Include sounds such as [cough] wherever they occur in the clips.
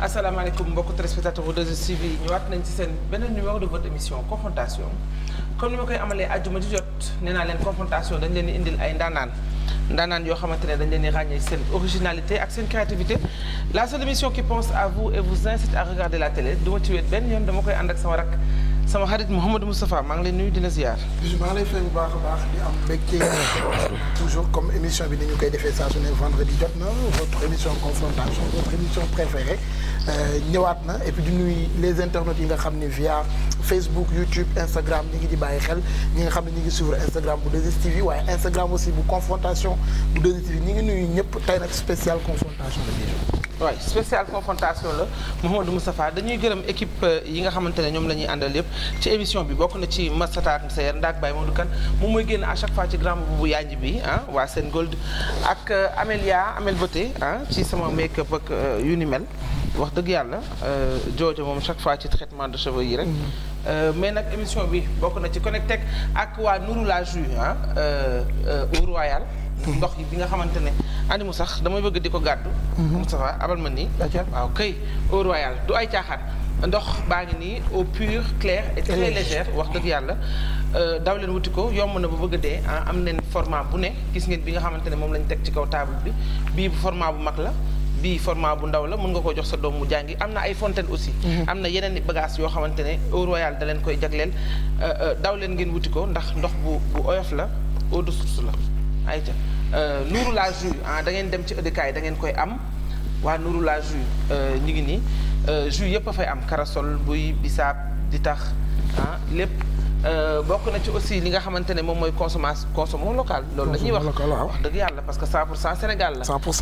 asalaamaaleykum mbokk téléspectateur bu 2STV ñëwaat nañ ci seen beneen numéro de votre émission confrontation comme ni ma koy amalee àjjuma ju jot naa leen confrontation dañ leen di indil ay ndaanaan ndaanaan yoo xamante ne dañ leen di ràññee seen originalité ak seen créativité la seule émission qui pense à vous et vous incite à regarder la télé duma ci wéet benn yoon dama koy ànd ak sama rak sama xarit Mouhamadou Moustapha maa ngi lay nuyu di la ziar. maa ngi lay fay bu baax a baax di am mbégte toujours comme émission bi ni koy defee saa su ne vendredi jot na votre émission confrontation votre émission préférée euh, ñëwaat na et puis nuyu les internautes yi nga xam ne via Facebook YouTube Instagram ñu ngi di bàyyi xel ñi nga xam ne ñu ngi suivre Instagram bu 2STV waaye Instagram aussi bu confrontation bu 2STV ñi ngi nuyu ñëpp tey nag spécial confrontation la waay spécial confrontation la Mouhamadou Moustapha dañuy gërëm équipe euh, yi nga xamante ne ñoom la ñuy àndal yëpp ci émission bi bokk na ci Massata ak Moussa Yer Ndaak Baye Modou Kane moom mooy génn à chaque fois ci grand boubou yaanj bi ah waa Sen Gold ak euh, Amélia Amel Beauté ah ci sama make-up ak euh, yu ni mel wax dëgg yàlla joojo moom chaque fois ci traitement de cheveux yi rek mm-hmm. mais nag émission bi bokk na ci Connectec ak waa Nourou la Jou ah au Royal Mm-hmm. ndox bi nga xamante ne andi mu sax damay bëgg di ko gàddu mm-hmm. Moustapha abal ma nii waaw ah, kay au royal du ay caaxaat ndox baa ngi nii au pur clair et très légère wax dëgg yàlla euh, daw leen wuti ko yomb na bu bëgg a dee ah, am neen format bu ne gis ngeen bi nga xamante ne moom lañ teg ci kaw table bi bii bu format mag la bii format bu ndaw la mën nga ko jox sa doom mu jàngi am na ay fontaine aussi mm-hmm. am na yeneen i bagage yoo xamante ne au royal da leen koy jagleel euh, euh, daw leen ngeen wuti ko ndax ndox bu bu oyof la eau de source la ay ayca euh, Nourou la Ju ah dangeen dem ci ëddukaay yi da ngeen koy am waa Nourou la Ju euh, ñu ngi nii euh, jus yëpp a fay am karasol buy bisaab di tax ah lépp. Euh, bokk na ci aussi li nga xamante ne moom mooy consommation consommation locale loolu la ñuy wax wax dëgg yàlla parce que 100 pour cent Sénégal la 100 pour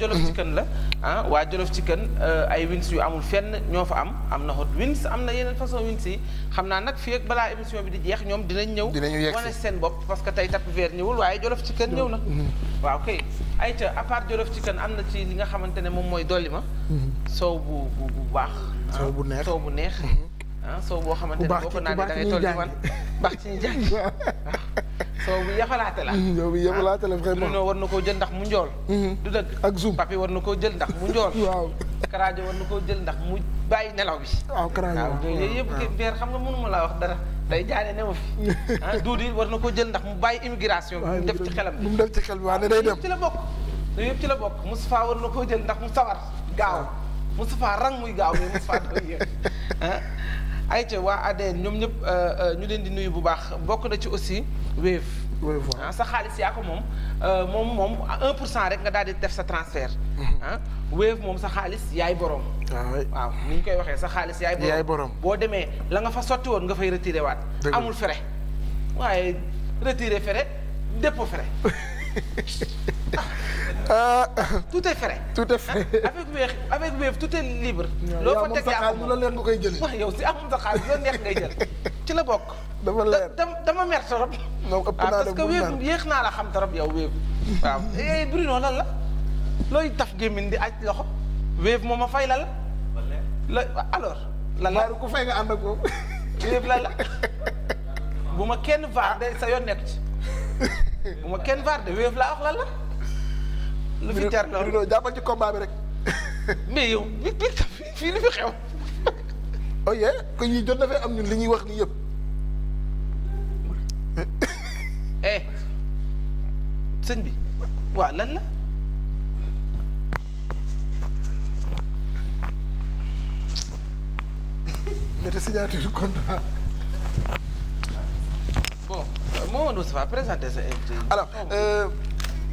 Jolof [laughs] Chicken la ah waa Jolof Chicken euh, ay wins yu amul fenn ñoo fa am am na hot wins am na yeneen façon wins yi xam naa nag fii ak balaa émission bi di jeex ñoom dinañ ñëw wane seen bopp parce que tey tapis vert ñëwul waaye Jolof Chicken ñëw na mm-hmm. waaw kay ayca à part Jolof Chicken am na ci li nga xamante ne moom mooy dolli ma mm-hmm. soow bu bu baax soow bu ah, neex neex mm-hmm. ah soo boo xamante ne boo ko naan da ngay toll ci man baax ci ñu jàngi waaw soo bu yafalaate la yow bi yafalaate la mm, ah, vraiment non war na koo jël ndax mu njool mm-hmm. du dëgg ak zoom papi war na koo jël ndax mu njool [laughs] waaw karaajo war na koo jël ndax mu bàyyi nelaw bi waaw karaajo waaw ah, yooyu yëpp beer xam nga mënuma laa wax dara day jaane ne ma fi [laughs] ah duud yi war na koo jël ndax mu bàyyi immigration bi mu def ci xelam bi mu def ci xel bi waaw ne day ah, dem ci la bokk yooyu yëpp ci la bokk Moustapha war na koo jël ndax mu sawar gaaw Moustapha rang muy gaaw mais Moustapha doy yëpp [laughs] ayca waa ADN ñoom ñëpp euh, euh, ñu leen di nuyu bu baax bokk na ci aussi Wave. Wave ah sa xaalis yaa ko moom euh, moom moom 1 pour cent rek nga daal di def sa transfert. Mm-hmm. ah moom sa xaalis yaay borom. Ah, waaw ni ñu koy waxee sa xaalis yaay. borom boo demee la nga fa sotti woon nga fay retiré waat. amul fere waaye retiré frais dépôt frais. [laughs] [laughs] Ah. tout est frais. tout est frais ah, avec Wave avec Wave tout est libre. loo fa teg yaa moom la leer nga koy jëlee. waaw yow si amul sa xaalis loo neex ngay jël ci la bokk. dama leer dama mer trop. moom ëpp ah, naa parce que Wave yéex naa la xam trop yow Wave. waaw [laughs] eh, Bruno la looy taf gémmiñ di aj loxo Wave moom a fay la la alors. lan la ak moom. Wave la la [laughs] bu ma kenn vaar de sa yoon nekk ci. bu ma kenn vaar de wéef laa wax lan la. lu fi jar loolu Bruno jàppal ci combat bi rek. mais yow fii li fi xew. oye oh ko yii jot na fee am ñun li ñuy wax nii yëpp. eh sëñ bi waa lan la. mais te signature contrat. Mamadou Moustapha présenter sa alors euh,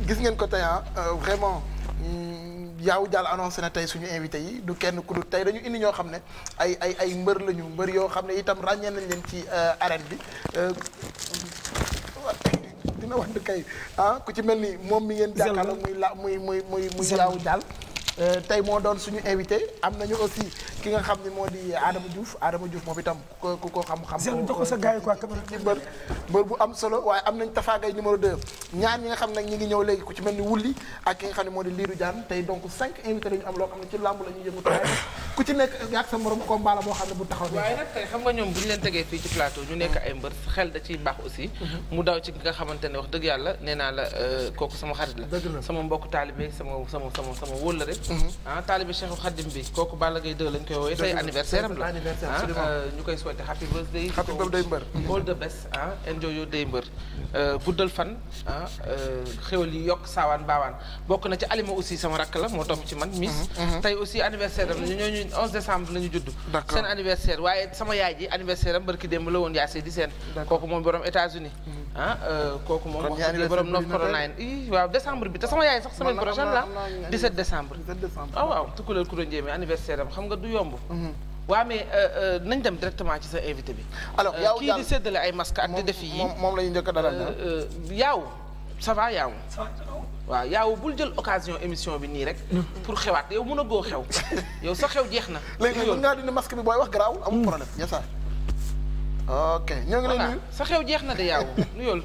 gis ngeen ko tey ah, euh, vraiment mm, yaaw jàll annoncé na tey suñu invité yi du kenn ku du tey dañu indi ñoo xam ne ay ay ay mbër lañu mbër yoo xam ne itam ràññee nañ leen ci euh, arène bi dina wax kay ah ku ci mel ni moom mi ngeen jàkkaarloo muy la muy muy muy muy yaaw jàll Euh, tey moo doon suñu invité am na nañu aussi ki nga xam ni moo di Adama juuf Adama Diouf moom itam ku ko ko xam-xam. seen jox ko sa gars yi quoi ci mbër mbër bu am solo waaye am nañ tafaagay numéro 2 ñaar ñi nga xam nag ñi ngi ñëw léegi ku ci mel ni wulli ak ki nga xam ne moo di liiru jaan tey donc cinq invité la ñu am loo xam ne ci làmb la ñuy yëngu tey ku ci nekk ak sa morom combat la moo xam ne bu taxaw waaye nag tey xam nga ñoom bu ñu leen tegee fii ci plateau ñu nekk ay mbër xel da ciy baax aussi mm-hmm. mu daw ci nga xamante ne wax dëgg yàlla nee naa la euh, kooku sama xarit la sama mbokk taalibe sama sama sama sama wóllëre ah taalibe Cheikhu Khadim bi kooku Balla Gaye 2 lañ koy woowee tey anniversaire am la ñu koy souhaité happy birthday happy birthday mbër all the best ah enjoy day mbër guddal fan ah yi yokk saawaan baawaan bokk na ci alima aussi sama rakk la moo topp ci man miss tey aussi anniversaire am ñooñu 11 décembre la ñu judd seen anniversaire waaye sama yaay ji anniversaire am barki démb la woon yaa see di seen kooku moom borom États-Unis kooku moom wax North Carolina waaw décembre bi 22 décembre. ah waaw Tukuleel Kouré Ndiémé anniversaire am xam nga du yomb. Mhm. waa mais euh, euh, nañ dem directement ci sa invité bi. alors euh, yaaw kii di séddale ay masques ak di moom la ñu njëkk a dalal ah. yaaw ça waaw yaaw bul jël occasion émission bi nii rek. pour xewaat yow mën a goo xew. [laughs] yow sa xew jeex na. léegi nag mën ngaa dindi masque bi booy wax garaaw amul mm. problème. yasaar ok ñoo ngi lay nuyu. sa xew jeex na de yaaw [laughs] nuyool.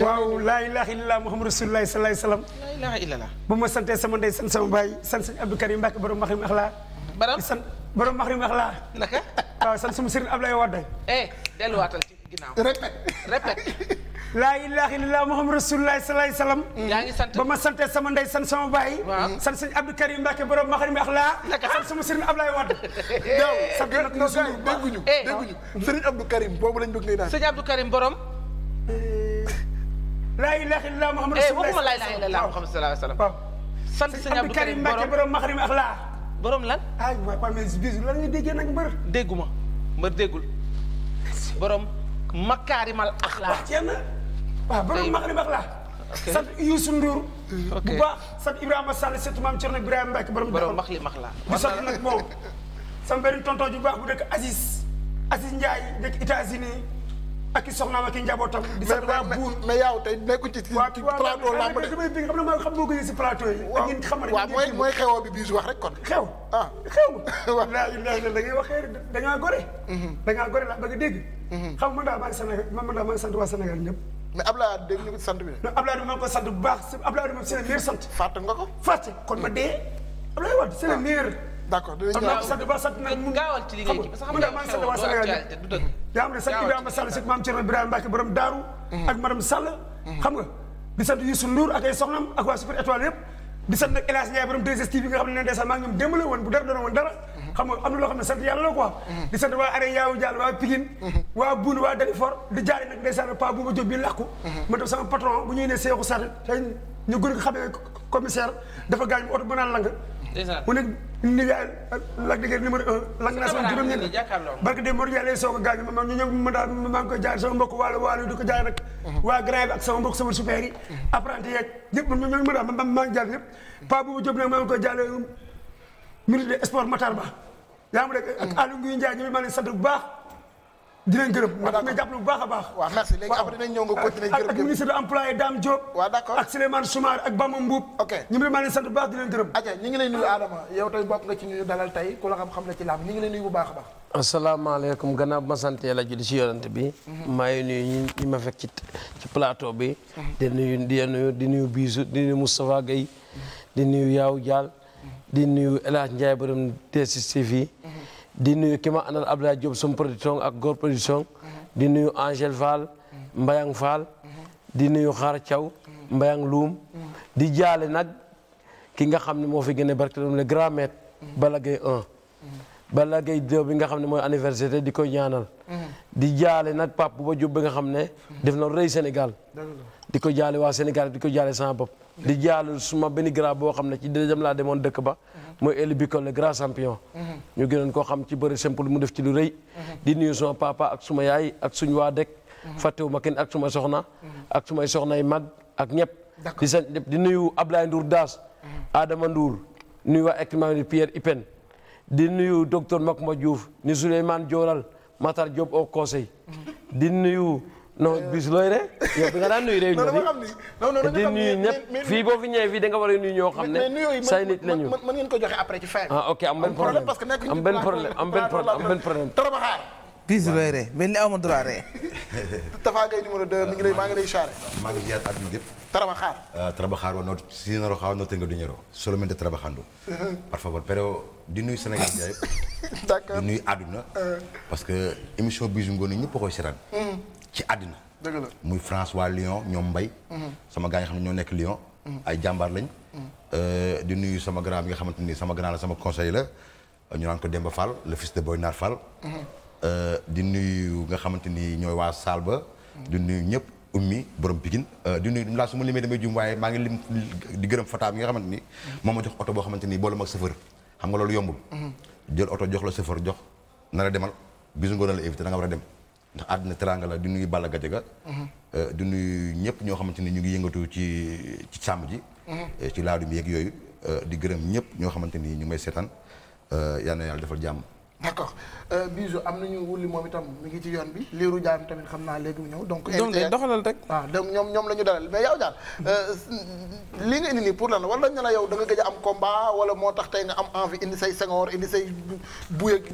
waaw laa ilaaha illallaah muhammadu rasuulullaahi sallallaahu alayhi wa sallam laa ilaaha illallaah bu ma santee sama ndey sant sama baay sant sëñ Abdou Karim Mbàkke borom maxrim axlaa borom sant borom maxrim axlaa naka waaw sant suma sëriñ Ablaye Wade eh delluwaatal ci ginnaaw répète répète laa ilaaha illallaah muhammadu rasuulullaahi sallallaahu alayhi wa sallam yaa ngi sant ba ma santee sama ndey sant sama baay sant sëñ Abdou Karim Mbàkke borom maxrim axlaa naka sant suma sëriñ Ablaye Wade [laughs] yow sant nag dégguñu eh. dégguñu sëriñ Abdou Karim boobu lañ bëgg ngay naan sëriñ Abdou Karim borom eh. laa ilaaha illallaah Muhammad eh, waxuma laa ilaaha illallaah Muhammad sallallaahu alayhi wa sallam. sant sëñ Abdou Karim Mbacke borom maxrim ak laa. borom lan. ah waaw waaw mais bisu lan nga déggee nag mbër. dégguma mbër déggul. borom makaarimal axlaa. waaw jeex na waaw borom maxrim ak laa. sant Youssou Ndour. bu baax sant Ibrahima Sall surtout maam Thierno Ibrahima Mbacke borom. borom maxrim ak laa. di sant nag moom sama benn tonton ju baax bu dëkk Aziz Aziz Ndiaye dëkk États-Unis ak i soxnaam ak i njabootam. di sax waa buur mais yow tey nekkul ci ci na maa xam si plateau yi. mooy mooy wax rek kon. xew ah. [laughs] da ngay waxee da gore. da ngaa gore mm-hmm. la bëgg dégg. Mm-hmm. xam man daal maa ngi man daal maa ngi sant waa Sénégal ñëpp. mais Abdoulaye Wade dégg ko sant bi de. non bu baax Abdoulaye Wade moom c'est le meilleur sant. fàtte nga ko. fàtte kon ma dee Abdoulaye Wade c'est le ah. meilleur d' accord dinañu ñëw sant ba sant nag mun gaawal xam nga maa ngi sant waa Sénégal yaa xam ne sant Ibrahima Sall si maam Thierno Birahim Mbacke borom Daaru mhm. ak madame Sall mhm. xam nga di sant Youssou Ndour ak ay soxnam ak waa la ma mhm. jóg bi làkku ma def sama patron bu ñuy ne Seexu Sarr tey ñu mu oto bu lang mu nekk nijaay Lac de Guiers numéro un Lac National juróom-ñeent barke de Modou Yàlla soo ko gaañu ma ñu ñëw ma daal maa ngi koy jaay sama mbokk waalo waalo mhm. waa grand bi ak sama mbokk sama super yi mhm. apprenti yeeg ñëpp ma daal ma maa ngi jaay ñëpp pa boobu Diop nag maa ngi koy jaale ministre des sports Ba yaa ngi dégg ak Aliou Ngouye Ndiaye ñoom maa leen sant bu baax dinañ gërëm nga baax a baax waaw merci léegi après dinañ ñëw nga continuer gërëm ak ministre de l'emploi Dame Diop ak Souleymane Soumaré ak Bamba Mboup ok ñu ngi sant bu baax di leen gërëm nuyu Adama yow tey bokk nga ci ñu dalal tey ku la xam-xam la ci laam ñu ngi lay nuyu bu baax a baax asalaamaaleykum gannaaw ma sant yàlla julli si yonante bi mhm. maa ngi nuyu ñi ma fekk ci plateau bi mhm. di nuyu di nuyu di nuyu Bisou di nuyu Moustapha Gueye di nuyu Yaaw Dial di nuyu El Hadj Ndiaye borom DSTV mhm. di nuyu ki ma àndal Abdoulaye Diop sum production ak góor production di nuyu Angèle Fall Mbayang Fall di nuyu Xaar caw Mbayang Luum di jaale nag ki nga xam ne moo fi gën a barkeelum le grand maître Balla bi nga xam ne mooy anniversaire di ko ñaanal di jaale nag Pape Bouba Diop bi nga xam ne def na rëy Sénégal di ko jaale waa Sénégal di ko jaale sama bopp di jaale suma benn grand boo xam ne ci deuxième laa demoon dëkk ba mooy Eli Bikon le grand champion. ñu gënoon koo xam ci bëri simple mu def ci lu rëy. di nuyu suma papa ak suma yaay ak suñ waa dëkk. fàttewuma kenn ak suma soxna. ak sumay soxnay mag ak ñëpp. di sant ñëpp di nuyu Ablaye Ndour Daas. Adama Ndour nuyu waa équipement bi Pierre Ipen. di nuyu docteur Makuma Diouf ni Souleymane Dioral Matar Diop au conseil. di nuyu. non bis looy re yow bi nga daan nuyu réunion bi di nuyu ñëpp fii boo fi da nga war nuyu ñoo xam ne say nit lañu mën ngeen ko joxe après ci fin ah ok am benn problème am benn problème am benn looy re mel ni aw ma droit re [laughs] Tapha Gueye numéro 2 mi maa ngi lay charé maa ngi ziar àdduna yëpp trabajar euh, no si no rojado no tengo dinero solamente trabajando [laughs] por favor pero di nuyu Sénégal yëpp [laughs] d'accord di nuyu àdduna euh. parce que émission bisu ngoon ñëpp a koy seetaan mm. ci àddina muy François Lyon ñoom mbay mhm. sama gaa xam ne ñoo nekk Lyon mhm. ay jàmbaar lañ mhm. euh, di nuyu sama grand bi nga xamante ni sama grand la sama conseil la ñu naan ko Demba Fall le fils de Boy Nar Fall euh, di nuyu nga xamante ni ñooy waa ba di nuyu ñëpp ummi borom Pikine euh, di nuyu laa su ma limee damay jum waaye maa ngi lim di gërëm Fata bi nga xamante ni moom ma jox oto boo xamante ni boolu mag chauffeur xam nga loolu yombul jël oto jox la chauffeur jox na la demal bisu ngoon la éviter da nga war a dem ndax àdduna teranga la di nuyu Balla ga euh, du nuyu ñëpp ñoo xamante ni ñu ngi yëngatu ci ci sàmm ji euh, ci laadum yeeg yooyu euh, di gërëm ñëpp ñoo xamante ni ñu may seetaan yal na yàlla defal jàmm d' accord Bijou am nañu wulli moom itam mi ngi ci yoon bi liiru jaam tamit xam naa léegi mu ñëw donc doxalal rek waaw donc ñoom ñoom la ñu dalal mais yow daal li nga indi nii pour la lan wala ñu la yow da gëj am combat wala moo tax tey nga am envie indi say sengoor indi say buy ak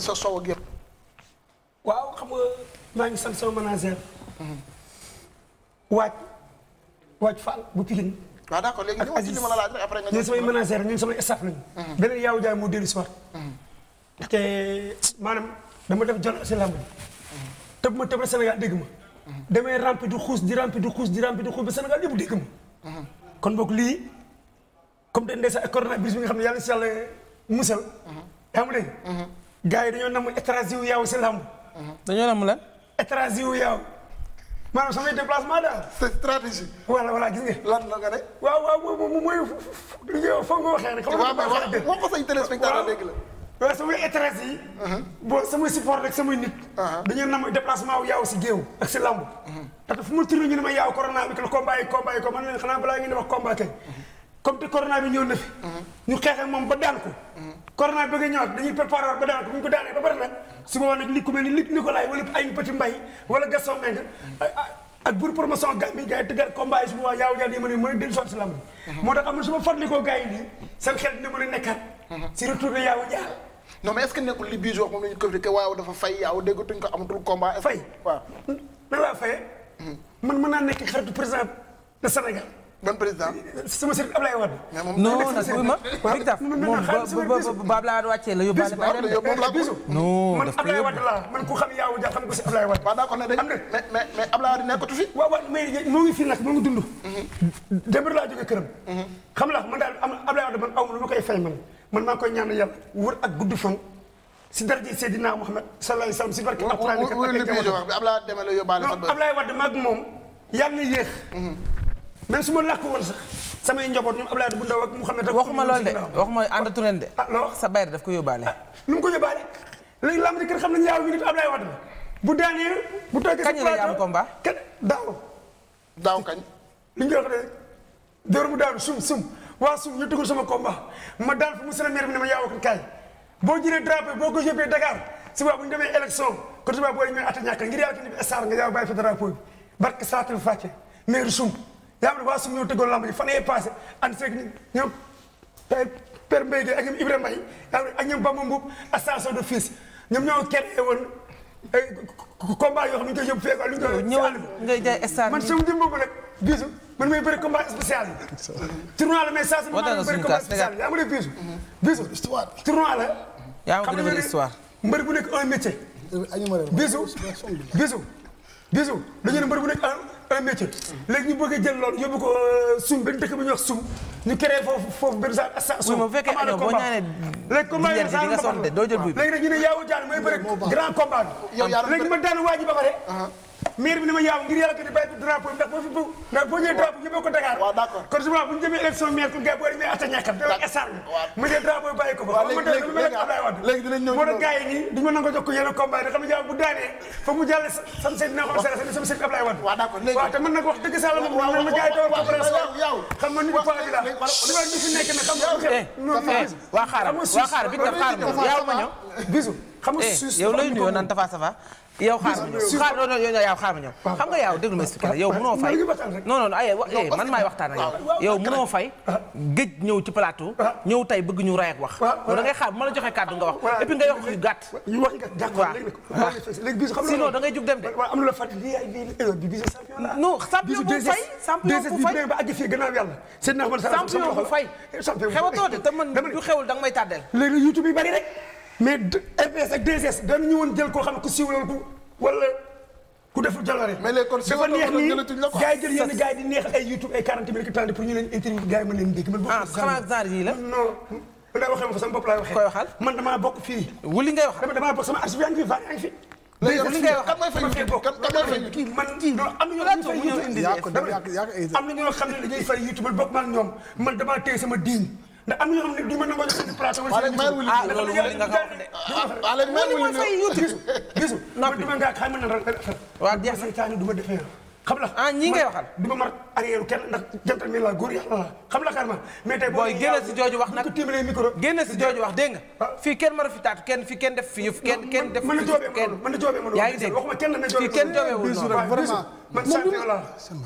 sa sow yëpp waaw xam nga maa ngi sant sama manager. waaj waaj Fall bu Pikine. waaw ah, d'accord léegi ñëw ci li ma la laaj rek après nga. ñun samay manager ñun samay staff lañu. Mhm. beneen yaaw jaay moo dellu si waat. Mhm. te maanaam dama def jël si lamb mhm. tëb ma tëb la Sénégal dégg ma. damay rampi du xuus di rampi du xuus di rampi du xuus ba Sénégal bu dégg ma. kon boog lii comme de ndeysaan coronavirus bi nga xam ne yàlla si yàlla musal. yaa ngi dégg. yi dañoo nam étranger wu yaaw si lamb dañoo nam lan. étranger wu yow. maanaam samay déplacement daal. c'est stratégie. voilà voilà gis nga. la nga ne. waaw waaw moom mooy li nga foog rek. waaw mais wax wax ko say téléspectateur dégg la. waaw samay étranger yi. Uh-huh. bon samay support rek samay nit. Uh-huh. dañoo nam déplacement wu yaaw si géew ak si lamb. Uh-huh. parce que fu ma turne ñu ne ma yaaw corona bi ko man leen xanaa balaa ngeen di wax combat comme te corona bi ñëw na fi. ñu xeex moom ba daan ko. corona bëgg a ñëwaat dañuy préparé waat ba daan ko ko daanee ba pare nag su boobaa nag li ku mel ni Luc Nicolaï wala ay Petit Mbaye wala Gaston Mbengue ak a mën a dellu si lamb moo tax am na su ma fàttalikoo gars yi nii seen xel dina mën a nekkaat si retour de yaaw jaar non mais est nekkul li biis wax moom la ñu critiqué waaw dafa fay yaaw déggatuñ ko amatul combat fay waaw laa fayee man mën naa nekk xaritu président de Sénégal ban président. sama sëriñ Ablaye Wade. non ma. moom ba Ablaye Wade wàccee la yóbbaale. non man Ablaye Wade laa man ku xam yaaw ja xam ko si Ablaye Wade. waaw d'accord ne dañ mais mais mais Ablaye Wade nekkatu moo man daal Ablaye Wade man man man maa koy ñaan yàlla wër ak gudd fan. si daraja Seydina Muhammad si barke ak ay teewaat. Ablaye Wade demee la yóbbaale. Ablaye Wade maag moom yàlla même su ma làkk woon sax samay njaboot ñoom Abdoulaye bu ndaw ak Mouhamed ak waxuma loolu de waxuma àndatu ren de ah, sa bayra daf ko yóbbaale ah, nu mu ko yóbbaale léegi lamb di kër xam nañu yaaw bi nit Abdoulaye Wade bu daanee bu toogee kañ la am combat kañ daaw daaw li ñu wax de dóor mu daaw sum waa sum ñu tugul sama combat ma daal fu mu seen maire bi ne ma yaaw boo jëlee drapeau boo ko yóbbee Dakar si waa bu ñu demee élection ko ñàkk ngir yàlla ko ni bi star nga yaaw bàyyi fa drapeau bi barke saatul fàcce maire sum nga xam ne waa suñu ñëw tëggoon lamb ji fan yee passé ànd seeg ñoom Père Mbaye Gueye ak ñoom Ibrahima Mbaye ak ñoom Bamba Mbuub association de fils ñoom ñoo créé woon combat yoo xam ne ñu koy yóbbu fekk lu ñu koy ñëwal ngay jaay stade man sama jëm boobu nag bisu man may bëri combat spécial tournoi la mais saa su ma bëri combat yaa ngi lay bisu bisu histoire yaa ngi gën a bëri histoire mbër bu nekk un métier bisu bisu bisu ne mbër bu nekk un métier léegi ñu bëgg a jël loolu yóbbu ko euh, sum benn dëkk bi ñu wax sum ñu créé foofu foofu benn sa sa sum amaana combat léegi combat yi sa nga jël buy ñu ne yaawu jaan mooy bëri grand combat léegi man daan waa ji ba pare uh-huh. maire bi ni ma yaaw ngir yàlla ko di bàyyi bi drapeau bi ndax boo fi bu ndax boo ku gars boo demee atta ñàkkam ko ba ma delu mel ne Abdoulaye Wade moo tax gars yi nit paa bi eh, la tafa yow xaar ma ñëw xaar non non yow xaar ma ñëw xam nga yow déglu ma expliqué yow munoo fay non non ay eh, man maay waxtaan ak ah, yow munoo fay ah. géej ñëw ci palaatu ah. ñëw tey bëgg ñu ray ak wax da ngay xaar bu ma la joxee kàddu nga wax et puis nga wax yu gàtt ñu wax d'accord sinon da ngay jug dem de am na la fàttali bi bi non champion bu fay champion bu fay ba àgg fii gannaaw yàlla seen na man eh, champion bu fay xewatoo de te man du xewul danga may tàddeel léegi YouTube bari mais MPS ak 2S dañu jël koo xam ne ku siiwaloon ku wala ku deful jaloore. mais léegi kon si dafa neex nii gars yi jël yenn gars yi di neexal ay YouTube ay 40 minutes tànn pour ñu leen interview gars ah, man daa waxee ma fa man bokk fii. wuli ngay wax dama damaa bokk sama ndax am na ñoo xam ne du ma nangoo seen plateau. ah loolu mooy nga ko wax de. ah léegi mel wul gisu man duma ngaa xam na rek. waaw jeex na caa du ma defee xam la ah ñi ngay waxal du ma mar arrière kenn ndax jantal mi la góor yàlla la xam la carrément mais tey booy génn si jooju wax nag génn si jooju wax dégg nga ah. fii kenn mën a fi taatu kenn fii kenn def fi yëf kenn kenn def mën na joobee mën na joobee yaa ngi dégg waxuma kenn na joobee fii kenn joobee wul noonu vraiment man sant yàlla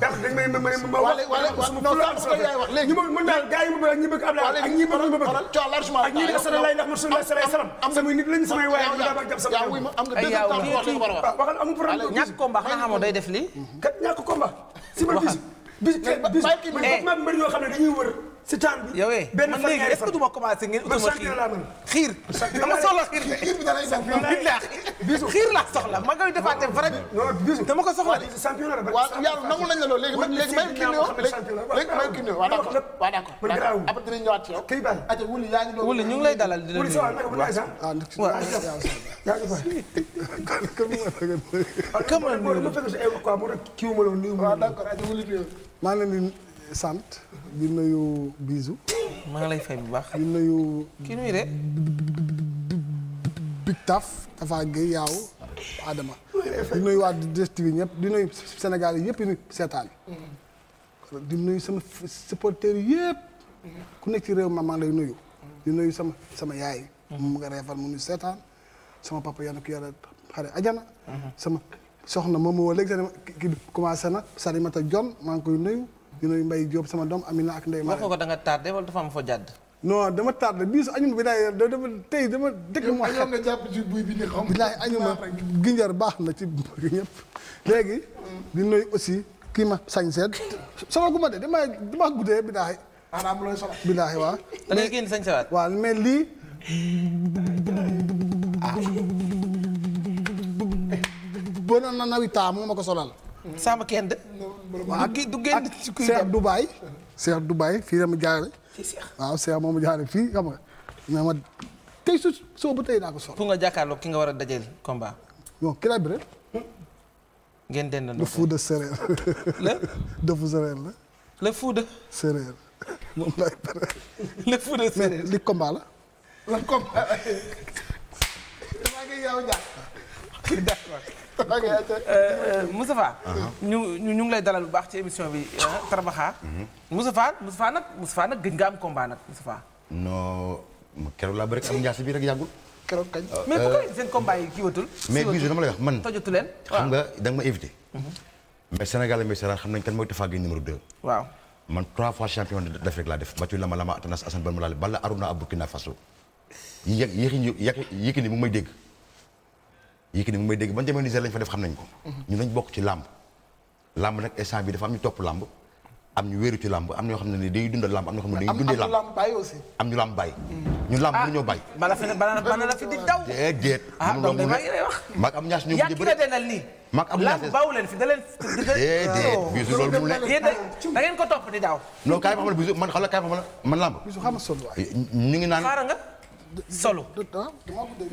yàlla da ngay ma ma wax non ko yaay wax léegi ñu mën daal gars yi ma bëgg ñi bëgg Abdoulaye ak ñi bëgg ñu ma bëgg tu as largement ak ñi ne sala lay ndax rasulullah sallallahu alayhi wasallam samay nit lañu samay waay ak dafa jàpp sama yow am nga deux ans wax li ko war a wax waxal amu problème ñàkk combat xanaa xamoo day def lii kat ñàkk combat si ma bis bis bis ma mbër yoo xam ne dañuy wër si temps bi. yow eh man léegi est-ce que du ma commencé ngeen utuma xiir xiir soxla xiir de. xiir bi soxla xiir laa soxla ma koy defaate ko soxla de. waaw yàlla nangu nañ la loolu léegi man léegi may kii nuyoo léegi may kii nuyoo waaw d'accord waaw d'accord après dinañ sant di nuyu bisu. maa ngi bu baax. di nuyu. kii nuyu de. Big Taf Tafa Gueye yaaw Adama. di nuyu waa DSTV ñëpp di nuyu Sénégal yëpp yi ñu seetaan. di nuyu sama supporters yëpp. ku nekk ci réew ma maa ngi lay nuyu. di nuyu sama sama yaay. mu nga reefal mu ñu seetaan. sama papa yàlla ku yàlla xare ajana. Mhm. sama soxna moom moo léegi ki commencé na Salimata John maa ngi koy nuyu. di nuyu Mbaye Diop sama doom Amina ak Ndeye ma wax nga ko da nga tardé wala dafa am foo jàdd. non dama tardé bisu añum bi daay da dafa tey dama. dëkk moo xam nga jàpp ci buy bi ni xam. bilaay añu ma ginjar ñëpp. léegi di nuyu aussi kii ma sañ seet de dama dama guddee bilaay. maanaam am looy solo. bilaay waaw. da ngay génn sañ sewaat. waaw mais lii. Ah. boo na nawi taa moo ma ko solal. sama kenn de. du génn ci kuy dem Dubaay. Cheikh Dubaay fii dama jaare. waaw Cheikh moom jaare fii xam nga ne su soo ba tey daa ko sol. pour nga jàkkaarloo ki nga war a dajeel combat. bon ki laa bëre. ngeen dend le fou de séeréer. le de fou séeréer la. le fou li combat la. la combat. damaa [laughs] ngi yow ñaar. d'accord. Euh, euh, Moustapha uh-huh. ñu ñu ngi lay dalal bu baax ci émission bi euh, Tarbaxa Moustapha uh-huh. Moustapha nag Moustapha nag gëj nga am combat nag Moustapha mu keroog laa bëri ak am njaasi bi rek yàggul keroog kañ mais bu koy seen combat yi kii watul lay man tojatu leen xam nga da ma évité uh-huh. mais Sénégal mais Sénégal xam nañ kan mooy Tapha Gueye numéro 2 waaw man trois fois champion d'Afrique laa def battu lama lama Atanas Assane Bal Malal Balla Aruna Burkina Faso yi yéex yi yéex yi ni mu may dégg Yékini mu may dégg ban jamono Niger lañ fa def xam nañ ko. Mhm. ñu lañ bokk ci làmb. làmb nag instant bi dafa am ñu topp làmb am ñu wéeru ci làmb am ñoo xam ne ni day dundal làmb xam ne dañuy dundee làmb am ñu làmb mhm. ah, la fi di daw. déedéet. ah donc de maa am ñaas ñoo mujj bëri yàq la nii. maag am ñaas làmb bawu leen fi da leen. Oh. loolu mu ne. ko topp di daw. noo kaay ma xam la ma xam la man làmb. ñu ngi naan solo.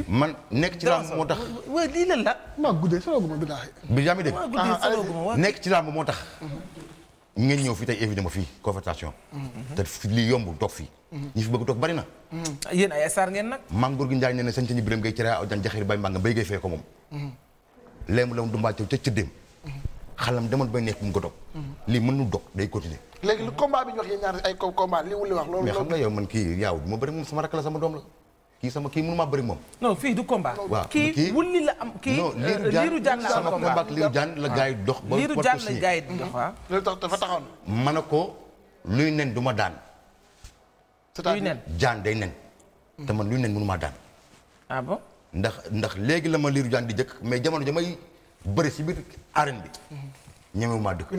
man nekk ci làmb moo tax. waaw lii la. maa guddee solo gu ma bi laaxee. bi yaa ah, nekk ci làmb moo tax. ngeen ñëw fii tey évidemment fii confrontation. Mhm. te lii yombul toog fii. Mhm. ñi fi bëgg toog bari na. Mhm. yéen ay star ngeen nag. maam Ngor gi Ndiaye nee na sañ bi Birame Gueye ci rajo Diagne Diakher Baye Mbanga Mbaye Gueye fee ko moom. léemu la mu dumbaat ca cëddeem. xalam demoon bay ko dog. lii mën nu dog day continuer. léegi lu combat bi ñu wax yéen ñaar ay combat li wuli wax. loolu xam nga yow man kii yaaw bi ma bëri moom sama rakk la sama doom la. kii sama kii maa bëri moom. non fii du combat. waaw kii wulli la am kii. liiru euh, jaan la am combat sama liiru jaan la gars yi dox. ba liiru jaan la gars tax mhm. dafa taxoon. ma ne ko luy nen du ma daan. luy nen jaan day nen. te man luy nen mënuma daan. ah bon ndax ndax léegi la ma liiru jaan di jëkk mais jamono jamay bëri si biir arène bi. Mhm. ñemewuma dëkk.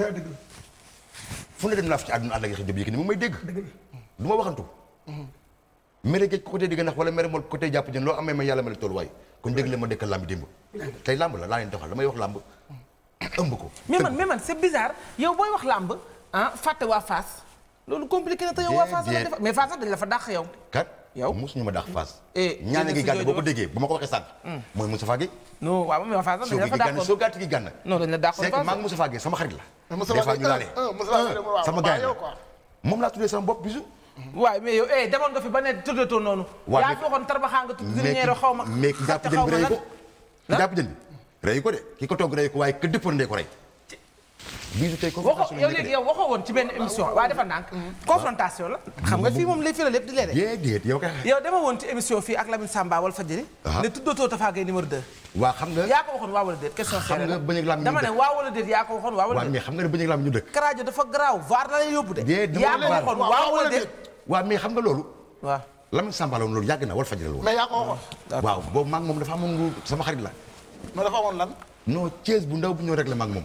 fu ne dem naa fi ci àdduna ànd ak yéex a jëm waxantu. Mhm. mere géej côté digg ndax wala mere mool côté jàpp jën loolu amee ma yàlla ma la tool waaye kon dégg leen ma dëkkal làmb démb tey làmb la laa leen doxal la wax làmb ëmb ko mais man mais ah, ma dàq Fass ñaane gi gànn boo ko déggee ba ma ko waxee sànq hmm. mooy Moustapha Gueye non gi sama xarit la des fois euh, ah, sama gaay moom laa tuddee sama bopp bisu Mm-hmm. waaw mais yow eh demoon nga fi ba ne tuddatoo noonu. waaw yaa fi waxoon tarbaxaa nga tudd. grinière xaw ma xaw ma nag mais ki jàpp jën bi rey ko. ki jàpp jën bi rey ko de ki ko toog rey ko waaye ka dëppoon dee ko bisu tey confrontation yow léegi yow waxoo woon ci benn émission waaw dafa nànk mm-hmm. confrontation la mm-hmm. xam nga fii moom lay fii la lépp di lee de déedéet yow kay yow dama woon ci émission fii ak Lamine Samba wal fajiri ne dama ne waaw wala déet yaa ko waxoon waaw wala déet mais xam la lay xam nga loolu waaw Lamine la woon loolu yàgg na wal fajiri la woon mais yaa ko waxoon waaw boobu maa ngi moom dafa amoon sama xarit la ma dafa amoon lan non Thiès bu ndaw bu ñu réglé ma ak moom.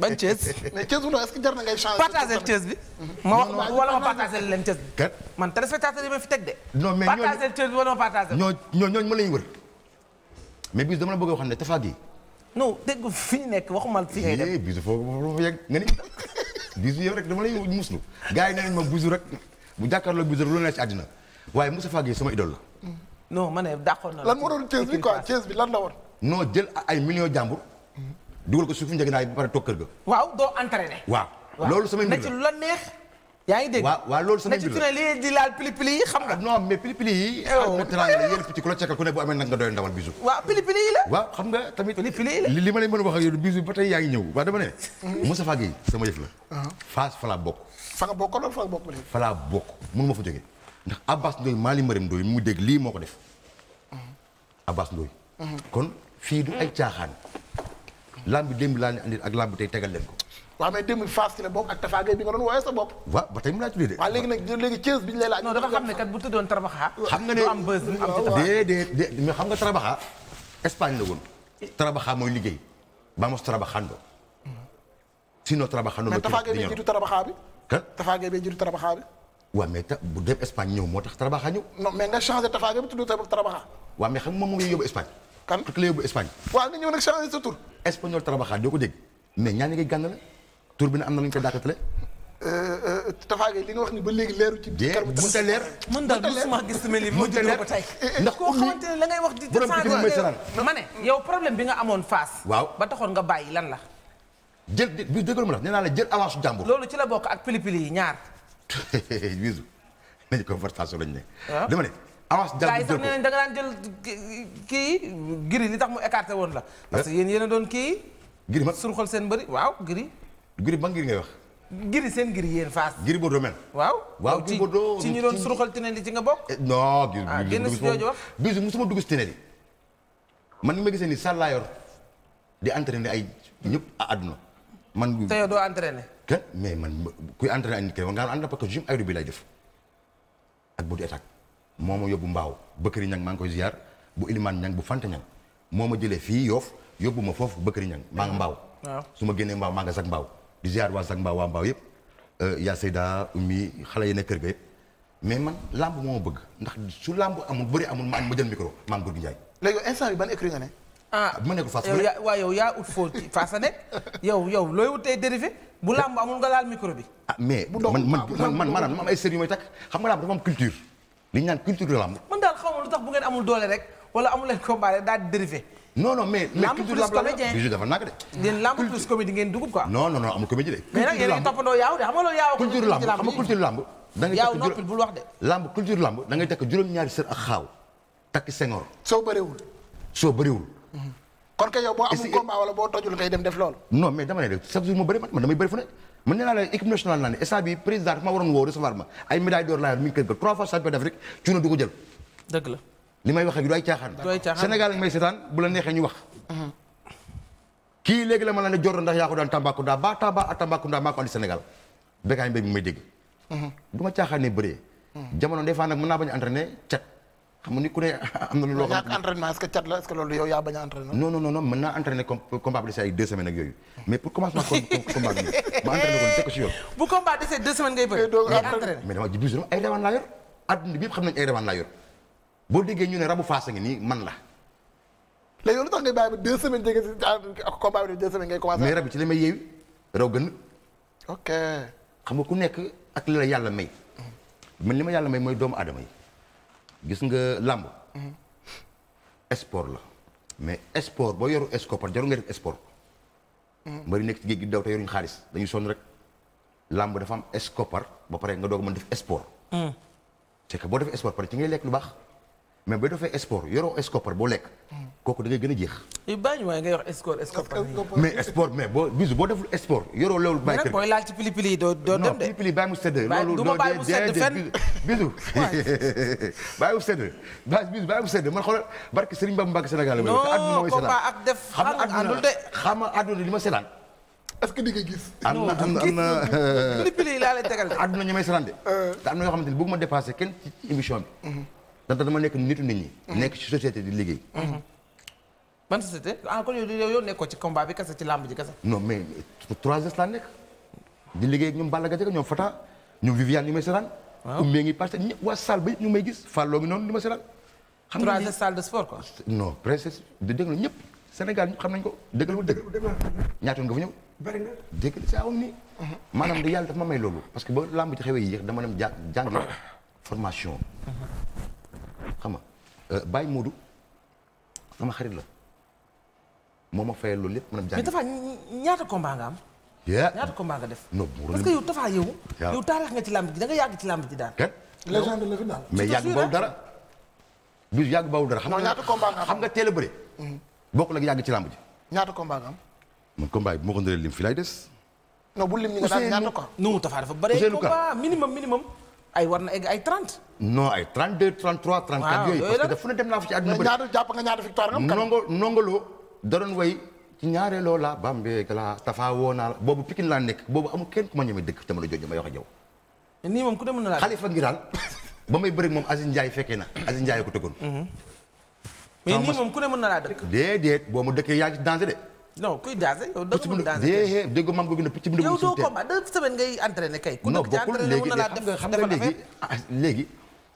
ban Thiès. mais Thiès bu ndaw est-ce que jar na ngay changer. partagé Thiès bi. ma wax wala ma partagé leen Thiès bi. kat man téléspectateur yi ma fi teg de. non mais ñooñu partagé Thiès bi wala ma partagé. ñooñu ñooñu ma lay wër mais bis dama la bëgg a wax ne Tafa gi. non dégg nga fi ñu nekk waxuma fi ngay dem. Eh, bis foofu foofu fa yegg nga ni bis yow rek dama lay muslu. gars yi nee nañ ma bisu rek bu jàkkaarloo bisu rek lu ne ci àddina waaye Moustapha Guèye sama idole la. non ma ne d'accord na lan moo doon Thiès bi quoi Thiès bi lan la woon noo jël ay million jàmbur. dugal ko suufu njëginaay ba pare toog kër ga. waaw doo entraîné. waaw loolu samay mbir la la neex. yaa ngi dégg waaw waaw loolu samay mbir la na ci tunnel xam nga. Ah, non mais yi. Eh oh. aywa maintenant yéen picc ku ne bu amee nag nga doyoon ndawal bisu. waaw pili pili yi tamit. pili li ma lay mën a wax ak yow ba tey yaa ngi ñëw waaw dama ne. Mhm. Moustapha Gueye sama ah. bokk. fa nga bokk loolu fa bokk ba léegi. ma fa jógee ndax Abbas Ndoye Mali Mariam Ndoye mu dégg lii moo ko def mhm. Abbas Ndoye mhm. kon fii du ay caaxaan lamb démb laa leen andil ak lamb tey tegal leen ko. waaw mais démb Fass ci la bokk ak Tafa Gueye bi nga doon wooyee sa bopp. waaw ba tey mu laa tuddee de. waaw bi ñu lay laaj. non da nga xam ne kat bu tuddoon xam nga ne am bës am xam nga Trabaxa Espagne la woon. Trabaxa mooy liggéey. vamos trabajando. sinon si mais Tafa Gueye bi jiitu Trabaxa bi. kan Tafa Gueye bi jiitu Trabaxa bi. waaw mais ta bu dem Espagne ñëw moo tax Trabaxa ñëw. non mais nga changé Tafa Gueye bi tudd Trabaxa. waaw mais xam nga moom moo ngi yóbbu Espagne kan parce que la yóbbu Espagne. ko dégg mais ñaan ngay gànn la tur bi na euh, euh, li nga wax ni ba léegi leeru ci. kàr bu tës leer gis ni ma juddoo ba tey. Eh, ndax koo xamante ne la di. borom bi ma ne yow problème bi nga amoon face. waaw ba taxoon nga bàyyi lan la. jël bi dëggal ma la nee naa la jël avance jàmbur. loolu ci la bokk ak pilipili yi ñaar. bisu [laughs] nañu conversation lañu ne. Ah. dama ne. avance jàll jël ko daan jël kii giri li tax mu écarté woon la. Eh? parce que yéen yéen a doon kii. giri ma surxal seen bëri waaw giri. giri ba giri ngay wax. giri seen giri yéen Fass. giri Bordeaux men. waaw waaw ci ci ñu doon suruxal tineel yi ci nga bokk. Eh, non giri ah génn si jooju wax. dugg si tineel man ni ma gisee nii sax laa yor di entraîné ay ñëpp a àdduna. man te yow doo entraîné. mais man kuy entraîné ay nit ki war ngaa ànd parce que gym bi lay def ak moo ma yóbbu mbaaw Bëkkëri Ñang maa ngi koy ziar bu Ilimaan Ñang bu Fanta Ñang moo ma jëlee fii Yoof yóbbu ma foofu Bëkkëri Ñang maa nga mbaaw su ma génnee mbaaw maa nga sax mbaaw di ziar waa sax mbaaw yëpp euh, yaa Seyda mi xale yi nekk kër ga mais man lamb moo bëgg ndax su lamb amul bëri amul ma ma jël micro maam Gorgui Ndiaye léegi instant nga ne ah bu ah, ma nekk Fass waaw yow yaa ut foo Fass a nekk yow yow looy utee dérivé bu lamb amul nga laal micro bi ah mais man man man maanaam dama am ay sër yu takk xam nga lamb dafa am culture li ñu naan culture de lamb. man daal xaw ma lu tax bu ngeen amul doole rek wala amu leen combat daal di dérivé. non non culture lamb la culture lamb xam takk juróom-ñaari sër ak xaaw takk sengoor. soo bëriwul. soo bëriwul. kon kay boo amul combat wala boo tojul ngay dem def loolu. non mais dama ne rek chaque jour ma damay bëri fu mu ne naa la équipe nationale naa ne instant bi président dafa ma waroon woo recevoir ma ay médaille d'or laa yor ngi kër ga trois fois champion d'Afrique ci na du ko jël la li may wax ak du ay caaxaan Sénégal may seetaan bu la neexee ñu wax mhm. kii léegi la ma la ne Jordan ndax yaa ko daan Tambacounda ba Tamba ak ah, Tambacounda maa ko andi Sénégal békaay mbéy mi may dégg mhm. du ma caaxaan ne bëree mhm. jamono des fois nag mën naa bañ a entraîné xam nga ni ku ne am na lu loo xam ne entraînement est-ce que cat la est-ce que loolu yow yaa bañ a entraîner non yooyu mais pour commencement combat bi mais dama ji bis xam nañ ay rawaan laa yor boo déggee ñu ne rabu faas a ngi man la léegi yow lu tax ba deux semaines jege si ah, combat mais rab bi ci la may yeewi raw gën ok xam nga ku nekk ak la yàlla may man li ma yàlla may mooy doomu adama yi gis nga làmb sport la mais sport boo yoru escopar jarul nga def sport mbari nekk ci géej gi daw te yoruñ xaalis dañuy sonn rek làmb dafa am escopar ba pare nga doog mën def sport mm. c'est boo def sport pare ci ngay lekk lu baax mais ba defee sport yoroo escopar boo lekk kooku da ngay gën a jeex. yu bàyyi waaye ngay wax sport escopar mais sport mais boo bisu boo deful sport yoroo loolu. bàyyi kër mu sedd. loolu doo dee dee bisu bàyyi mu sedd bisu bàyyi mu sedd man xoolal la. non Kopa ak def àndul de xam nga àdduna ma seetaan. est-ce que di nga gis. na am na na pili pili laa lay euh. na yoo xamante ni bëgguma dépassé kenn ci émission bi. Mhm. ndax dama nekk nitu nit ñi. nekk ci société di liggéey. ban société ah kon nekkoo ci combat bi kese ci làmb ji kese. non mais trois ans laa nekk di liggéey ak ñoom Balla Gaye ñoom Fata ñoom Viviane ñu may seetaan. waaw ngi parce que waa salle ba ñu may gis Falloo ngi noonu di ma seetaan. xam nga trois salle de sport quoi. non princesse di déglu ñëpp Sénégal ñëpp xam nañ ko dëggal wala dëggal. ñaata nga fa ñëw. bëri na dëggal saa woon nii. Mhm. maanaam de yàlla dafa ma may loolu. parce que ba làmb ci xewee yéex dama xam nga euh, Baye Modou sama xarit la moo ma fayal loolu lépp mën a jàng. mais Tafa ñaata combat nga am. ñaata combat nga def. non parce que yow Tafa yow. yow ci làmb ji da yàgg ci làmb ji daal. légende la fi dara. bis yàgg bawul dara. xam nga ñaata combat xam nga teel a bëri. Mm-hmm. bokkul ak yàgg ci làmb bi bu ma ko ndoree lim fi laay des. non bu lim ñu nga daal ñaata ko. non Tafa dafa minimum minimum. ay war na egg ay 30. non ay 32 33 34. waaw yooyu parce que dafa ne dem naa nongo nongolo daroon way ci ñaareeloo la Bambey la Tafa woo naa boobu Pikine laa nekk boobu amul kenn ku ma ñemee dëkk a jooju ma wax ak yow. nii moom ku demoon na la. Khalifa Ngiral ba may bëri moom Aziz Ndiaye fekkee na Aziz mm-hmm. mais nii moom ku ne mën na laa dëkk. déedéet boo mu dëkkee yaa ngi non kuy jaase yow da nga mën daase dee maam googu ne picc bi yow doo combat deux kay ku nekk ci ah, léegi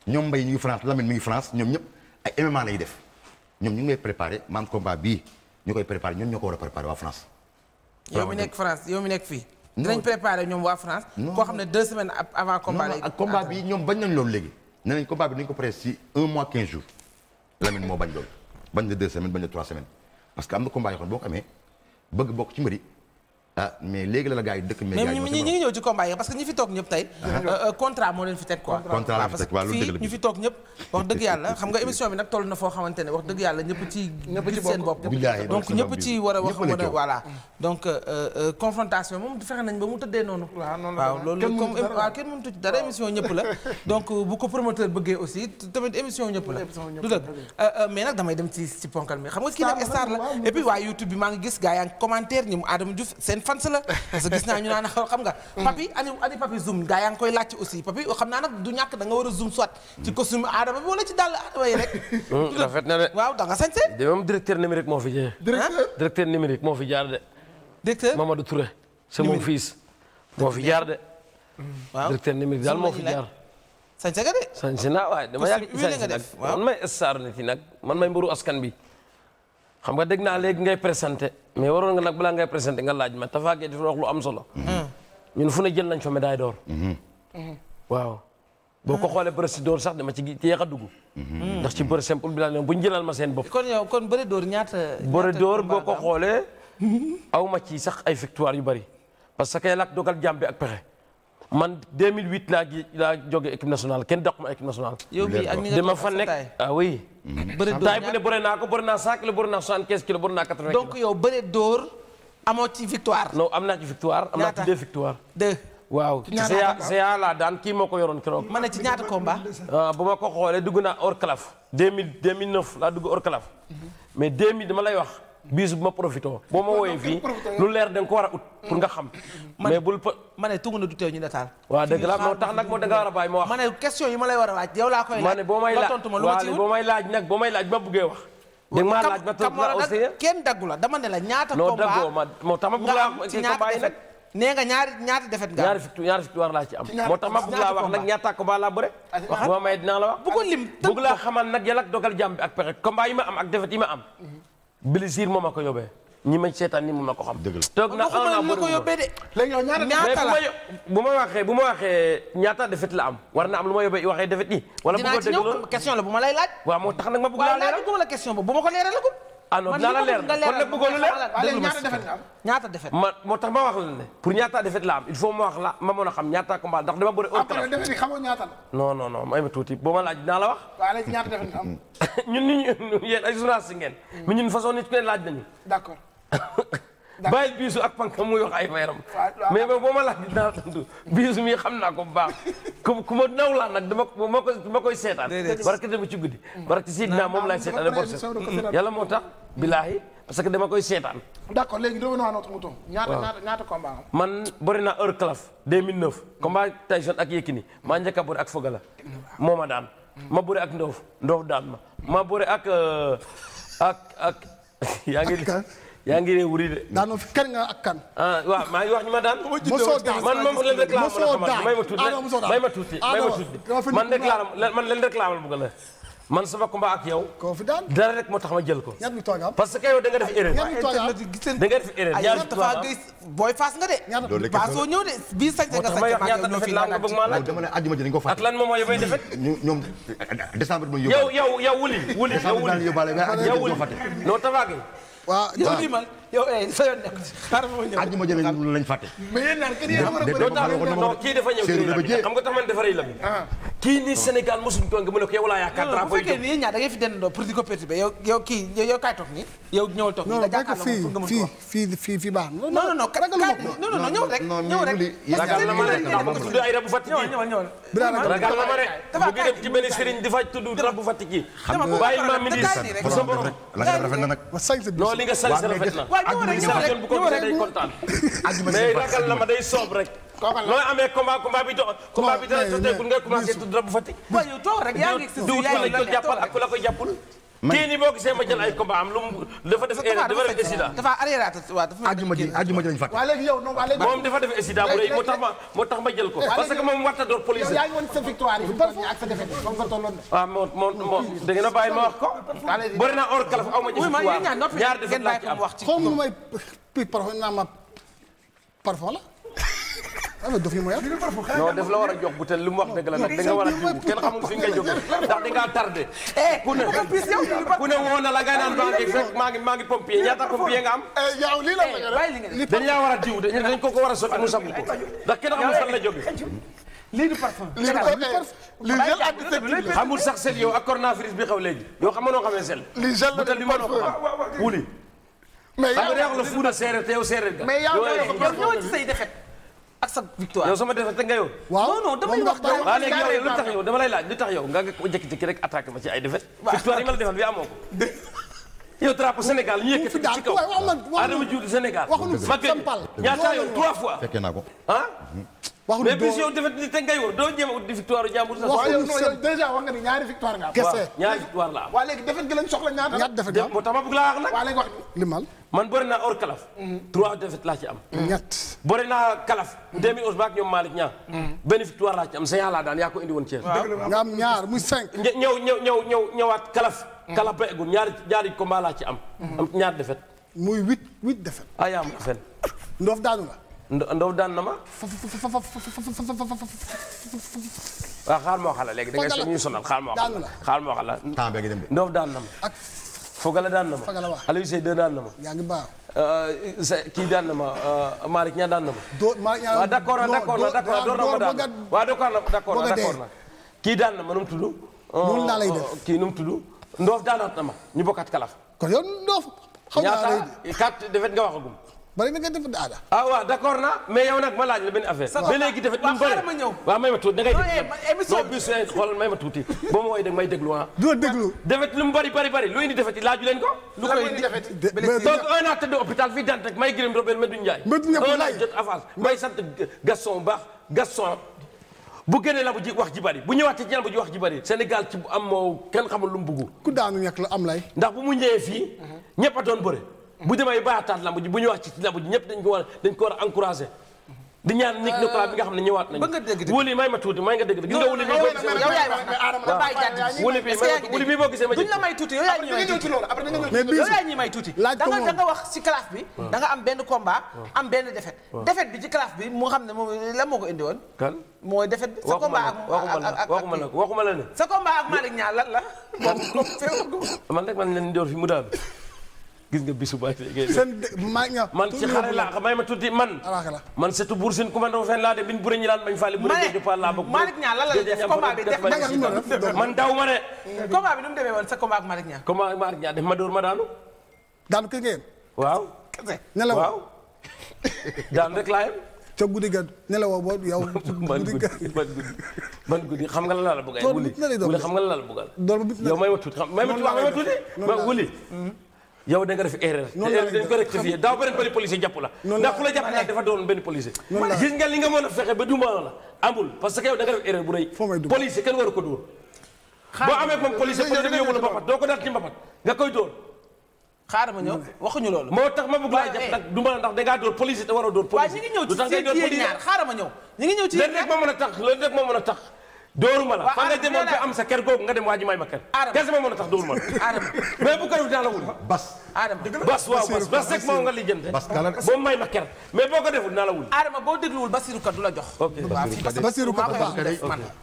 ñoom Mbaye ñu ngi France Lamine mi ngi France ñoom ñëpp ay MMA lañu def ñoom ñu ngi may préparé maam combat bii ñu koy préparé ñoom ñoo ko war a préparé waa France nekk France yow mi nekk fii dinañ préparé koo xam ne deux semaines avant combat la ak combat ñoom bañ nañ loolu léegi ne nañ combat bi ko presse si un mois quinze jours Lamine moo bañ loolu bañ na deux semaines bañ na trois semaines parce que am na combat boo ko bëgg bokk ci mbëri Ah, mais léegi la la gars yi dëkk mais ñi ñi ñëw ci combat parce que ñu ah ah. euh, euh, fi toog ñëpp wax dëgg yàlla xam nga émission bi nag toll na foo xamante wax dëgg yàlla ñëpp ci gis seen bopp donc ñëpp ci war a wax euh, moom waaw kenn mënut ci dara émission ñëpp la [laughs] donc bu ko promoteur bëggee aussi tamit émission ñëpp la du dëgg mais nag damay dem ci ponkal mi xam nga kii nag star la et puis YouTube bi maa ngi gis gars yaa ngi commentaire ñi Adama Diouf fans la parce que gis naa ñu naan xam nga mm. papi ani ani papi zoom gaa yaa ngi koy laajte aussi papi xam naa nag du ñàkk da nga war a zoom soit ci mm. costume aadama bi wala ci dàll aadama yi [laughs] mm, rafet na de waaw da nga sañse de moom directeur numérique moo fi jee ah? directeur numérique moo fi jaar de directeur Mamadou Touré c'est mon fils fi jaar de waaw directeur numérique daal moo fi jaar sañse nga de sañse naa waaye dama yàgg sañse nag man may star nit yi nag man may mburu askan bi xam nga dégg naa léegi ngay présenté mais waroon nga nag balaa ngay présenté nga laaj ma Tapha Gueye dafa wax lu am solo. Mm-hmm. ñun fu ne jël nañ fa médaille d'or. Mm-hmm. Mm-hmm. waaw boo ko xoolee bëre si dóor sax dama ci yéex a dugg. ndax ci bëre simple bi laa ne bu ñu jëlal ma seen bopp. kon yow kon bëre dóor ñaata. bëre dóor boo ko xoolee. aw ma ci sax ay victoire yu bari parce que kay lakk dogal jàmm bi ak pexe. man 2008 mil gi laa jóge équipe nationale kenn dàqu équipe nationale. yow mii ak ni nga dama fa ah naa ko bëri naa 100 kilo bëri naa 75 kilo bëri naa 80 kilo. donc yow bëri dóor amoo ci victoire. non am na ci victoire am naa ci deux victoire. deux waaw. ñaata CA laa daan kii moo ko yoroon keroog. ma ne ci ñaata combat. Ah, bu ma ko xoolee dugg naa Orcalaf. 2000 2009 laa dugg Orcalaf. Mhm. mais 2000 dama lay wax. biis bu ma profité boo ma wooyee fii lu leer da ko war a ut pour nga xam mais bul pa ma na du teew ñu nataal waaw dëgg la moo tax nag moo da nga war a bàyyi ma wax ma ne question yi ma lay war a laaj yow laa koy ma ne boo may nag boo ma bëggee wax la aussi kenn daggu la dama moo tax ma bëgg nee nga ñaari ñaari defet nga war laa ci am moo tax ma bëgg laa wax nag ñaata combat laa bëre wax boo may ak dogal jàmm bi ak pexe combat yi ma am ak defet yi am mm-hmm. blessure moo ma ko yóbbee ñi ma seetaan ni moom ma ko xam. toog na un an ko yóbbee de. léegi yow bu ma waxee bu ma waxee ñaata defet la am war na am lu ma yóbbee waxee defet yi. wala bu ko ma lay laaj. waaw moo tax nag ma bëgg laa leeral waaw laaj la question boobu bu ma ko leeralagum. ah non dinaa la leer kon nag bëggoon leer déglu ma ñaata defet ma moo tax ma wax la ne pour ñaata defet la am il faut ma wax la ma mën a xam ñaata combat ndax dama bëri haute classe defet yi xamoo ñaata la non non non may ma tuuti boo ma laaj dinaa la wax waaw léegi ñaata defet la am [laughs] ñun nit ñi yéen ay journaliste ngeen mm. mais ñun façon nit ku ne laaj nañu d'accord [laughs] bàyyil biisu ak panka muy wax ay fayaram mais boo ma laaj dinaa tontu biisu mi xam naa ko bu baax ku ma naw laa nag dama ma koy seetaan barke dama ci guddi barke Sidina moom laay seetaan borse yàlla moo tax bilaahi parce que dama koy seetaan d'accord léegi revenons à notre mouton ñaata ñaata ñaata combat am man bëri naa heure classe 2009 combat Tyson ak Yékini maa njëkk a bëri ak Fogala moo ma daan ma bëri ak Ndoof Ndoof daan ma ma bëri ak euh, ak ak [laughs] yaa ngi ne wuri de. daanoo fi kan nga ak kan. ah waaw maa ngi wax ñu ma daan. mosoo daan man moom leen rek laa mën a xamal may ma tuuti may ma tuuti may ma tuuti man rek laa man leen rek laa mën a bëgg la. man sama combat ak yow. koo fi daan dara rek moo tax ma jël ko. ñaar ñu toogam parce que yow da nga def erreur. ñaar ñu toogam da nga def erreur. ñaar ñu toogam booy faas nga de. loolu lépp soo ñëw de bii sax nga sax maa ngi laa nga bëgg maa laaj. dama ne àjjuma ji dañu ko fàtte. ak lan moom mooy bay defet. ñoom décembre bi ma yóbbaale. yow yow yow wuli wuli yow wuli décembre bi daal yóbbaale mais àjjuma ji dañu ko fàtte. non tabaagi. waaw yow eh sa yoon nekk xaaral ma ñëw. àjjuma jëlee ñu lañ fàtte. mais yéen naan kër yéen a war a bëri. non kii dafa ñëw kër yi xam nga tax man defaree la. kii nii Sénégal mosuñu toog nga mu ne ko yow laa yaakaar. drapeau bu fekkee ni ñaar da ngay fi dendandoo pour di ko perturber yow yow kii yow kaay toog nii. yow ñëwal toog nii nga jàkkaarloo fii fii fii fii fii baax na. non non non kaay non non ñëw rek ñëw rek. ragal na ma rek tudd ay rabu Fatick yi. ñëwal ñëwal ragal na ma rek. bu ngi dem ci benn sëriñ di faj tudd rabu Fatick yi. bàyyi ma ministre bu sa borom. la nga rafet na nag. non li nga sañ sa rafet na mais ragal na ma day soob rek. kooku la amee combat combat bi dox. combat bi dana sottee bu nga commencé tudd rab bu Fatick. waaw yow toog rek yaa ngi si si yaa ngi jàppal ak ku la ko jàppul kii nii boo gisee ma jël ay combat am lu mu dafa def dafa def sida dafa arrière waaw dafa moom dafa def sida bu moom warta door police yaa ngi sa victoire yi ak sa défaite moom nga tolloon waaw ah, moom moom da ngeen a bàyyi ma wax ko bëri naa or kalaf aw ma ñaar def laa ci naa ma parfum la alors daf ñu mooy non daf la war a jox butel li mu wax dëgg la nag da nga war a jiw kenn xamul fi nga jóge [laughs] ndax di ngaa tardé. Eh, ku ne ku ne woo na la nga naan maa ngi fekk maa ngi maa ngi pompier ñaata pompier nga am. Eh, yow lii la eh, dañ laa war a jiw dañ ko ko war a sotti mu sabu ko ndax kenn xamul fan la jóge. lii du parfum. lii du parfum lii gel antiseptique la xamul sax sel yow ak coronavirus bi xew léegi yow xam nga noo xamee sel. lii gel la bi mënoo ko xam wuli. mais yow xam nga la fuuna séeréer te yow séeréer nga. mais yow ñoo ci say defet sa victoire. yow sama défaite nga yow. waaw non wax waaw léegi yow lu tax yow dama lay laaj lu tax yow nga jékki-jékki doo jéem a ut di victoire jàmbur sax. waxuñu sën wax nga ni ñaari victoire nga am. kese ñaari victoire la am. waa léegi défaite gi lañ soxla ñaata. ñaata défaite la am moo tax ma bëgg laa wax nag. waa léegi wax man bëri naa or kalaf. trois défaites laa ci am. ñett bëri naa kalaf. 2011 ba ak ñoom Malick Niang. benn victoire laa ci am sa yaa laa daan yaa ko indi woon Thiès. nga am ñaar muy cinq. ñëw ñëw ñëw ñëw ñëwaat kalaf. kalaf ba eggul ñaari ñaari combat laa ci am. am ñaar défaites. muy huit huit défaites. ah yaa am fen. Ndof daanu la. Ndof daan na ma. waaw xaal moo xala léegi da ngay ñu sonal xaal moo xala. xaal moo xala. Fogala daan na ma Fogala waaw Aliou Seye daan na ma. yaa ngi baax. Euh, kii daan na ma euh, Malick Niang daan na ma. doo Malick Niang d' accord door na ma daan waaw d' accord d' accord d' accord kii daan na ma nu mu tudd. noonu euh, laa na ma ñu bokkaat kalaf. kon yow Ndoof. xam nga ñaata quatre défaite nga waxagum. bari na nga def aada. ah waaw d'accord na mais yow nag ma laaj la benn affaire. sa ba léegi dafa dum bëri waaw may ma tuuti da ngay eh, déglu émission bi eh, xool may ma tuuti boo ma wooyee da may déglu ah. du déglu. defet lu mu bëri bëri bëri lu indi defet laaju leen ko. lu koy indi donc un an tëdd hôpital fii daan rek may gërëm Robert Medou Ndiaye. Medou Ndiaye un an jot avance may sant Gaston baax Gaston. bu génnee la bu ji wax ji bari bu ñëwaatee ci bu ji wax ji bari Sénégal ci am moo kenn xamul lu mu bugg. ku daanu ñàkk la am lay. ndax bu mu ñëwee fii. ñëpp a doon bëre bu demee baaxaat lamb ji bu ñu wax ci lamb ji dañ ko war a encouragé. di ñaan nit ñi bi nga xam ne ñëwaat nañu. ba nga dégg wuli may ma tuuti may nga da nga da nga wax bi. nga am benn combat am benn défaite. défaite bi ci classe bi mu xam ne moom la moo ko indi woon. kan mooy défaite bi sa combat la la waxuma la ne. sa combat ak Malick Niang [laughs] man rek man leen door fi mu daal gis nga bisu baay seen maa ngi man ci xare laa xam may ma tuuti man man surtout buur sin commande fen laa de bin buré ñi laan bañ faale buré ñu pa man daw ma ne combat bi nu mu demee woon sa combat ak Malick Niang combat ak ma dóor ma daanu daanu kër ngeen waaw ne la waaw daanu rek laa yem ca guddi ga ne la woo boo yow [laughs] man guddi man guddi xam nga la la bëgg wuli xam nga la la bëggal yow may ma tuuti may ma tuuti yow da nga def erreur. noonu la nga benn policier jàpp la. ndax la jàpp doon benn policier. a fexe kenn waru ko dóor. boo amee moom policier doo ko daal ci mbapat nga koy dóor. loolu. moo tax ma bëgg laa jàpp eh. nag du ma ndax da ngaa dóor te waroo dóor policier. waaw ñu ngi ñëw ci seen ñaar a tax lenn rek moo mën a tax dóoruma la fa nga demoon ba am sa kër googu nga dem waa ji may ma kër. kese ma mën a tax dóoruma la. mais bu ko def daal la wul. bas bas waaw bas bas rek moo nga lijjante. bas boo may ma kër mais boo ko deful naa la wul. Adama boo dégluwul Basiru ka du la jox. ok Basiru ka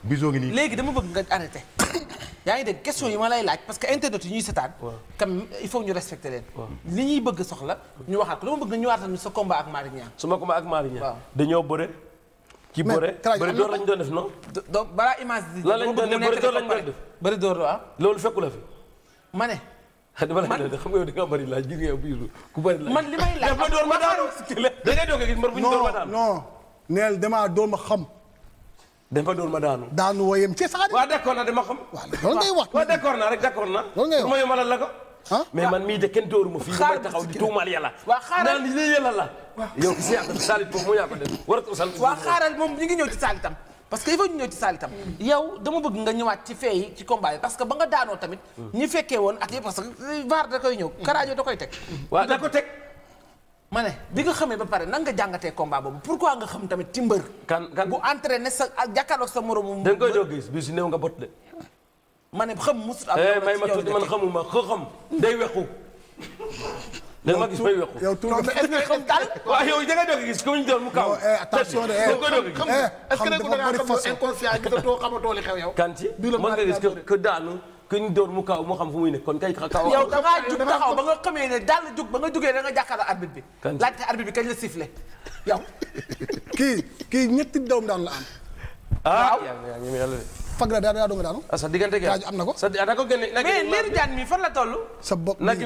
bisoo ngi nii léegi dama bëgg nga arrêté. [coughs] yaa ngi dégg question yi ma lay laaj parce que internet yi ñuy setaan. kam il faut ñu respecter leen. li ñuy bëgg soxla. ñu waxaat ko dama bëgg nga ñëwaatal sa combat ak Mari Niang. suma combat ak Mari Niang dañoo bëre ci bëre bëri door lañ doon def non. donc balaa image di. lan lañ doon def door lañ doon def bëri door la ah. loolu fekku ma ne. [laughs] dama la de xam nga yow da nga bëri laaj ji nga ku bëri li may door ma daanu. da ngay doog bu ñu door ma daanu. damaa door ma xam. dafa door ma daanu. daanu wooyeem ci sax. waa d'accord na dama xam. waaw loolu ngay wax waaw na rek d'accord na. loolu ngay wax ma yomalal la mais man mii de kenn dóoruma fii damay taxaw di tuumaal yàlla. waaw xaaral naan lii yàlla la. yow si yàlla saalit boobu moo yaa ko def xaaral moom ñu ngi ñëw ci saalitam. parce que i faut ñu ñëw ci saalitam. yow dama bëgg nga ñëwaat ci fee yi ci combat yi parce que ba nga daanoo tamit. ñu fekkee woon ak yëpp parce que VAR da koy ñëw. Mm. Karajo da koy teg. waaw da ko teg. ma ne bi nga xamee ba pare nan nga jàngatee combat boobu pourquoi nga xam tamit ci mbër. kan kan bu entraîné sa ak jàkkaarloog sa moromu. da nga koy doog gis bi si nga bot ma ne xam musul am eh, may ma tuuti man xamuma ko xam day wequ da ma gis may wequ yow tuur nga est-ce que eh, xam daal waaw yow da nga doog gis ko ñu doon mu kaw eh, attention de ko doog gis est-ce que da nga xam inconscient door mu kaw moo xam fu muy ne kon kay kaw yow da ngaa jug taxaw ba nga xamee ne daal jug ba nga jugee da nga jàkkaarloo arbitre bi laajte arbitre bi kañ la sifflé yow kii kii ñetti doom daan la am ah, waaw fagg la daa daa daanu. Ah, sa diggante gi ah. am na ah, la toll. sa bopp mi tee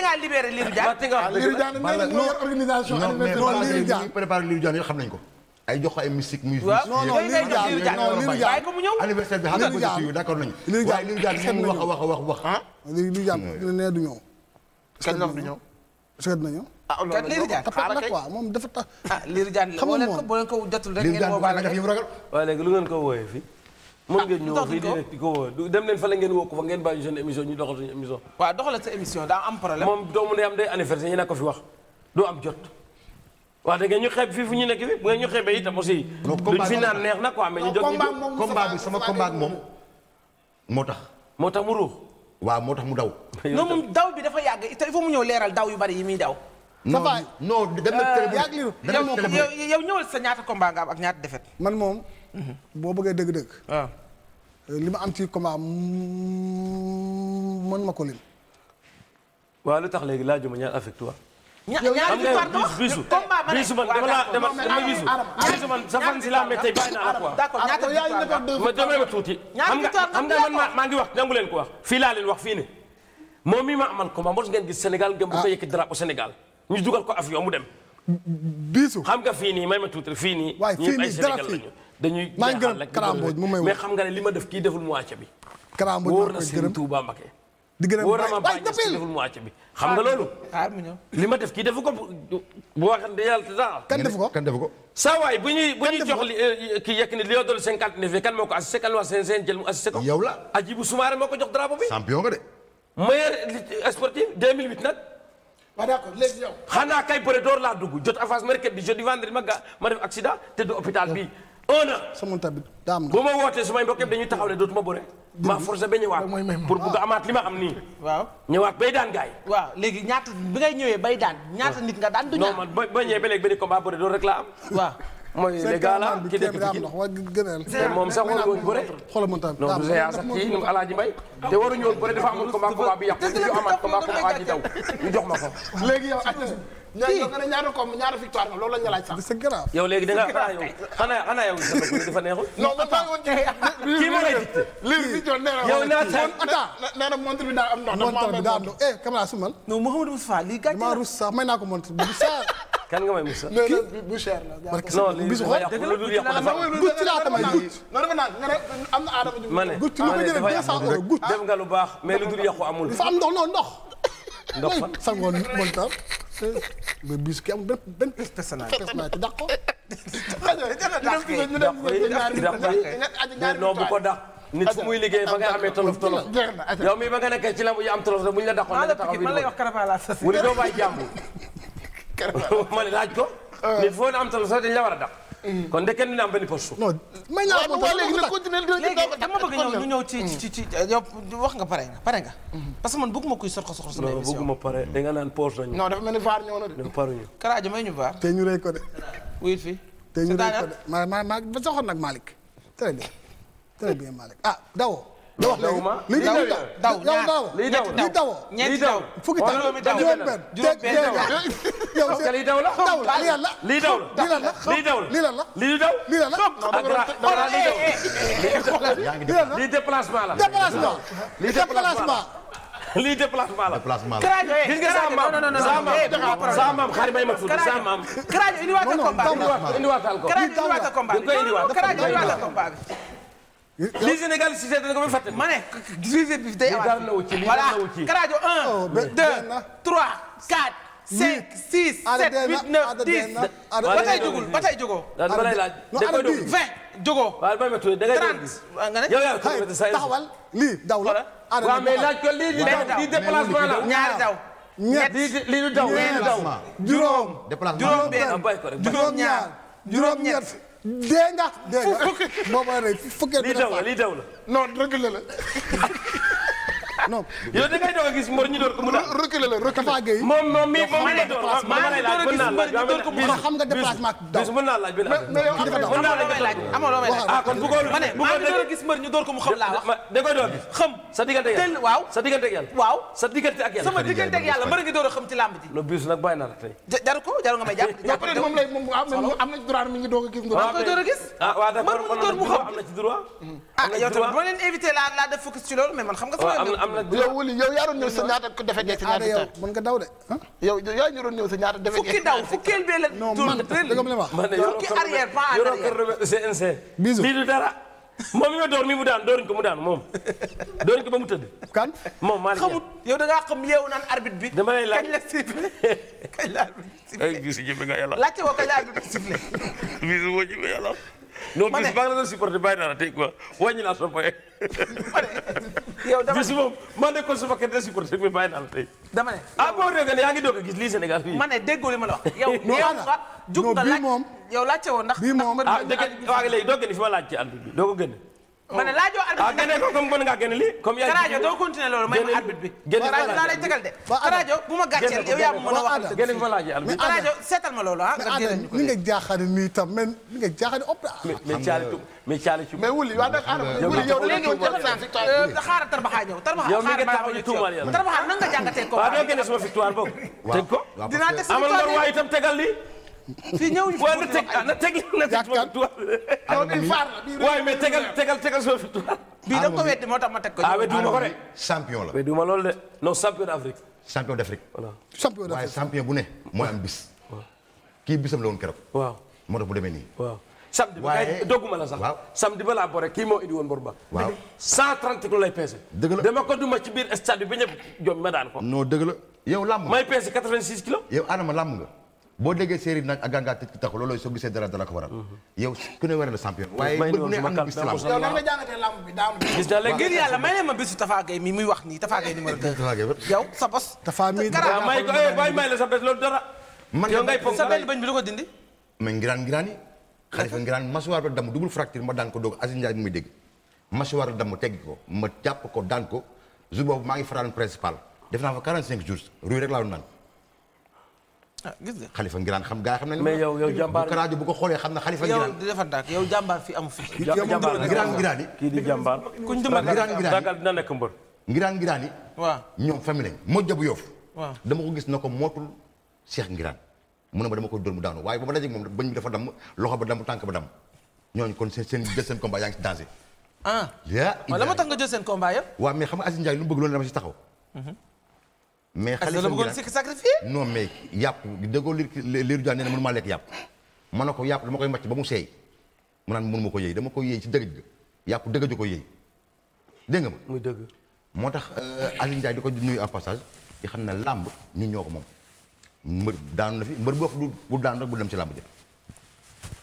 ngaa libéré Lirou Diane. Lirou Diane nee na organisation. non mais Balla Gaye xam nañ ko. ay jox ko ay ko mu ñëw. xam nga ko ci d'accord nañu. Lirou xam nga moom boo leen ko jotul rek ngeen boobaa wooyee fii moom ngeen ah, ñëw fii di di ko woo dem leen fa la ngeen woo ko fa ngeen bàyyi seen émission ñu doxal suñu émission. waaw doxalal sa émission daa am problème. moom doomu ne am jot. wax dëgg ñu xeeb fii fu ñu nekk fii bu ngeen ñu xeebee itam aussi. duñ fi naan neex na quoi mais ñu jot ñu. combat sama combat ak moom moo tax. moo tax mu ruux. waaw moo tax mu daw. [laughs] non moom daw bi dafa yàgg il faut mu ñëw leeral daw yu bari yi muy daw. non non dem na. Euh, yàgg yow ñëwal sa ñaata combat ak ñaata défaite. man moom boo bëggee dëgg-dëgg. Ah. Euh, li ma am ci combat mm, mën ma ko lim. waaw lu tax léegi laajuma ñaar affecté waaw. ña ñaari victoire dox bisu bisu man dama la dama bisu bisu man sa fan si laa mais tey bàyyi naa la quoi. d'accord ñaata victoire dox ma demee ma tuuti. ñaari victoire xam nga man maa ngi wax nangu leen ko wax. fii laa leen wax fii ne moom mii ma amal combat mos ngeen gis Sénégal gëm bu ko yëkk drapeau Sénégal ñu dugal ko avion mu dem. bisu xam nga fii nii may ma tuuti fii nii. waay fii nii dara fii dañuy maa ngi gërëm karambooj mu may mais xam nga ne li ma def kii deful mu wàcc bi karambooj wóor na Serigne Touba Mbacké di gërëm wóor na ma bàyyi si deful mu wàcc bi xam nga loolu ah, li ma def kii defu ko bu waxante yàlla daal kan defu ko kan defu ko saa waay bu ñuy bu ñuy jox li eh, kii yekk ni li yoo doon cinquante neuf kan moo ko assisté kan moo seen jël mu assisté ko yow la Hadjibou Soumaré moo ko jox drapeau bi champion nga de meilleur sportif 2008 nag waaw d'accord léegi yow xanaa kay bëre door laa dugg jot avance mercredi jeudi vendredi ma ga ma def accident te du hôpital bi un an sama tabit daa am na bu ma wootee su may mbokk yëpp dañuy taxaw ne dootuma bëre maa forcé ba ñëwaat pour bëgg amaat li ma am nii waaw ñëwaat bay daan gars yi waaw léegi ñaata bi ngay ñëwee bay daan ñaata nit nga daan du ñaar non man ba ñëwee ba léegi benn combat bëre doon rek laa am waaw mooy les gars la bi wa gënal moom sax waruñu woon bëre xoolal ma tamit non Zéa sax kii ñoom Alaaji Mbay te waruñu woon bëre dafa amoon combat bi yàqu ñu ñu jox ma ko léegi yow ñoo nga ne ñaata ko ñaata victoire nga loolu la ñu laaj sax. c'est grave. yow léegi da nga xanaa xanaa yow dafa neexul. non man maa ngi woon ci [laughs] kii moo lay dicté. lii lii jox nee na yow naa tey nee na montre bi daa am ndox. montre bi daa am ndox eh Kamala Sumal. non Mouhamadou Moustapha lii gàcce la rus sax may naa ko montre bi bu cher. [laughs] kan nga may Moussa. kii bu cher la. non lii dafa yàqu lu dul yàqu dafa am. gucci laa tamay gucci. non dafa naan nga ne am na aadama ju. ma ne ma ne dafa yàqu rek gucci lu ko jëlee 200 euros gucci. def nga lu baax mais lu dul yàqu amul. dafa am ndox non ndox. ndox fa sangoon montar [laughs] nga bis ki am benn benn personnalité personnalité dàq ko. non bu ko dàq. nit fu muy liggéey ba nga amee tolof tolof. yow mii ba nga nekkee ci la yu am tolof la bu ñu la dàqoon da nga taxaw bi ma ne [laughs] laaj ko. Euh. nit foo ne am tolof sax dañ la war a dàq. Mm. kon de kenn dina am benn poste. non may naa ko léegi nag continué léegi dama bëgg ñëw ñu ñëw ci ci wax nga pare nga pare nga. Mm-hmm. parce que man bëgguma kuy soxla soxla sama émission. non bëgguma pare mm-hmm. da nga naan poste nañu. dafa mel ni vaar na de. dafa paru ñu. may ñu vaar. te ñu rey ko de. wuyut fii. te ñu rey ko de ma ma ma ba nag Malick. très bien très bien Malick ah Dawo. la wax léegi liy daw daw liy daw liy daw ñetti daw fukki taw juróom benn juróom benn yow liy daw la daw la liy daw la liy daw la liy daw la liy daw liy daw la liy déplacement la déplacement liy déplacement lii déplacement la déplacement la. gis nga saa maam saa maam saa maam xaar may ma tudd saa maam. Karajo indiwaat combat bi indiwaat combat bi indiwaat combat bi. lii Sénégal si seet ko ba fàtte ma ne. gis day Karajo 1 2 3 4 5 6 7 8 9 10. ba tey jugul ba tey jugoo. daanaka lay laaj da koy dugg 20 jugoo. waaw da ngay 30 nga ne. yow yaa taxawal lii daw la. waaw mais laaj ko lii lii déplacement la ñaari daw. ñett lii daw. ñeent daw juróom. déplacement ah, juróom benn juróom ñaar juróom ñett. dégg nga dégg nga moom mooy rek. fukki non dëgg la la. [laughs] non yow da ngay doog a gis mbër ñu door ko mu daan. reculer la reculer Tafa Gueye. moom moom mii moom mii lay doon ah, maa ngi door a gis mbër ñu door ko mu xam nga déplacement ak daw. bis mën naa laaj benn affaire. mais yow amoo loo may laaj amoo loo may laaj. ah kon bu ko ma ne maa ngi door a gis mbër ñu door ko mu xam laa wax. da koy door a gis xam. sa diggante ak yàlla waaw sa diggante ak yàlla. waaw sa diggante ak yàlla. sama diggante ak yàlla mbër ngi door a xam ci làmb ji. lo bis nag bàyyi naa la tey. jaru ko jaru nga may jàpp. jàpp peut-être moom lay moom am na droit mi ngi doog a gis. waaw koy door a gis. ah waaw d'accord mën mu door mu xam. am na ci droit. ah yow tamit boo leen invité laa laa def focus ci loolu mais man xam nga sama ah, nag yow wuli yow yaa doon ñëw sa ñaata ko defee nekk si ñaata daw de yow yaa ñu doon ñëw sa fukki daw fukkeel bee la non man dëgg ma wax mi ma door mi mu daan dooruñ ka mu daan moom door ko ba mu tëdd kan moom maa xamut yow da ngaa xam yeewu naan arbitre bi dama lay laaj kañ la sifflé [laughs] kañ la arbitre sifflé ay bisu jëmbi nga yàlla laajte woo kañ la arbitre sifflé bisu [laughs] woo non bis maa ngi la doon supporté bàyyi naa la tey quoi wàññi naa soo boyee. ma ne yow dama bis moom man de ko su fekkee da supporté bi bàyyi tey. dama ne ah boo déggee ne yaa ngi doog a gis lii Sénégal fii. ma ne déggoo li ma la wax. yow yow [laughs] nga jug nga laaj yow woon ndax. bii moom ah dëgg la léegi fi ma laaj ci ànd bi doo ko génn. ma ne laajoo arbitre bi ah, ko comme mën ngaa génn lii comme yaa rajo doo continuer loolu may ma arbitre bi rajo naa lay tegal de rajo bu ma gàcceel yow yaa mën a wax génn fa laaj arbitre rajo seetal ma loolu ah ni nga jaaxaane nii tam mais ni nga jaaxaane op mais caali tu mais caali ci mais wuli waa nag wuli yow léegi euh, xaaral tarbaxaa ñëw tarbaxaa yow mi nga taxaw ñu tuumal yàlla tarbaxaa nan nga jàngatee ko waaw doo génne sama victoire boobu teg ko dinaa teg sama victoire amal nga waay itam tegal lii fii ñëw ñu fi na teg na teg na teg waaye mais tegal tegal soo fi tuwaat. bii da ko weddi moo tax ma teg ko. ah weddiwuma ko de champion la. weddiwuma loolu de non champion d'Afrique. champion d'Afrique. voilà champion d'Afrique ne. mooy am bis. kii bisam la woon waaw moo bu demee nii. waaw samedi ba kay dogguma la sax. waaw samedi ba laa boore kii moo indi woon bor ba. waaw 130 kilos ko duma ci biir stade bi ba ñëpp jom ma daan ko. non dëgg la làmb. may peese 86 kilos. Adama làmb nga. boo déggee séeréer nag ak gàncax gi taxul looloo soo gisee dara dara ko waral. yow ku ne wér na champion. waaye bu ne am na bis la yow nan nga jàngatee lamb ma wax nii Tafa Gueye numéro 2. yow sa bos. Tafa mi dara ah, may ko bàyyi eh, may la sa bés loolu dara. man yow ngay sa benn bañ bi lu ko dindi. mais ngiraan ngiraani. ba damm double fracture ma daan ko doog Aziz Ndiaye bi muy dégg. masuwaar ba damm teggi ko ma jàpp ko daan ko jour boobu maa ngi faraan principal def naa fa 45 jours rue rek laa naan Ah, gis nga xalifa ngiraan xam gaa xam nañu. mais yow yow jàmbaar bu ko xoolee xam na xalifa ngiraan. yow dafa dàq yow jàmbaar fi amu fi. jàmbaar ngiraan ngiraan yi. kii di jàmbaar kuñ demal ngiraan ngiraan yi ragal dina nekk mbër. ngiraan ngiraan yi. waaw ñoom famille lañ moo jabu yoof. waaw dama ko gis na ko mootul Cheikh ngiraan mu ne ma dama ko dóor mu daanu waaye ba ma dajeeg moom bañ dafa damm loxo ba damm tànk ba damm ñooñu kon seen seen jël seen combat yaa ngi si danger. ah. yaa la ma tax nga jël seen combat yëpp. waaw mais xam nga Aziz Ndiaye lu mu bëgg loolu dama si taxaw mhm. mais xale la bëggoon sikk sacrifié non mais yàpp déggoo liir liiru jaan nee maa lekk yàpp ma ne ko yàpp dama koy màcc ba mu seey mu naan mënu ma ko yëy dama ko yëy ci dëgëj ga yàpp dëgëju ko yëy dégg nga ma muy dëgg moo tax euh, Aliou Ndiaye di ko nuyu en passage di xam ne làmb ñun ñoo ko moom mbër daanu na fi mbër bu wax du bu daanu rek bu dem ci làmb jëf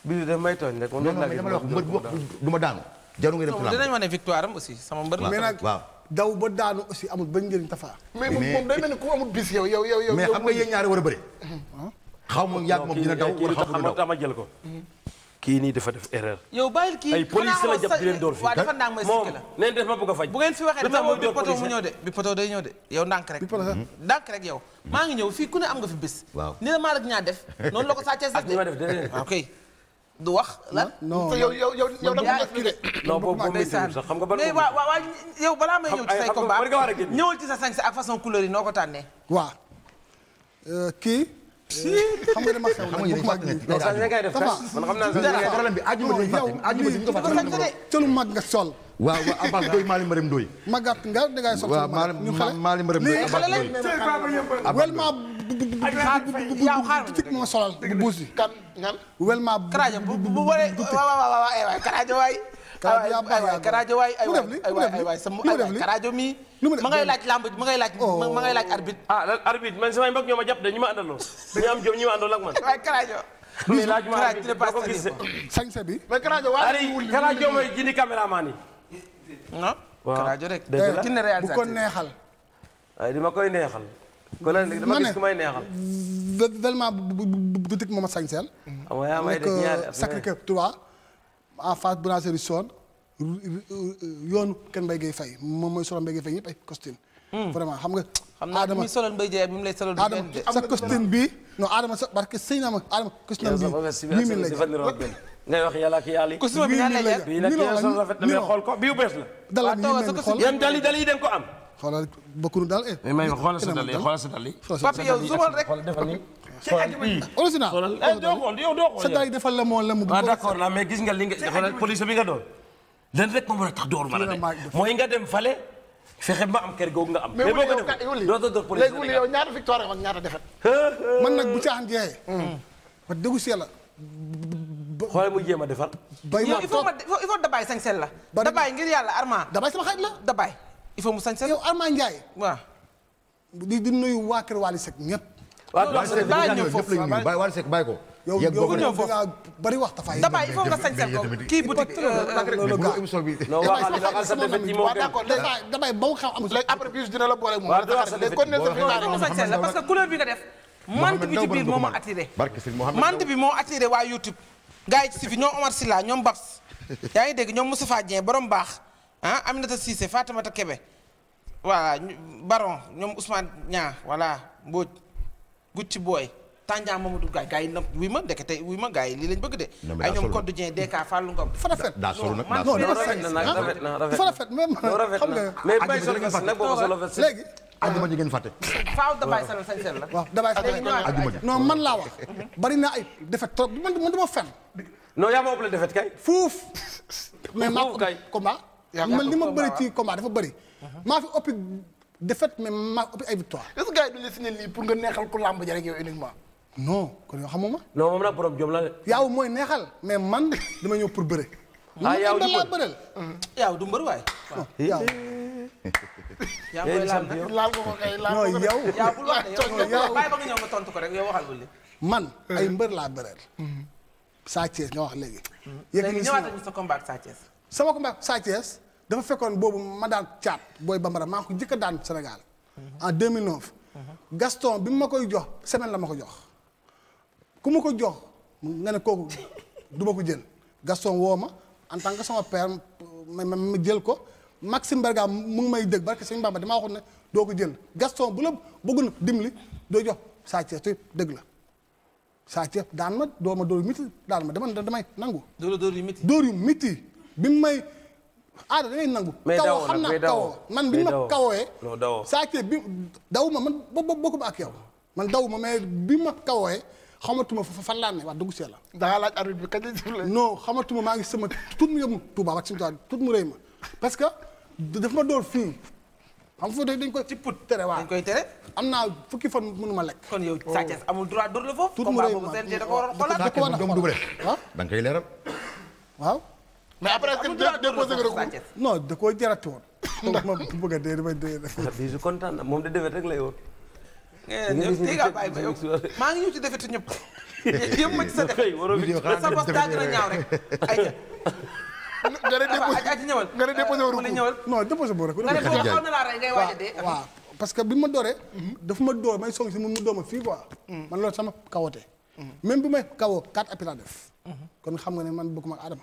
bi def may tooñ rek non mbër bu wax du ma daanu jaru nga dem ci làmb dinañ wane victoire am aussi sama mbër mais nag waaw daw ba daanu aussi amul benn njëriñ Tapha. mais moom day mel ni ku amul bis yow yow yow yow. mais xam nga yéen ñaari war a bëri. xaw ma yàgg moom dina daw wala xaw ma dama jël ko. dafa def erreur. yow kii la a faj. bu ngeen fi waxee dafa bi poto mu ñëw de bi poto day ñëw de yow ndànk rek. Mm-hmm. ndànk rek yow. maa ngi ñëw fii ku ne am nga fi bis. waaw ni la Malick def [laughs] noonu la ko Sa Thiès de. du wax lan. non non yow yow yow yow da nga xam nga mais waaw waaw yow balaa may ñëw ci say combat ñëwal ci sa sañ ak façon couleur yi noo ko tànnee. waaw euh, kii. Euh, xam nga dama xew problème bi àjjuma duñ fàtte àjjuma duñ ko fàtte. cëlu mag nga sol. waaw waaw i Ndoye [laughs] Maalim ma Ndoye. magat nga dangay sol. waaw Maalim Maalim Marème Ndoye Abbas Ndoye. yow xaaral ma moo solal bu buus bi kan ngan welma karaajo bu bu waay waay karaajo waay karaajo waay ay waay ay waay sama karaajo mi ma ngay laaj lamb ma ngay laaj ma ngay laaj arbitre ah arbitre man samay mbokk ñoo ma jàpp de ñu ma àndaloo dañu am jom ñu ma àndaloo ak man waay karaajo mais laaj ma arbitre ba ko gis sañse bi mais karaajo waay karaajo mooy jindi caméraman yi non karaajo rek dëgg la bu ko neexal ay dima koy neexal ma ne dama gis ku may neexal. vraiment bu bu boutique moom a sañseel. waaw yaa may def ñaari ak Sacré-Cœur yoonu kenn mbay gay fay moom mooy solo mbay gay fay ñëpp costume hmm. vraiment xam nga. bu ñu solal mbay jaay bi mu lay solal. Adama sa costume bi non Adama sa parce que sëñ naa Adama costume bi 8000 lay ngay wax yàlla ak yàlla yi. kusuma bi naan la jël bii nag yàlla sol rafet na mais xool ko bii bees la. dalal yi mel ni xool yan dali dali yi dañ ko am. xoolal bokkunu daal eh. mais may ma xoolal sa dali xoolal sa dali. papi yow zubal rek xoolal defal nii. original xoolal eh, doo xool yow doo xool. sa dali defal la moo la mu. ah d'accord la mais gis nga li nga xoolal police bi nga doon. len rek moo mën a tax dooru ma la de mooy nga dem fale fexe ma am kër googu nga am. mais wuli yow ka wuli léegi wuli yow ñaata victoire ak ñaata défaite. man nag bu caaxaan jeexee. wax hmm. dëggu si yàlla xoolal mu jéem a defar. bay ma il faut il faut Dabaye sañsel la. bari Dabaye ngir yàlla Armand. Dabaye sama xarit la Dabaye. il faut mu sañsel yow Armand Ndiaye. waaw. di di nuyu waa Kër Waly Seck ñëpp. waa Seck bàyyi Waly Seck bàyyi ko. yow yow ñëw foofu bari wax tafaay. Dabaye il faut nga sañsel ko kii boutique. émission bi. Euh, non waxal sa defet yi moo gën d'accord Dabaye ba mu xam am. léegi après plus dina la boole moom. waaw dina sañsel la parce que couleur bi nga def mante bi ci moo ma attiré mante YouTube gaa yi ci suuf ñoom Omar Sylla ñoom Babs yaa ngi dégg ñoom Moustapha Dieng borom baax ah Aminata Cissé Fatimata Kebe voilà Baron ñoom Ousmane Niang voilà Mbodj Gucci Boy Tandia Mamadou Gaye gaa yi na wuy ma ndekete wuy ma gaa yi lii lañ bëgg de. ay ñoom Codé Dieng DK Fallou Ngom. dafa rafet daa solo nag rafet na rafet na rafet na. xam nga mais bay solo nag boo ko solo léegi. ajuma ji ngeen fàtte. faaw dabay salal sañ sel la. waaw dabay salal ajuma man laa wax. bari naa ay défaite trop man man dama fenn. non yaa ma ëpp la défaite kay. fuuf. [laughs] mais maa kay combat. man li ma bëri ci combat dafa bëri. maa fi ëpp défaite mais maa ëppi ay victoire. de ce que gars yi duñ la lii pour nga neexal ko làmb ja rek yow uniquement. non kon yow xamuma. non moom nag borom jom la de. yow mooy neexal mais man dama ñëw pour bëre. ah yow du mbër yow du mbër waay. [laughs] yaa ngi koy laal nag laal nga ko kay laal nga ko yow yaa bul ba nga ñëw nga tontu ko rek yow waxal wulli man ay mbër laa bëreel Sa Thiès nga wax léegi léegi ñëwaatal ñu sa combat ak Sa dafa fekkoon boobu ma daan caat booy bambara maa ngi ko jëkk daan Sénégal en 2009 Gaston bi ma koy jox semaine la ma ko jox ku ma ko jox nga ne kooku du ko jël Gaston woo ma en tant que sama père ma ma jël ko Maxime Berga mu may dégg barke sëñ Bamba damaa waxoon ne doo ko jël Gaston bu la bëgg na dimbali doo jox saa ceeb dëgg la saa daan ma doo ma dóor yu miti daan ma dama damay nangu. dóor la dóor yu miti bi mu may aada da ngay nangu. kawoo xam naa kawoo man bi ma kawooyee. non dawoo saa ceeb bi daw ma man bo bokk ba ak yow man daw ma mais bi ma kawooyee. xamatuma fa fan waa ne wax dëgg si yàlla. da ngaa laaj arbitre bi kañ la non xamatuma maa sama tuut mu yëngu Touba mu rëy ma parce def ma door fii xam nga foofu dañ ci put tere waaw dañ koy tere am naa fukki fan mënu ma lekk. kon yow oh. Sa Thiès amul droit dóor la foofu. tuut mu rëy ma da ko war a xoolaat da ko war a xoolaat da nga koy leeral. waaw. mais après est-ce da koo jarati woon. ndax ma bëgg a dee damay dee. kontaan ah, na moom de defet rek lay woon. maa ngi ñëw ci defetu ñëpp. [laughs] yëpp ma ci sa def sa bopp daa gën a ñaaw rek ay nga ne déposé nga ne déposé wu boobu rek. nga ne a parce que bi ma dooree. dafa ma door may song si mu door ma fii quoi. man loolu sama kawote. même bu may kawoo quatre appels def. kon xam nga ne man bokkuma ak Adama.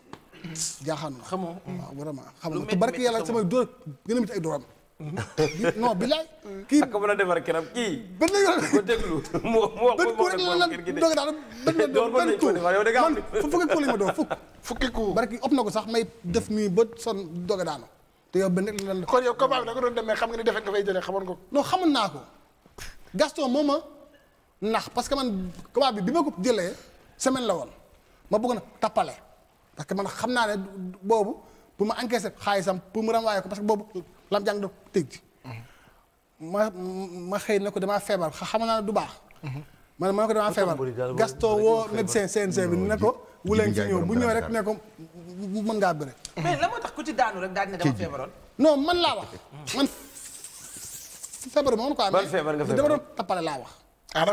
jaaxaanu na xamoo waaw vraiment xam nga te barke yàlla samay door gën a mit ay dooram. [laughs] non bilaay. kii ak mën a defar këram kii. benn yoon ko déglu [laughs] mu wax benn ku rek lan doog daal benn doon benn tuur man fukki ku lañ ma doon fukk. fukki ku barki ëpp na ko sax may def nii ba son doog daanu. te yow benn rek lan la. ko yow doon demee xam nga ni defee nga fay jëlee xamoon ko. non xamoon naa ko Gaston moo ma ndax parce que man combat bi bi ma ko jëlee semaine la woon ma bëgg na tappale parce que man xam naa ne boobu pour ma encaisser xaalisam pour mu renvoyer ko parce lam jàng daf tëj ma ma xëy na ko damaa feebar xam naa du baax man ma ne ko damaa feebar gaston woo médecin CNG bi ne ko bu ñëw rek ne ko mën ngaa bëre mais ci daanu rek daal ne dama feebaroon non man laa wax man feebar moom quoi ban feebar nga feebar dama doon tappale laa wax ah da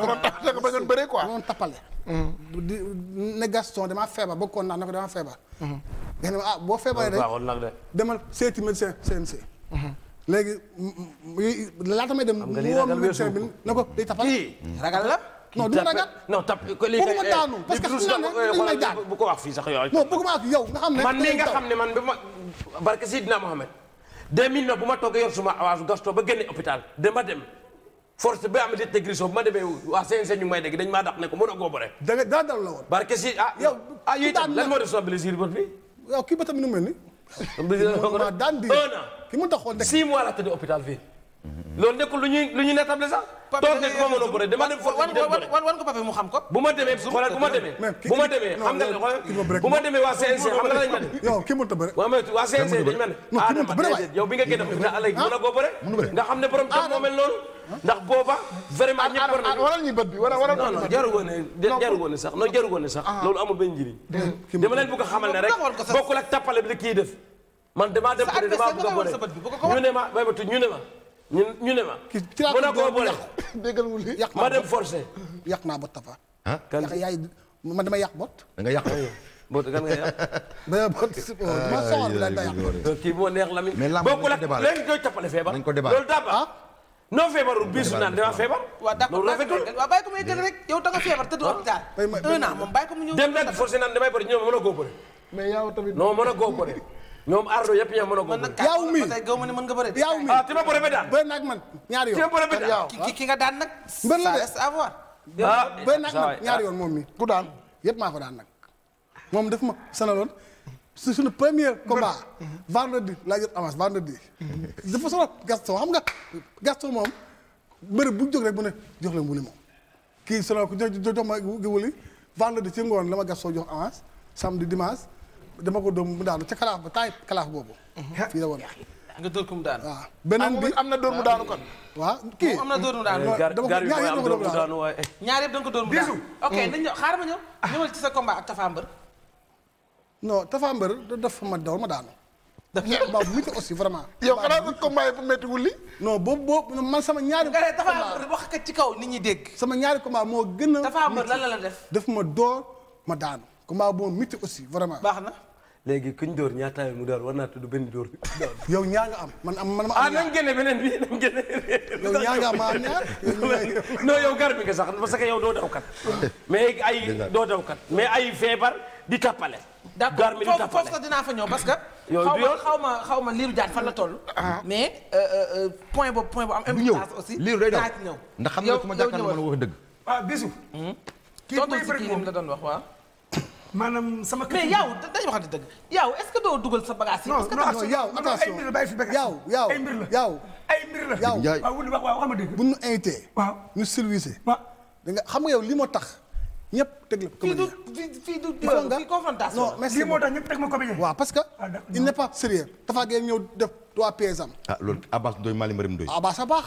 nga ba doon bëree quoi doon tappale di damaa feebar bëggoon naa ne ko damaa feebar mhm. nga ah, boo feebaree rek demal seeti médecin CNG Uh-huh. léegi laata may dem. am nga bi na ko day tapal ragal la. non du ma ragal non tap li bëgguma eh, daanu parce que su ma nee eh, bu ko wax fii sax yow. non bëgguma yow xam ne. man nii nga xam ne man bi ma barke Sidina Mohamed bu ma toogee yor suma awaasu gasto ba génne hôpital dama dem. force bi am di tegriso bu ma demee waa CNC ñu ngi may dégg dañ maa dàq ne ko moo doon góobare. da nga daa dal la woon. barke si ah yow. ah yii tam lan moo def sa blessure bët bi. yow kii ba tamit nu mel ni daan di ki mu taxoon nekk six mois la tëdd hôpital fii loolu nekkul lu ñuy lu ñuy nettable sax. pape toog ne du ma mën a bëre dem wan bu ma demee bu ma demee. waa CNC xam nga lañ ma ne. Eh, yow ki mënut a bëre. nga génn ne borom tam moo mel noonu. booba vraiment ah, ñëpp war nañu ah, ah, waral ñu bët bi waral sax non jaru woon sax loolu amul benn njëriñ dama leen bëgg a xamal ne tappale bi kii def man damaa dem bëre damaa ma bay ba ñu ne ma ñu ñu ne ma. ki ci laa ko boole [laughs] déggal mu li yàq ma dem forcé. [laughs] naa bot tafa. ah kan yaay man damay yàq bot. da nga yàq bot [laughs] kan nga yàq. mais bot ma soxla bi da yàq. kii moo neex Lamine. mais Lamine ko débat léegi koy tappale feebar. nañu ko débat loolu daa ah? noo feebarul biisu naan dama feebar. waaw d'accord waaw feebar tëdd hôpital. un moom bàyyi ko mu ñëw. dem nag forcé naan damay bëri ñoom mën a góobare. mais yow tamit non mën a góobare ñoom Ardo yëpp yéen mën a ko bëri. yaaw mi nga bëri. yaaw mi ah ki na ak man ñaari yoon. ki ma bëri ah, nag. man ñaari yoon moom mi ku daan yëpp maa ko daan nag moom daf ma sanaloon su suñu premier combat. vendredi laa jot avance vendredi. dafa sonal Gaston xam nga Gaston moom bëri bu jóg rek bu ne jox leen wuli moom. kii sonal ko jox ma wuli vendredi ci ngoon la ma Gaston jox avance samedi dimanche. dama ko dóom mu daanu ca kalaaf ba taay kalaaf boobu. fii la woon. nga dóor ko mu daanu. waa beneen bi am na dóor mu daanu kon. waaw kii am na dóor mu daanu. gar yi mooy am dóor mu ñaar yëpp da nga ko dóor mu daanu. ok mm. nañ ñëw xaar ma ñëw. ñëwal ci sa combat ak Tafa Mbër. non ma daw ma daanu. waaw bu métti aussi vraiment. yow xanaa ko combat yi bu métti wulli. non boobu boobu man sama ñaari. Eh, combat wax kat ci kaw nit ñi dégg. sama ñaari combat moo gën a. Tafa Mbër lan la la def. daf ma door ma daanu. combat boo métti aussi vraiment. baax na. léegi kuñ dóor ñaata mu daal war naa tudd benn dóor bi. yow ñaa nga am man am ma am. ah beneen bi nañ génne. [laughs] yow ñaa nga am am ñaar. [laughs] yow gar bi nga sax parce que yow doo dawkat. mais ay doo dawkat mais ay feebar di tappale. gar mi di tappale foofu sax dinaa fa ñëw parce que. yow du xaw ma xaw ma liiru jaan fan la toll. Ah. mais euh, euh, euh, point boobu point boobu am. importance aussi liiru day daw ndax xam nga su ma jàkkaarloo ma la wax dëgg. ah hmm? moom la doon wax maanaam sama kër mais yow dañu waxante dëgg yow est-ce doo dugal sa bagage yi. non non yow attention ay mbir la bàyyi fi ay mbir la yow ay mbir la yow waaw wul xam nga yow li moo tax ñëpp teg la comédien fii du fii confrontation non merci lii moo tax ñëpp teg que ah, il n'est pas sérieux dafa gën ñëw def trois PSM ah loolu Abass Ndoye Malick Mbarim Ndoye Abass a baax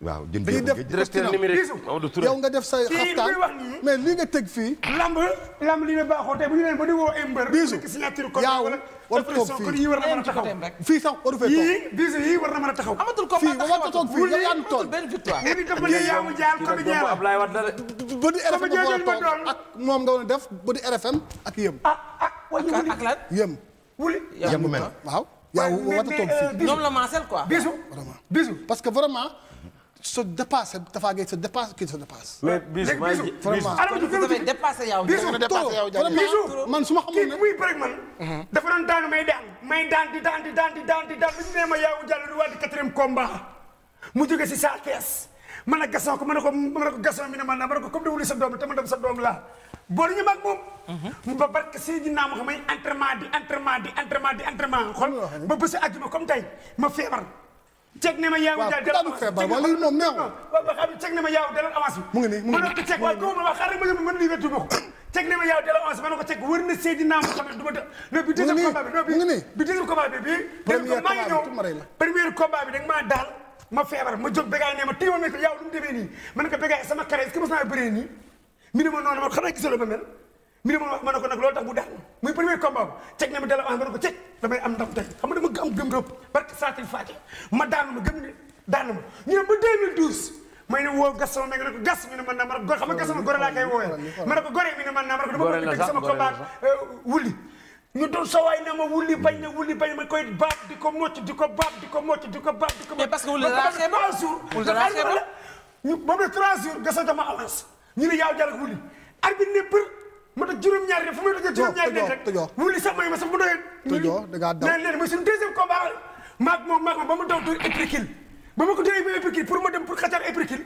waaw jën dañuy nga def say xaftaan mais li nga teg fii. lamb lamb li nga baaxoo tey bu ñu leen ba di woo ay mbër. bisu yaa war toog fii a fii sax waru fee toog a taxaw. fii war na toog fii yow bu di RFM a ak moom nga war a def bu di RFM ak yëm. ah, ah wuli ak lan waaw. yaa war a toog fii euh, ñoom la maasel quoi. bisu parce que vraiment se dépasse Tafa Gueye se dépasse kii se dépasse. mais bisu maa ngi vraiment man su ma xamoon ne kii muy bëri man. Mhm. dafa doon daan may daan may daan di daan di daan di daan di daan bi ñu nee ma yow Diallo di waat di quatrième combat mu jóge si sa kees man a gason ko man a ko man a ko gason mi ne man naa man a ko comme de wuli sa doom la te man dem sa doom la boole ñu mag moom. mu mhm. ba barke Seydina Muhammad entraînement di entraînement di entraînement di entraînement xool ba bésu àjjuma comme tey ma feebar. cek ne ma yaaw ma yaaw dalal avance bi. mu ngi nii mu ngi ko cek bi deuxième combat bi bi deuxième combat bi ma feebar ma jóg bégaay ne mel mi ne ma ma ne ko nag loolu tax bu daan muy premier combat bu teg na mi dala ma ne ko teg damay am ndam tey xam nga dama gëm gëm rëbb barke saatil faati ma daanu ma gëm ne daanu ma ñu ne ba 2012 may ne woo gas sama meng ne ko gas mi ne man naa ma gor xam nga gas sama gore laa koy woowee ma ne ko gore mi ne man naa ma dama bëgg teg sama combat euh, wuli ñu doon sawaay na ma wuli bañ na wuli bañ ma koy baab di ko mocc di ko baab di ko mocc di ko baab di ko mais parce que wuli la trois jours ñu moom ne trois jours gasal dama avance ñu ne yaaw jarak wuli arbitre ne bër ma toj juróom-ñaar yi fu ma tojee juróom-ñaar yi rek mu li sax may ma sax mu doyee tojoo da ngaa daw leen mooy suñu deuxième combat maag moom maag moom ba mu daw tur éprikil ba ma ko doyee ba éprikil pour ma dem pour xacaar éprikil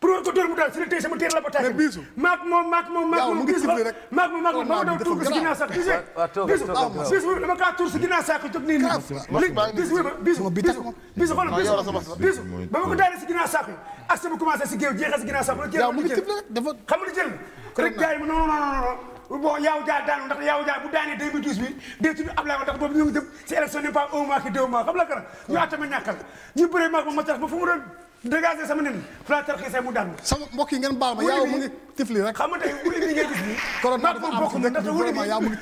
pour ko dóor mu daal si la tey sama téere la ba tàkk bisu maak maak moom maak moom maak moom maak moom ma daw si ginnaaw sax bisu bisu bisu dama si ginnaaw sax si ginnaaw sax ak sama commencé bi dee tudd Ablaye Wade ndax boobu ñu si élection n'est pas un mois que deux mois xam la kara ñu attama ñàkkal ñu bëree maag ma mu doon dégagé sama nen fu laa tarxisee mu daan sama mbokk yi ngeen baal ma yaa mu ngi tifli rek xam nga tey wuli bi ngay gis nii korona [laughs] maag moom bokkuñu ndax wuli bi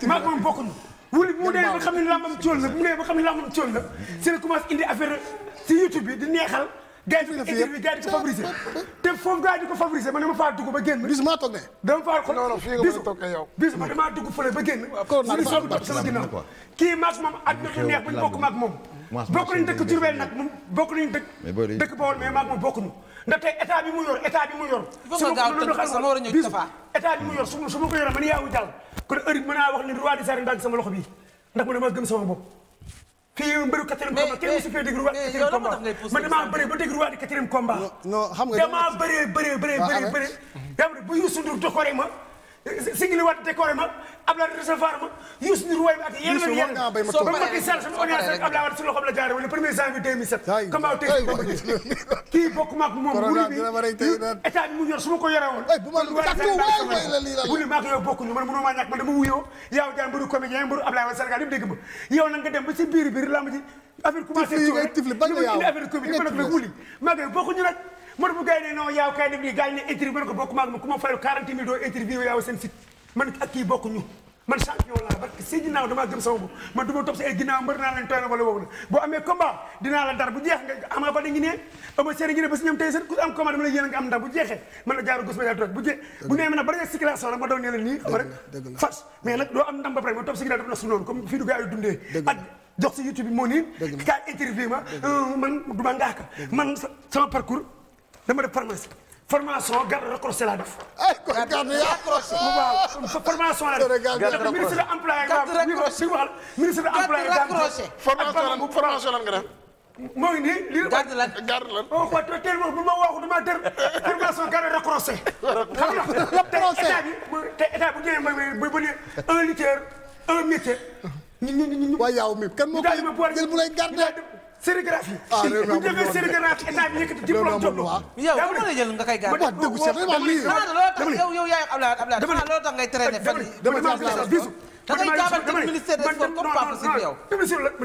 maag moom bokkuñu wuli bi mu ba xam ne làmbam cool la bu mu dee ba ne làmbam cool indi affaire si YouTube bi di neexal gars di ko favoriser te foofu gars di ko favoriser ma ne ma faa dugg ba génn bis maa toog ne dama ma damaa dugg kii maag moom at na neex bu ñu bokk moom bokk nañu dëkk Diourbel nag moom bokk nañu dëkk dëkk Bawol mais maag moom bokkuñu bi mu yor état bi mu yor état bi mu yor su su ko yoroon man yaawu jàll kon heure mën naa wax ni roi des arènes baa ngi sama loxo bii ndax man dama gëm sama bopp fii mbiru quatrième combat kenn musu fee dégg roi quatrième combat di quatrième combat damaa bëree ah, ma Sigili Wade décoré ma Abdoulaye recevoir ma Youssou Ndour woy ak yeneen yeneen soo ba Macky Sall sama ordonnance ak Abdoulaye Wade su loxoom la jaare wala premier janvier 2007 comme aw tey kii bokk ma ak moom buli bi état bi mu ñor su ma ko yore woon buli maa ko yow bokkuñu man mënoo maa ñàkk man dama wuyoo yow jaay mbiru comédien mbiru Abdoulaye Wade Sénégal yëpp dégg ma yow nag nga dem ba ma nag la wuli maa ngi Modou bu gay ne non yow kay def lii gars yi ne interview ma ne ko bokk maag ma ku ma fayal 40 mille doo interview yow seen site man ak kii bokkuñu man champion laa parce que si ginnaaw damaa gëm sama bopp man du ma topp si ay ginnaaw mbër naa leen tooy na wala woowu na boo amee combat dinaa la dar bu jeex nga am nga ba da ngi ne ama seeri ngi ne ba si ñoom tey seen ku am combat dama la yéen nga am ndar bu jeexee man la jaaru gos ma jaaru toog bu jeex bu nee ma nag ba dee circulation nag ma doon ne la nii xam rek fas mais nag doo am ndam ba pare ma topp si ginnaaw def na su noonu comme fii du gars yi dundee ak jox si YouTube bi moo nii kaa interview ma euh, man du ma ngaaka man sama parcours dama def pharmacie formation garde rapproché laa def. ay kon garde rapproché formation la def. garde rapproché ministre de l'emploi ministre de l'emploi formation formation lan nga def. moo garde lan garde lan. oh quoi tey moom ma waxu damaa garde rapproché. xam nga bu ñëwee un lutteur un métier. ñu ñu ñu ñu. waaye yow mi kan moo bu lay garder. sérigraphie ah réew mi amul woon bu ñu defee sérigraphie état bi yëkkati diplôme jox la. yow dama la jël nga koy gàllankoor waaw déggu seet la waaw lii. dama ni dama ni dama ni dama ni dama da ngay jaabante ministère des sports comme Pape Sidy yow.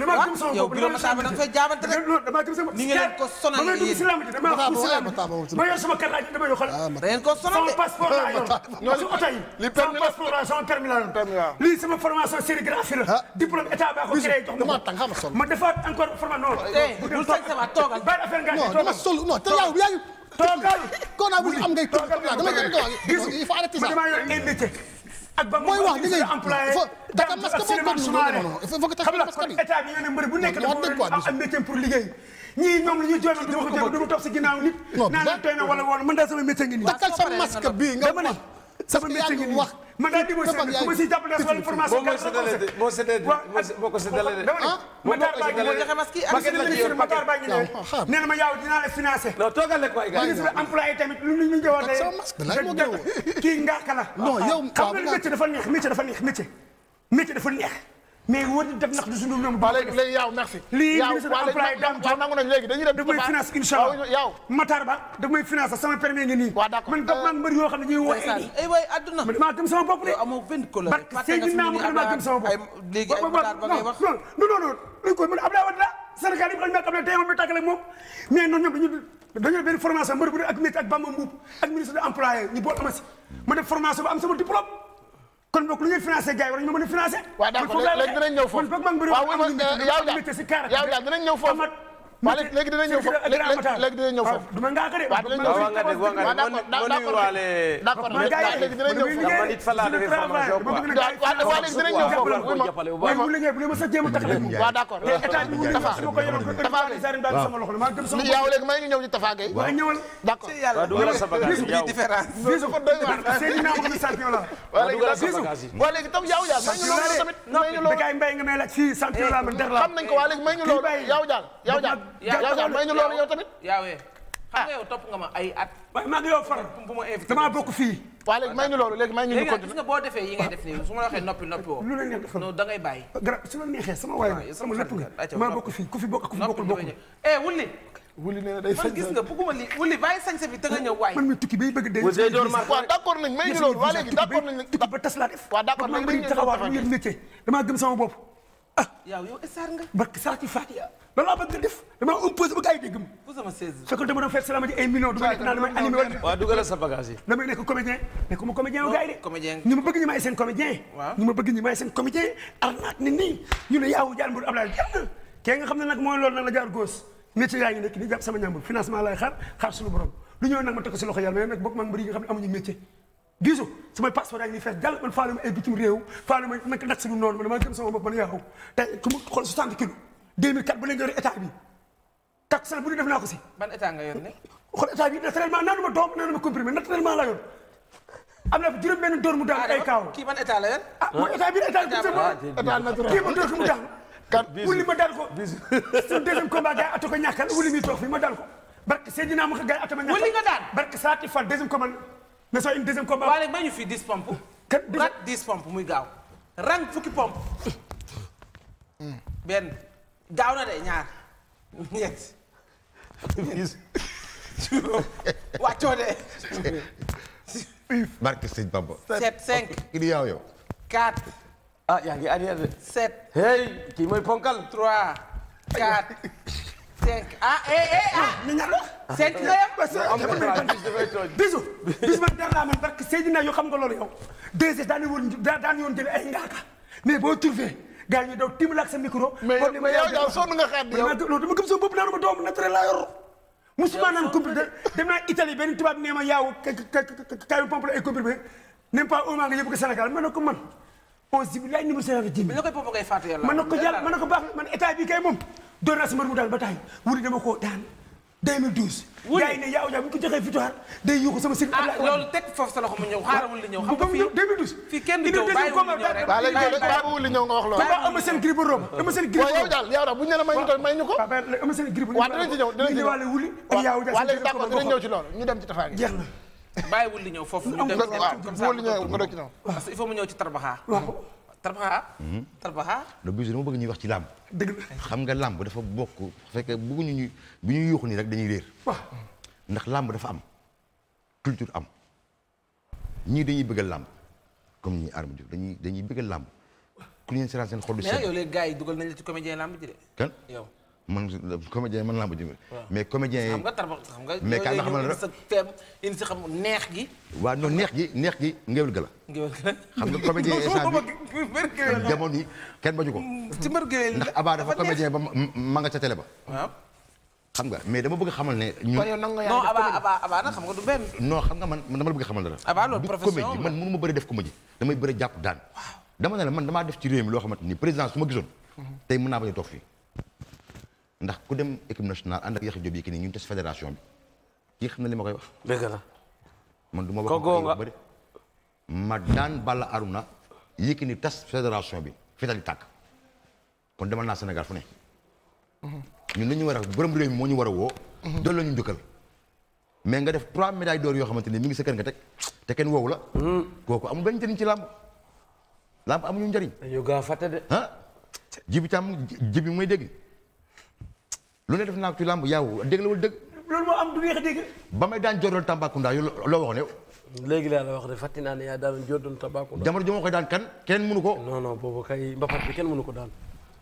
waaw yow Birame Samba da nga fay jaabante rek ni ngeen ko sonal yéen. ma yor sama carte dama yor xale. da ngeen ko sonal de sama passeport laa yor sama oto yi. li permis la sama passeport la sama permis la yor. lii sama formation sérigraphie la. Ah. diplôme état baa ko créé jox ma ko. ma defaat encore formation noonu. Eh, bu dul sañ sama toogal. bàyyi affaire nga non dama sol non te yow yaa ngi. toogal kon naa am ngay toogal. toogal il faut arrêter ça. ak ba mooy wax ni ngay fo takka masque moom foog nga bi état bi ñu ne mbër bu nekk dafa am métier pour si ginnaaw nit. non sa masque bi nga wax sama métier ngi wax man daal di ma si jàppale wala formation. boo séddale boo ko séddale de. ma taar ah, baa ngi nii ma taar baa ngi nii nee na ma yaaw dinaa la financé. non toogal la quoi gars yi ministre employé tamit lu ñu ñu wax de. kii ngaaka la. non yow xam nga métier dafa neex métier dafa neex métier. métier dafa neex. mais wóor def ndax du suñu noonu. waaw léegi léegi yow merci. lii ministre de l'emploi daan jox nangu nañu léegi dañuy dem. daf may finance incha allah yow Matar Ba daf may finance sama permis ngi nii. waaw d'accord man daf maa mbër yoo xam ne ñuy woo ay ay waay adduna. maa gëm sama bopp de. amoo benn couleur rek parce que naa ma gëm sama bopp. léegi ay Matar Ba ngay wax non non non non. dañu koy mën Abdoulaye Wade la Sénégal yi xam ne xam ne tey moom la tàggale moom mais noonu ñoom dañu dañoo benn formation mbër bu ak métti ak Bamba Mbuub ak ministre de l'emploi ñu bool amasi ma def formation ba am sama diplôme kon boog lu ñuy financé war nañu mën a financé. waaw d'accord ñëw foofu waaw man man foofu maa ngi bëri yow ñëw foofu waa léegi dina ñëw foofu léegi dina ñëw foofu. duma ngaa ko de. waaw nga dégg nga ma nuyuwaale. d'accord man gars yi dina ñëw foofu. man it fa laa defee formation quoi. waaw waaw léegi dina ñëw foofu. waaw bu liggéey bu leen ma sa jéem a tax leen. waaw d'accord état bi wuyu ma su ma ko yoroon ko dafa am sama loxo la maa gëm sama. yow léegi maa ngi ñëw ci Tafa Gueye. waaw ñëwal d'accord waaw dugal sa bagage yi yow. fii su ko doy waar Seydina Mouhamed Sall yow la. waaw dugal sa bagage yi. waaw léegi tam yow yaa maa ngi loolu tamit. may ñu loolu Bekay Mbaye nga may laaj fii champion la man eh, der la. xam nañ ko waaw léegi may ñu loolu yow jaal yow jaal yow sax may ñu loolu yow tamit. yaawee xam ah. nga ma ay at. damaa bokk fii. waaw léegi may ñu loolu léegi may ñu ñu continué bàyyi. Ah, gara su neexee sama waay sama lépp nga maa bokk fii ku fi bokk ku fi bokkul bokkul. eh wulli. wuli nee na day sañ man gis ñëw waaye man mi tukki bay bëgg dee waaw d'accord damaa gëm sama bopp ah yow yow star nga. a saa ci Fatia. man maa ba gars yi dégg ma. pour sama seize. fekk dama doon fekk salaama ji ay millions. nekk naan nekk comédien nekkuma comédien wu de. comédien ñu ma bëgg ñu may seen comédien. waaw ñu arnaat ni nii ñu ne yaawu jaar mburu Ablaye jar na. kee mooy loolu nag la jaar góos. métier yaa ngi nekk sama ñàmbur financement lay xaar xaar suñu borom lu ñëw nag ma teg si loxo yàlla mais nag bokk ma mbir bisu samay passeport yaa ngi nii fees dal man faalu ma ay bitim réew faalu ma naka nag suñu noonu man dama gëm sama man yaaw tey ku mu xool 60 kilos 2004 ba léegi nga yor état bi takk sal bu ñu def naa ko si. ban état nga yor ne. xool état bi ma doom naanu ma comprimé naturellement laa yor am na juróom benn dóor mu daanu ah, ay kaaw. kii ban état la yor. ah mooy état bi état bi état ah, ma dóor fi mu ma dal ko. bisu mi toog fi ma dal ko. barke Seydina ma ma ñàkkal wuli nga soog une deuxième combat. fi dis pompes. kat 10 rak 10 muy gaaw. rang fukki pompe. [laughs] benn gaaw na de ñaar ñett. wàccoo de. barke sëñ Bamba. 7 yow. 4. ah yaa ngi arrière de. hey kii mooy ponkal. 3 4. cinq ah eh eh ah. ñu ñaar la. cinq nga yem ba cinq nga yem ba bisu. bisu man dara laa man parce que Seydina yoo xam nga loolu yow. deux heures daan woon daan yoon jëlee ay ngaaka mais boo trouvé gars yi daw timbal ak sa micro. mais yow yow sonn nga xaar yow dama gëm sa bopp naa ma doom naturel laa yor. musuma naan comprimé dem naa Italie benn tubaab nee ma yaaw ka ka ka ka ka pompe la ay comprimé même pas au moins nga yóbbu ko Sénégal ma ne ko man. auzu billaahi man na ko jàll man na ko baax man état bi kay moom doon naa si mbër mu ba taay wuri dama koo daan day yóbbu sama sëriñ. ah loolu teg foofu sa loxo mu ñëw ah, ko may ñu ko. waaw am na seen grippe room. waaw dinañ ci ñëw dinañ ci ñëw ñu dem ci tafaar yi bàyyiwul li ñëw foofu. ñu dem comme ça parce que il faut mu ñëw ci tarbaxa. tarbaxa. Hmm. tarbaxa. le bus dama bëgg ñuy wax ci làmb. dëgg xam nga làmb dafa bokk bu fekkee bëgguñu ñu bu ñuy yuuxu nii rek dañuy réer. ndax làmb dafa am culture am ñii dañuy bëgg làmb comme ñii Arma Diouf dañuy dañuy bëgg làmb ku ñu seen xol du seen. mais yow léegi gars yi dugal nañ la ci comédien làmb ji de. yow. man comédien man laa ma mais comédien yi xam nga tarba xam nga. mais sa feem neex gi. waaw neex gi neex gi ngéwél gala. ngéwél gala xam nga comédien [laughs] yi instant bi jamono kenn bañu ko. ci mbër ndax abaa dafa ba ma nga ca télé ba. waaw. xam nga mais bëgg xamal ne. ñu kon yow nangu yaa non abaa abaa abaa nag xam nga du benn. non xam man dama la bëgg xamal dara. abaa loolu man mënu ma bëri def comédie damay bëri jàpp daan. dama ne la man damaa def ci réew mi loo xamante ni président su ma gisoon mm-hmm. tey mën naa bañ a toog fii ndax ku dem équipe nationale ànd ak Yaxya Jóob Yékini ñu tes fédération bi kii xam na li ma koy wax. dëgg la man du ma wax. kooku a ma na Balla Aruna Yékini tas fédération bi fitali tàkk kon demal naa Sénégal fu ne. ñun li ñu war a borom réew mi moo ñu war woo. doon la ñu mais nga def trois médailles d'or yoo xamante ni mi ngi sa kër nga teg te kenn woowu la. Hmm. kooku amul benn njëriñ ci làmb. làmb amuñu njëriñ. dañoo gaaw a fàtte de. ah jibi mooy dégg. lu ne def naa ko ci làmb yaaw dégg la wala dëgg. loolu moo am du neex a dégg. ba may daan joor doon Tambacounda wax de naa ne yaa daan joor doon jamono ji ma koy daan mënu ko. non non boobu kay mbapat bi ko daan.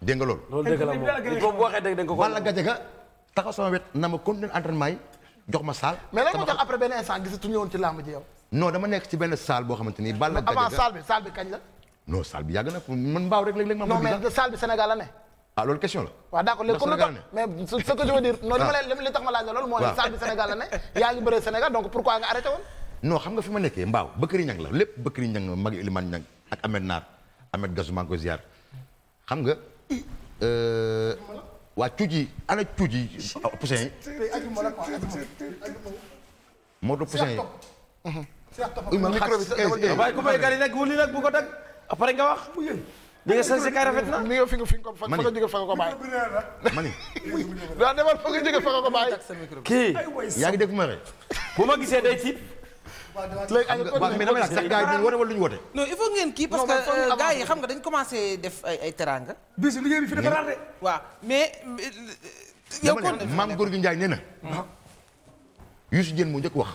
dégg nga loolu. loolu dëgg la moom boobu boo taxaw sama wet na ma continuer entraînement yi jox ma saal. mais lan moo tax après benn instant gisatuñu woon nekk ci benn saal boo xamante ni. bala gàncax avant saal bi saal bi kañ la. non saal bi yàgg na man mbaaw rek léeg-léeg. ma saal bi Sénégal la ne ah loolu question la. waaw d'accord léegi comme mais ce que je veux dire. non li ma leen li tax ma laaj la loolu. waaw mooy Sénégal la ne. yaa ngi bëree Sénégal donc pourquoi nga arrêté woon. non xam nga fi ma nekkee mbaaw Bëkkëri Ñang la lépp Bëkkëri Ñang magi Iliman Ñang ak Ahmed Naar Ahmed Gazouma ko ziar xam nga. Euh, waa cuuj ana cuuj yi yi. moo doon poussin yi. seex topp micro bi seex topp waaye nag wuli nag bu ko nga wax. li nga sañ si kay rafet na ni nga fi nga fi [laughs] yaa ngi dégg ma ma gisee day tiit. léegi ay mais damay laaj sax gars yi dañu woote wala duñu woote. non kii parce euh, yi xam nga dañ commencé def ay ay teraanga. bis liggéey bi fi dafa raar de. waaw mais. yow kon maam Gorgui Ndiaye nee na. Youssou moo njëkk wax.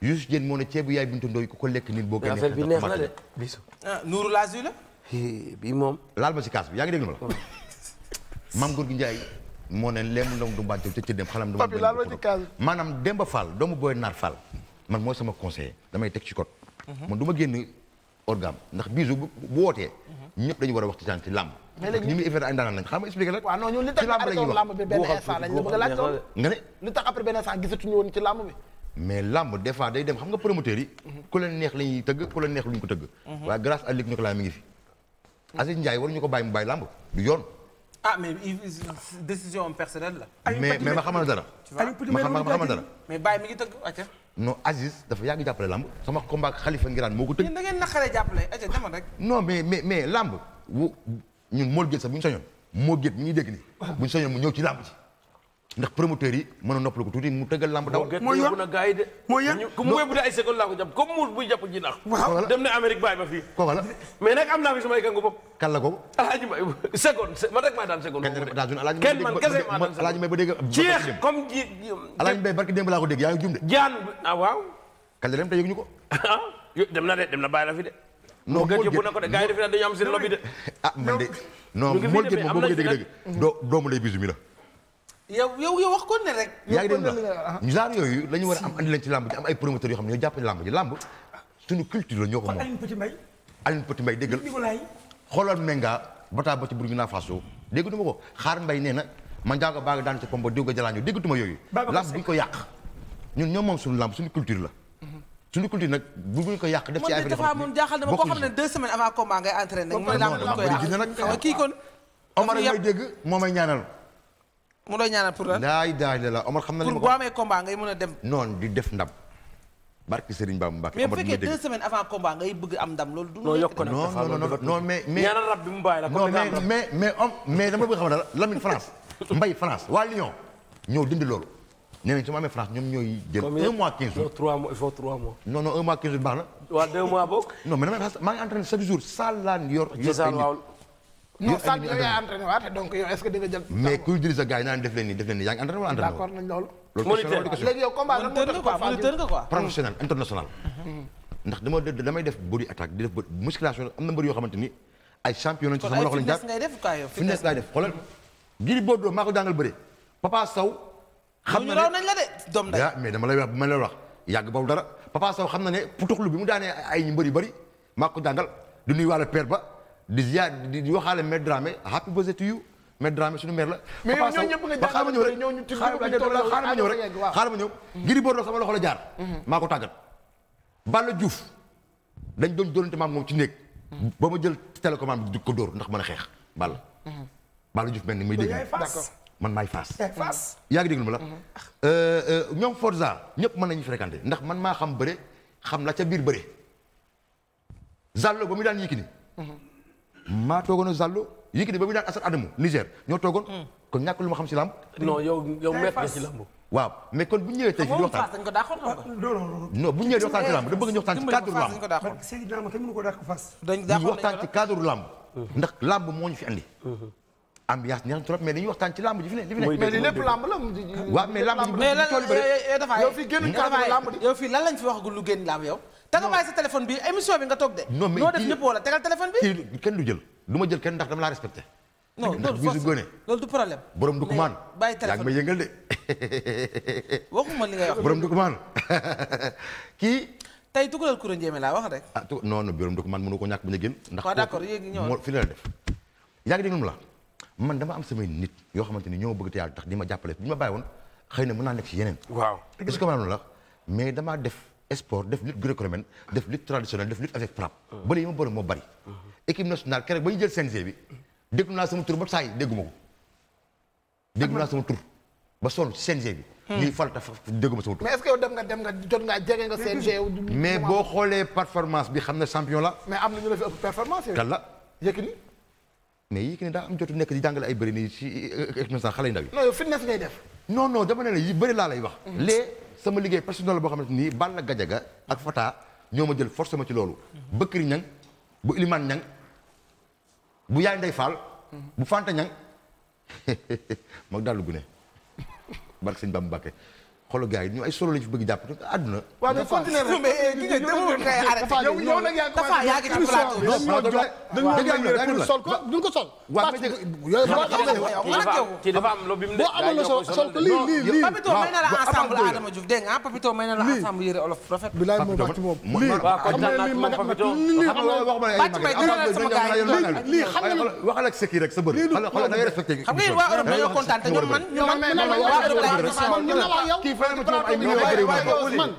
Youssou Dieng moo ne ceebu yaay Bintu Ndoy ku ko lekk nit boo. gën a affaire bi neex na de bisu. ah Nourou la. bi moom. laal ma si kaas bi yaa ngi dégg ma la. maam Gorgui Ndiaye moo ne léem ndom du mbàjj ca dem xalam. papi laal ma si kaas bi maanaam Demba Fall doomu booy naar Fall man mooy sama conseiller damay teg ci code. Mhm. man du ma génn orgam ndax bisu bu wootee. ñëpp dañu war a waxtaan ci làmb. mais léegi ñu ay ndaanaan lañ xam nga expliqué la. waaw non ñun li tax arrêté a yi. Mhm. ku leen neex la tëgg ku leen neex luñ ko tëgg. Mhm. waaye grâce à Luc Nicolaï mi ngi fi. Aziz Ndiaye ñu ko bàyyi mu bàyyi làmb du yoon. ah mais décision personnelle la. mais mais ma xamal dara. ma xamal dara. mais Baye mi ngi tëgg acca. non Aziz dafa yàgg jàppale làmb sama combat Khalifa Ngiraan moo ko tëgg. da ngeen naqaree jàppale acca demal rek. non mais mais mais làmb wu ñun Mor Gueye sax bu ñu soñoon Mor Gueye mi ngi dégg nii. bu ñu soñoon mu ñëw ci làmb ji ndax promoteur yi mën a noppal ko tuuti mu tëggal lamb daw. mooy yoon na gars de. mooy yoon ku mu de ay seconde laa ko jàpp comme muus buy na Amérique bàyyi ma fii. kooka la man rek maa daan seconde. kenn ko de. jaan ah, [laughs] ah, na de dem na bàyyi la fi de. na ko de gars yi defe naa dañu am de. ah man de non mool jëpp moom boo bëggee doomu lay bisu mi la yow yow yow wax ko ne rek. yaa ah, ah. yooyu la ñu war a am andi leen ci làmb ji am ay promoteurs yoo xam ne ñoo jàpp làmb ji làmb suñu culture la ñoo ko moom. Aline Petit Mbaye. Aline Petit Mbaye déggal xooloon Menga bataa ba ci Burkina ko xaar mbay nee na man jaago baa nga daan ci yooyu. làmb bu ñu ko yàq ñun ñoo moom suñu làmb culture la. suñu culture nag bu ñu ko yàq def ci ay. bokkul jaaxal dama ko xam ne deux semaines avant moo may ñaanal mu doon ñaanal pour lan. daay daay la la Omar xam na li ma ko pour boo amee combat ngay mën a dem. non di def ndam. barki Serigne Bamba Mbacke mais bu fekkee deux na non la. comme ni nga mais mais mais dama bëgg xam ne France. [laughs] Mbaye France waa Lyon ñëw dindi loolu. nee su ma amee France ñoom ñooy jël un mois quinze jours trois mois il mois quinze jours baax na. non Sadio yow yaa mais kuy diri sa gars yi naan def leen nii def leen nii yaa ngi entraîné wala entraîné d'accord nañ hmm. ndax damay def body attaque di def musculation am na mbër yoo xamante ni ay champion lañ ci sama loxo lañ jaar fitness ngay def xoolal giri boobu maa ko jàngal bëre papa saw xam na nañ la de mais dama lay wax bu ma lay wax yàgg boobu dara papa saw xam na ne bi mu daanee ay ñu mbër yu bëri maa ko jàngal du nuy wàlla père ba di ziar di waxaale Maître Dramé happy birthday to you Maître Dramé suñu maire la. mais yow ñooñu ñëpp nga jàpp nañu rek ñooñu ci xaaral ma ñëw rek xaaral ma sama loxo la jaar. Mhm. maa ko tàggat. Balla Diouf dañ doon doonante maam moom ci néeg. Mhm. ba ma jël télécommande di ko dóor ndax mën a xeex Balla. Mhm. Balla Diouf mel ni muy dégg. man maay Fass. Eh, Fass yaa ngi déglu ma la. Euh, euh, ñoom Forza ñëpp mën nañu fréquenté ndax man maa xam bëre xam la ca biir bëre. Zallo ba muy daan Yékini maa toogoon a Zallo Yékini ba muy daan Assane Adamo Niger ñoo toogoon. Hmm. kon ñàkk lu ma xam si lamb. non yow yow maître nga si lamb. waaw mais kon bu ñu ñëwee tey di waxtaan non bu ñu ñëwee di waxtaan ci da bëgg ñu waxtaan ci cadre cadre lamb. Hmm. ndax lamb moo ñu fi andi. Hmm. ambiance neex na trop mais dañuy waxtaan ci lamb ji fi ne li fi ne. mais lépp lamb la. mais lamb ji bu ñu toll bëri eh, eh, eh, yow fii génn cadre lu génn lamb yow da nga bàyyi sa téléphone bi émission bi nga toog de. non mais noo def ñëpp wala tegal téléphone bi. kenn du jël du ma jël kenn ndax dama laa respecté. non loolu force loolu du problème. borom du ko maan bàyyi téléphone yaa ngi may yëngal de. [laughs] waxuma li ngay wax borom du ko maan [laughs] kii. tey tukulal kuréel laa wax rek. ah non non borom du ko mënu ko ñàkk bañ a génn. ndax waaw d'accord fi la la la man dama am samay nit yoo xamante ni ñoo bëgg te yàlla tax di ma jàppale bi ma bàyyi woon xëy na mën naa nekk ci yeneen. waaw est-ce que la mais damaa def sport def lutte gréco def lutte traditionnelle def lutte avec frappe. ba léegi ma boole moo bari. équipe nationale keroog ba ñu jël CNG bi déglu naa sama tur ba saa yi dégguma ko. déglu naa sama tur ba sonn CNG bi. ñuy hmm. fal tafa dégguma sama tur. mais boo xoolee performance bi xam ne champion la. mais am na ñu la fi ëpp performance yooyu. kan la Yékini mais Yékini daa am nekk di jàngale ay bëri nii ci équipe euh, euh, nationale xale yu ndaw yi. non yow fitness ngay def. non non dama ne la yi bëri laa lay wax. Hmm. les. sama liggéey personnel boo xamante ni na Gajaga ak Fata ñoo ma jël forcé ma ci loolu. Bëkkri ñang bu Iliman ñang bu Yaay Ndey Fall. bu Fanta ñang [laughs] mag daal gune barke sëñ Bamba Mbakke xoolal gars yi ñu ay solo lañ fi bëgg jàpp te àdduna. waaw mais continué rek mais mais yow yow nag yaa ngi ci plateau. dañu ko sol ko duñ ko sol. waaw mais yow dafa am loo bi mu ne sol ko lii lii papito may na la ensemble Adama Diouf dégg nga papito may na la ensemble yére olof rafet. bilaay moom bàcc moom lii am na lii mag mag lii xam nga lii xam nga waxal ak seki rek sa bër xam nga waa Europe dañoo kontaan te ñoom man ñoom man waa Europe fay ko ci ay millions ay man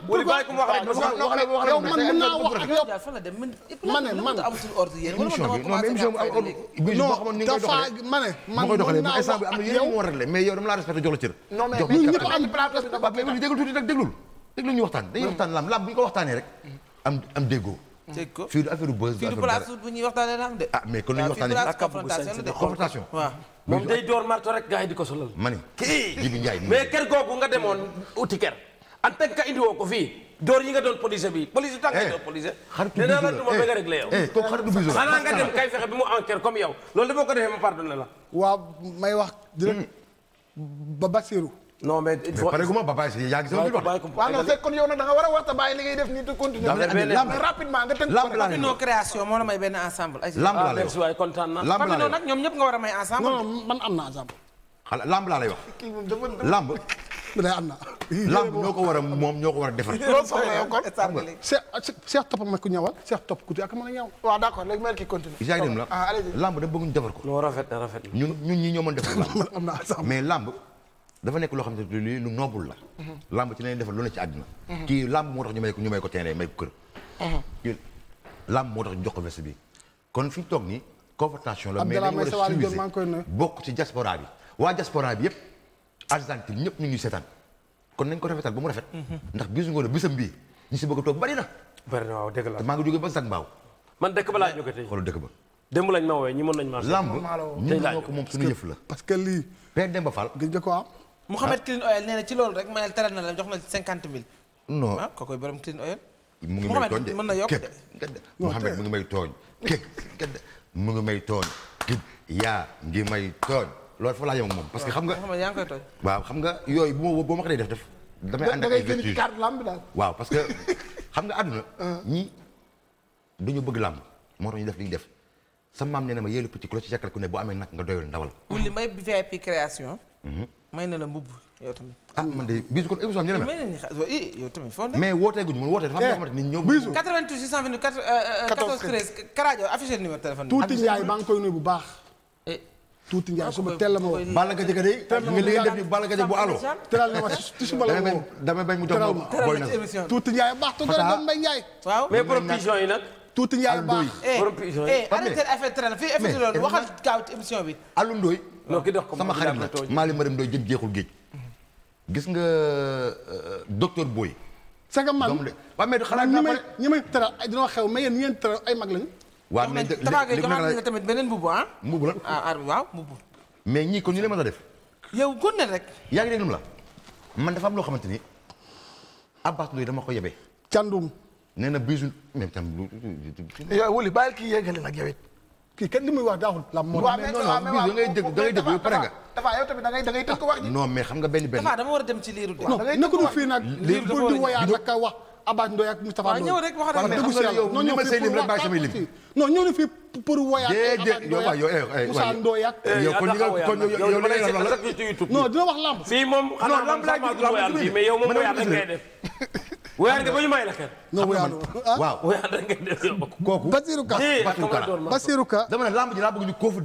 yow man mën naa wax ak yow ma ne man émission bi non mais émission bi am bi boo xamoon ni ngay doxalee ma ne man koy doxalee mais instant bi am na yeneen moo warale mais yow dama laa respecté jox la cër jox ñun ñëpp am plateau mais déglu tuuti nag déglul déglul ñu waxtaan dañuy waxtaan lam lam bu ñu ko waxtaanee rek am am déggoo teg ko fii du affaire buzz. fii du place bu ñuy waxtaanee na am de. ah mais kon li ñuy waxtaanee confrontation confrontation. waaw moom day door marto rek gars di ko solal. ma ne kii Jibi Ndiaye mais kër googu nga demoon uti kër en tant que indi woo ko fii. door yi doon police bi police tànk eh. doon police nee naa la du ma bëgg a eh. réglé yow eh, kooku xaritu biso xanaa nga dem kay fexe bi mu enquête comme yow loolu da boo ko defee ma pardonné la waaw may wax direct hmm. ba Basirou non mais il faut mais pareil papa yaa ngi seen wax. waaw non c'est kon yow nag da a a bàyyi li la may benn ensemble. lamb laa lay lamb laa nag am na ensemble. xala lamb ñoo ko war a moom ñoo ko war a defar. loolu soxla yow kon xam nga. seex topp ma ku ñawal seex topp ku ak mën a ñaw. waaw d'accord léegi mel ki continue. yaa ngi dem la ah, lamb da bëgg ñu defar ko. loo rafet rafet. ñun ñun ñi ñoo mën [laughs] mais lamb dafa nekk loo xam ne lii lu noble la. Mhm. làmb ci la ñuy defal lu ne ci àddina. Mhm. kii làmb moo tax ñu may ko ñu may ko kër. Mhm. làmb moo tax jox ko bi kon fi toog nii confrontation la mais dañu a suiviser bokk ci diaspora bi waa diaspora bi yëpp Argentine ñu ngi seetaan kon nañ ko rafetal ba mu rafet. ndax bisu ngoo la bisam bii ñu si bëgg a toog bari na. bari na maa ngi jógee ba Zag Mbaaw. man dëkk ba laa jógee tey xoolal dëkk ba. démb oh. ko moom suñu yëf la parce lii. Père Demba Fall Mouhamed Clean Oil nee ci loolu rek ma ne teral na la jox na cinquante mille. non ah kooku borom Clean Oil. mu ngi may tooñ de mën na yokk de Mouhamed mu ngi may tooñ. képp mu ngi may tooñ. yaa ngi may tooñ. loolu foofu laa yem moom parce que xam nga. Mouhamed yaa waaw xam nga yooyu bu ma boo ma ko def def. damay ànd ak ay vertus carte lamb daal. waaw parce que [laughs] xam nga àdduna. Ah. ñi dañu bëgg làmb moo tax ñu def li ñu def. sa maam nee na ma yéelu petit ku la ci jàkkal ku ne boo amee nag nga doyul ndawal. wuli may na la mbubb yow tamit. ah ñu demee. yow ni ñëw. bisu euh, euh, tuuti Ndiaye maa ngi koy nuyu bu baax. Eh. tuuti Ndiaye suba teel la ma woo. Balla Gaye de nga li ngeen def ni Balla bu alo. teral na ma ci suba la ma woo. damay bañ mu tuuti Ndiaye mais provision tuuti Ndiaye baax borom pigeon yi. arrêté affaire traîne fii affaire loolu waxal gaaw ci émission bi. Alioune Ndoye. sama xarit la Maalim Maram Ndoye jëm jeexul géej. gis nga docteur Boy. c'est que man waaw mais xanaa ñi may ñi may tëral ay dina xew ay mag lañu. waaw mais tamit beneen mbubu ah. la ah waaw mbubu. mais ñii ko ñu leen mën a def. yow kon ne rek. yaa ngi dégg la man dafa am loo xamante ni Abbas Ndoye dama ko yebee. candum nee na bisu même tam lu. yow wuli bàyyil wax daaxul. la moo mais non non da ngay dégg da ngay dégg ba pare nga. dafa yow da ngay da ngay tënk wax ji. xam nga benn benn. dafa dama war a dem ci liiru de. wax liiru nag pour di woyaat nag wax Abass Ndoye ak Moustapha Ndoye. waaw ñëw rek wax rek dëgg si yow wax tànn fi pour woyaat. déedéet yow waaw yow eh, eh Moussa Ndoye ak. yow kon dina wax lamb. [laughs] wéyaat nga ba ñu may la kenn. non wéyaat ah, ah waaw wéyaat da ngeen def yow. kooku Basirou Ka eh, Basirou Ka dama ne lamb ji laa bëgg ñu koofu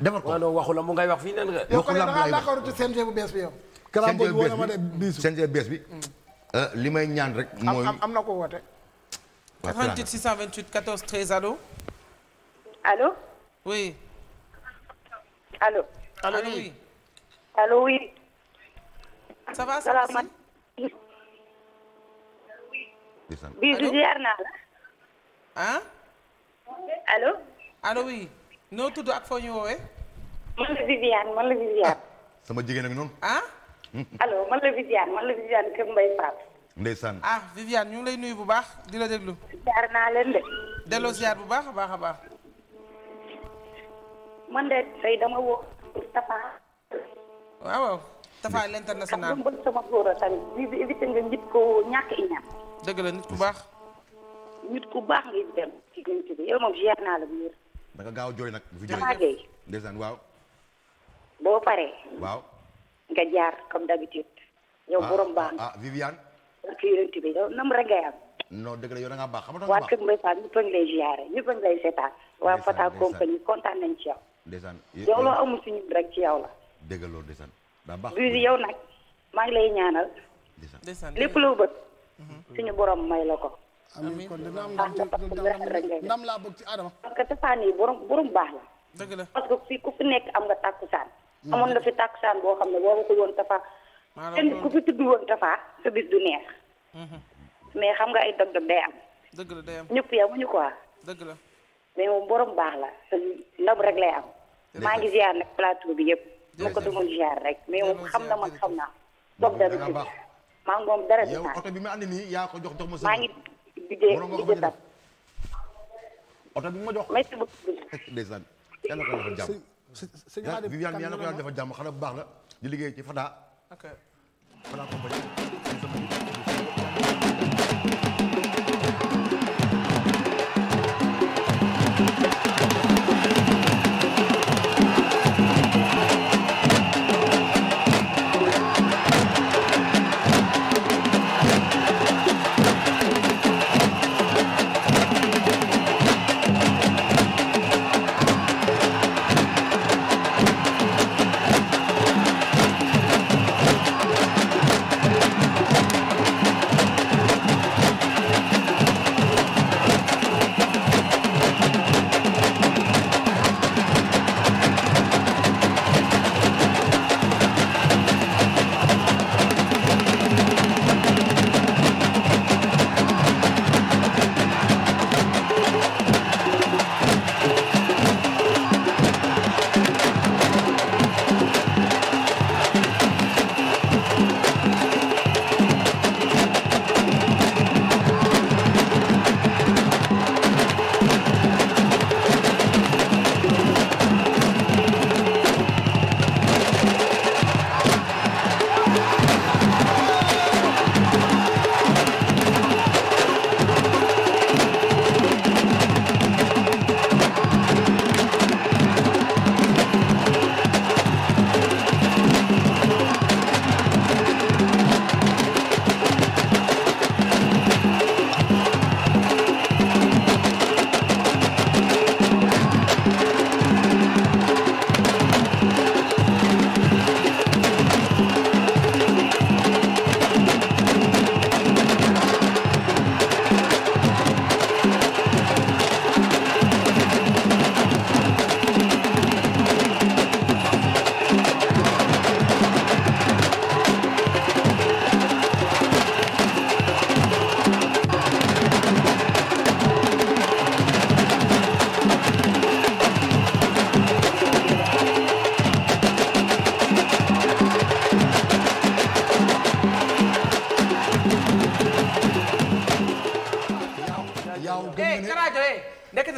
defar ko. waaw non waxu la mu ngay wax fii nen nga. waxu lamb laay wax yow CNG bu bees bi yow. CNG bu bees bi CNG bees bi. li may ñaan rek. mooy am am na ko woote. 88 628 14 13 allo. allo. oui. allo. allo oui. allo oui. ça va. bisu ziar naa la. ah. allo. allo oui. noo tudd ak foo ñu man la Viviane man la Viviane. sama jigéen ak noonu. ah. allo man la Viviane man la Viviane Kër Mbaye Fall. ndeysaan. ah Viviane ñu lay nuyu bu baax dina la déglu. ziar naa leen de. delloo ziar bu baax a baax a baax. man de tey dama woo Tafa. waaw waaw Tafa l'international. ak sama góor a tamit bii éviter ñàkk i ñaan. dëgg la nit ku baax. nit ku baax lañ dem ci yow moom ziar naa la bu wér. da nga gaaw jooy nag. bu fi jooy ndeysaan waaw. boo paree. waaw. nga jaar comme d'habitude. yow ah, borom baax nga ah, ah Viviane. ci yonent bi nam rek ngay am. non dëgg la yow da ngaa baax xam nga. waa kër Mbaye Fall lay ziare a ngi lay kontaan nañ ci yow. ndeysaan rek ci yow la. dëgg la loolu ndeysaan daa baax. yow nag maa ngi lay ñaanal. lépp loo bëgg. Mm-hmm. ñu borom may la ko. amiin kon dina am ndam laa bëgg ci Adama. parce que tafaan yi borom borom baax la. dëgg parce que fii ku fi nekk am nga tàkkusaan. Mm-hmm. amoon na fi tàkkusaan boo xam ne boo ko woon tafaa. kenn ku fi tudd woon tafaa sa bis du neex. Mm-hmm. mais xam nga ay dog-dog day am. dëgg la day am ñëpp yamuñu quoi. la mais moom borom baax la te ndam rek lay am. maa ngi ziar nag plateau bi yëpp. ma ko doon ziar rek mais moom xam na man xam naa. dog dara maa ngi moom dara yow oto bi ma andi nii yaa ko jox jox ma sa. maa ngi [laughs] oto bi ma jox. merci beaucoup. [laughs] ndeysaan yàlla ko dafa jàmm. sëñ Viviane yàlla ko yàlla dafa jàmm xale bu baax la di liggéey ci Fada. ok Fada compagnie.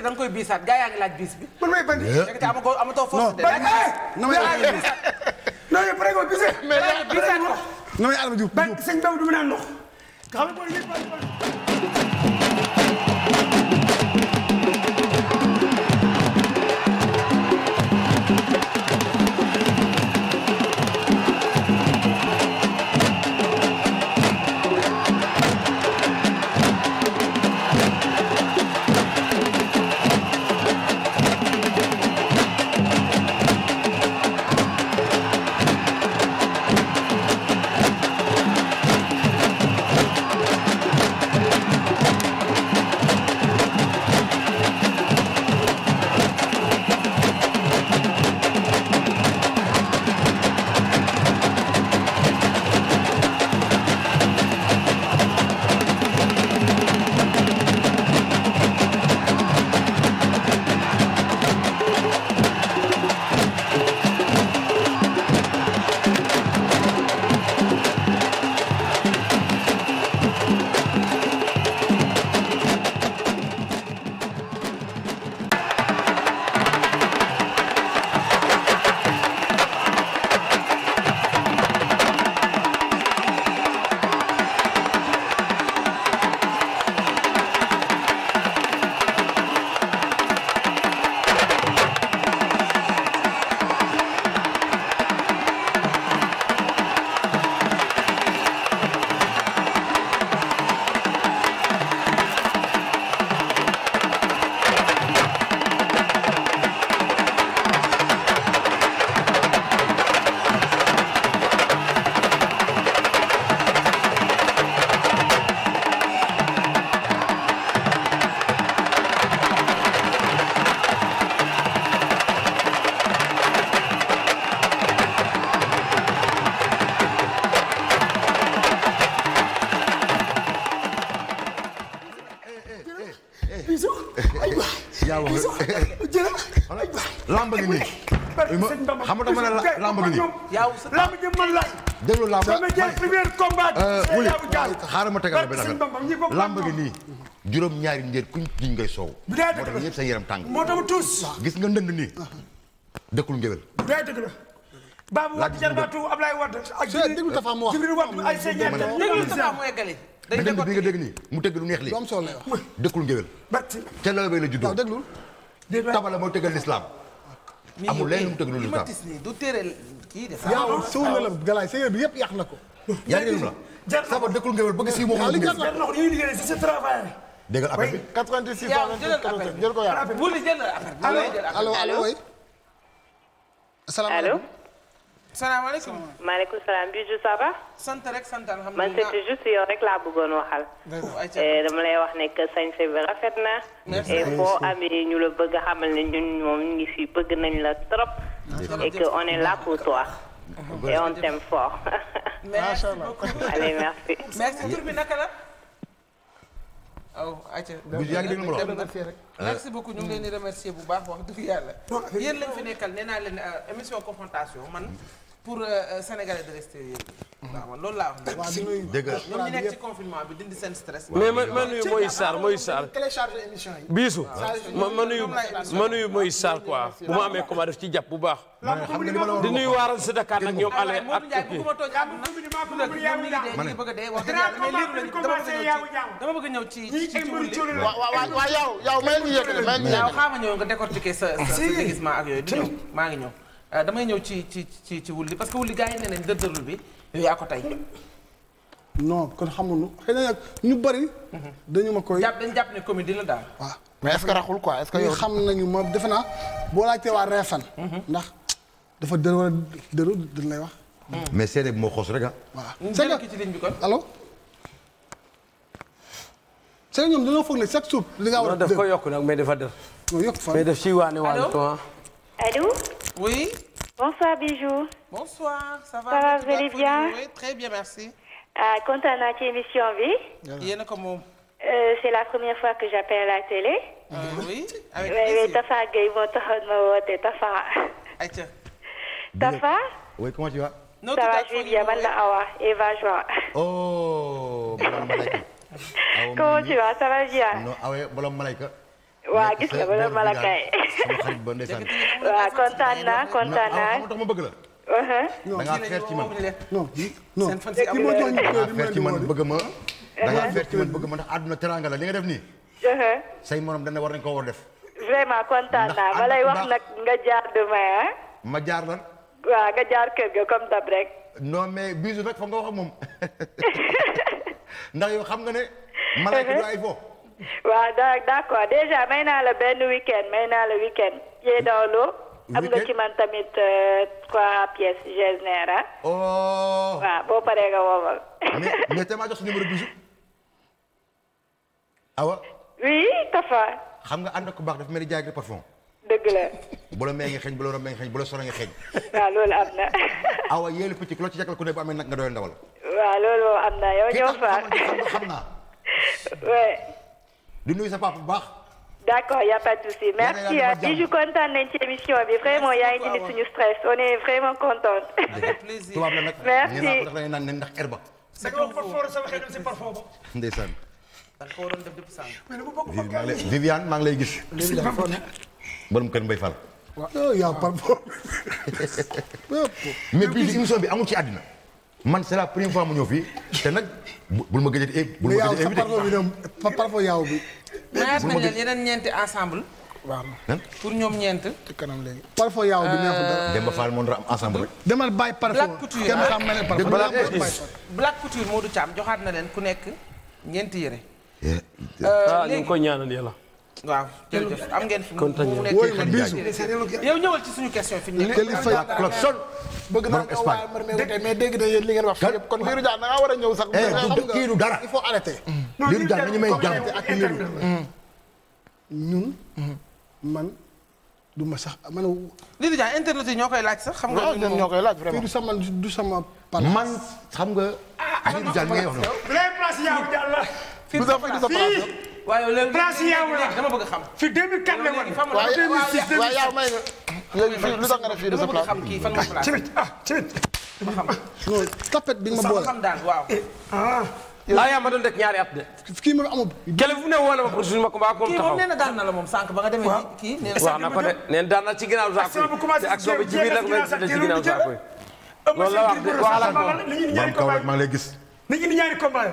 da nga koy biisaat gaa yaa ngi laaj biis bi. man may bandi. Eh. léegi te amatoo amatoo force de. Eh! non non mais yaa ngi biisaat. non yow pare nga biisee. mais yaa ngi biisaat ko. non mais Adama Diouf. sëñ Ba du mu naan ndox. xam nga lamb ji mën la. déglu lamb sama jël premier combat. wuli euh, xaaral ma tegal benn affaire lamb gi nii. juróom ñaari njéer kuñ jiñ ngay soow. moo tax ñëpp sa yaram tàng. moo tax tuus. gis nga ndënd nii. dëkkul ngéwél. dëgg la. Babou Wade jarbaatu Ablaye Wade ak déglu Tafa mu wax Jibril Wade ay seen ñeent déglu Tafa mu eggali dañ dégg bi nga dégg nii mu tëgg lu neex li am solo lay wax dëkkul ngéwél ca la bay la juddoo déglul tabala moo tëggal l'islam amul lenn mu tëggal l'islam du tere kii de yow suul na la galaay sa bi yëpp yàq na ko. yaa ngi déglu la saba dëkkul ngéwél bëgg si moom. li nga xam ne yooyu liggéey si sa travail. dégg nga appel bi 86. yaa jëlal appel jël ko yaa. wuli jël na appel. allo allo allo. asalaamaaleykum. salaamaaleykum. maaleykum salaam Bijou ça va. sant rek sant alhamdulilah man c'était juste yow rek laa bëggoon waxal. Eh, dama lay wax ne que sañse bi rafet na. merci et boo amee ñu la bëgg xamal ne ñun moom ñu ngi fi bëgg nañ la trop. et qu'on est là pour toi. et on t'aime fort. [laughs] macha allah [laughs] allez merci. merci tur bi naka la. Eh. leen di remercier bu baax wax dëgg yàlla. yéen lañ fi nekkal nee naa leen euh, émission confrontation man. pour euh, euh, sénégalais de l'extérieur mhm. loolu laa wax. dëgg la ñoom ñu nekk ci bi dindi seen stress. ma ma nuyu Moïse Sarr biisu ma ma nuyu ma nuyu Moïse Sarr quoi bu ma amee comment def ci jàpp bu baax. di nuyu waaral si Dakar ñoom ale ak kii. ma ne dama bëgg ñëw ci ci ci waaw waaw yow yow may ñu yëgale may nga décortiquer sa ah, gis-ma ak yooyu maa ngi ñëw. Ah, damay ñëw ci ci ci ci wulli parce que wulli gars yi nee nañ dëddërlu bi yow yaa ko tey. non kon xamuñu xëy na ñu bari. dañu ma koy jàpp dañ jàpp ne comédie la daal. waaw mais est-ce que raxul quoi xam nañu ma defe naa boo laajtee waa reefan. Mhm. ndax dafa dër wala dëru dëru lay wax. bi mhm. moo xoos rek ah. voilà ci ligne bi kon allo. c'est ñoom dañoo li nga war a def ko yokk nag mais dafa def. yokk fa mais daf siy waane waane. allo allo. Oui. Bonsoir, Bijou. Bonsoir, ça va. ah kontaan naa ci émission bi. yéen a la première fois que j'appelle à la euh, mhm. Tafa Gueye moo taxoon ma Tafa. ayca. Tafa. oui va je vais bien Awa Eva Joie. oh. Malam Malayka. [laughs] va bien. non waa gis nga ba doon Malakaye. waaw kontaan naa kontaan ah, ah, naa. xam ma bëgg la. Uh-huh. da ngaa ci man non ma jox ñu kër yi bëgg ma. da ngaa ci man bëgg ma ndax àdduna teraanga la li nga def nii. Uh-huh. say morom dana war nañ koo war def. vraiment kontaan naa ma lay wax nag nga jaar demain ah. ma jaar lan. waaw nga jaar kër ga comme dab rek. non mais bisu rek fa nga wax moom. [laughs] ndax yow xam nga ne. Uh-huh. Malakaye du ay fo. waaw daa d'accord déjà may naa la benn week may naa la week-end yee dawloo am nga ci man tamit euh, trois pièces Getzner ah oh waaw boo paree nga woowal ah, mais te maa jox sa numéro bijou awa oui Tafa xam nga ànd ak ku baax dafa mel ni jaay dëgg la bu la [laughs] mee nga xeeñ bu sore nga xeeñ waaw loolu am na [laughs] awa yéelu picc loo ci jàkkal ku ne bu amee nag nga doon ndawal waaw loolu moom am na yow ñëw faa xam [laughs] di nuyu sa papa bu baax. d' accord a pas de souci. merci à Bijou kontaan nañ ci émission bi vraiment yaa ngi dindi stress on est vraiment contente. tubaab la nag. ndax herba. c' est que parfois sama xel si parfois ba. Viviane maa ngi lay gis. borom kër Mbay Fall. waaw yow yaa parfois. mais bii émission bi amul ci àddina. man c'est la première fois mu ñëw fii te nag bul ma gëj a bul ma gëj a invité parfo yaaw bi mayaat nañ leen yeneen ñeenti ensemble waaw pour ñoom ñeent. kanam léegi parfo yaaw bi neexul dara. Demba Fall moo am ensemble demal bàyyi parfo Black Couture kenn xam na ne parfo Black joxaat na leen ku nekk ñeenti yére. Euh, ah ñu ngi koy waaw jërëjëf am ngeen fi mu nekk fi kon liiru jaan da nga war a ñëw sax kii nañu may jàng ak liiru ñun man du ma sax man liiru jaan internet yi ñoo koy laaj sax xam nga ñoo koy laaj vraiment du sama du sama man xam nga liiru jaan ngay wax noonu fii du sama place waaye léegi place yi xam. fi 2004 la woon. waaye waaye yow may léegi fii lu tax nga def fii de sa place. xam ah, non tapet bi nga ma boole. Eh, ah. laa yaa ma doon def ñaari at de. kii moom amul. gëlëm fu ne nee na daan na la moom sànq ba nga demee. kii nee na wax na nee na daan na ci ginnaaw saako yi te action bi ci biir nag ma ci ginnaaw saako yi. loolu la wax de ñaari combat yi.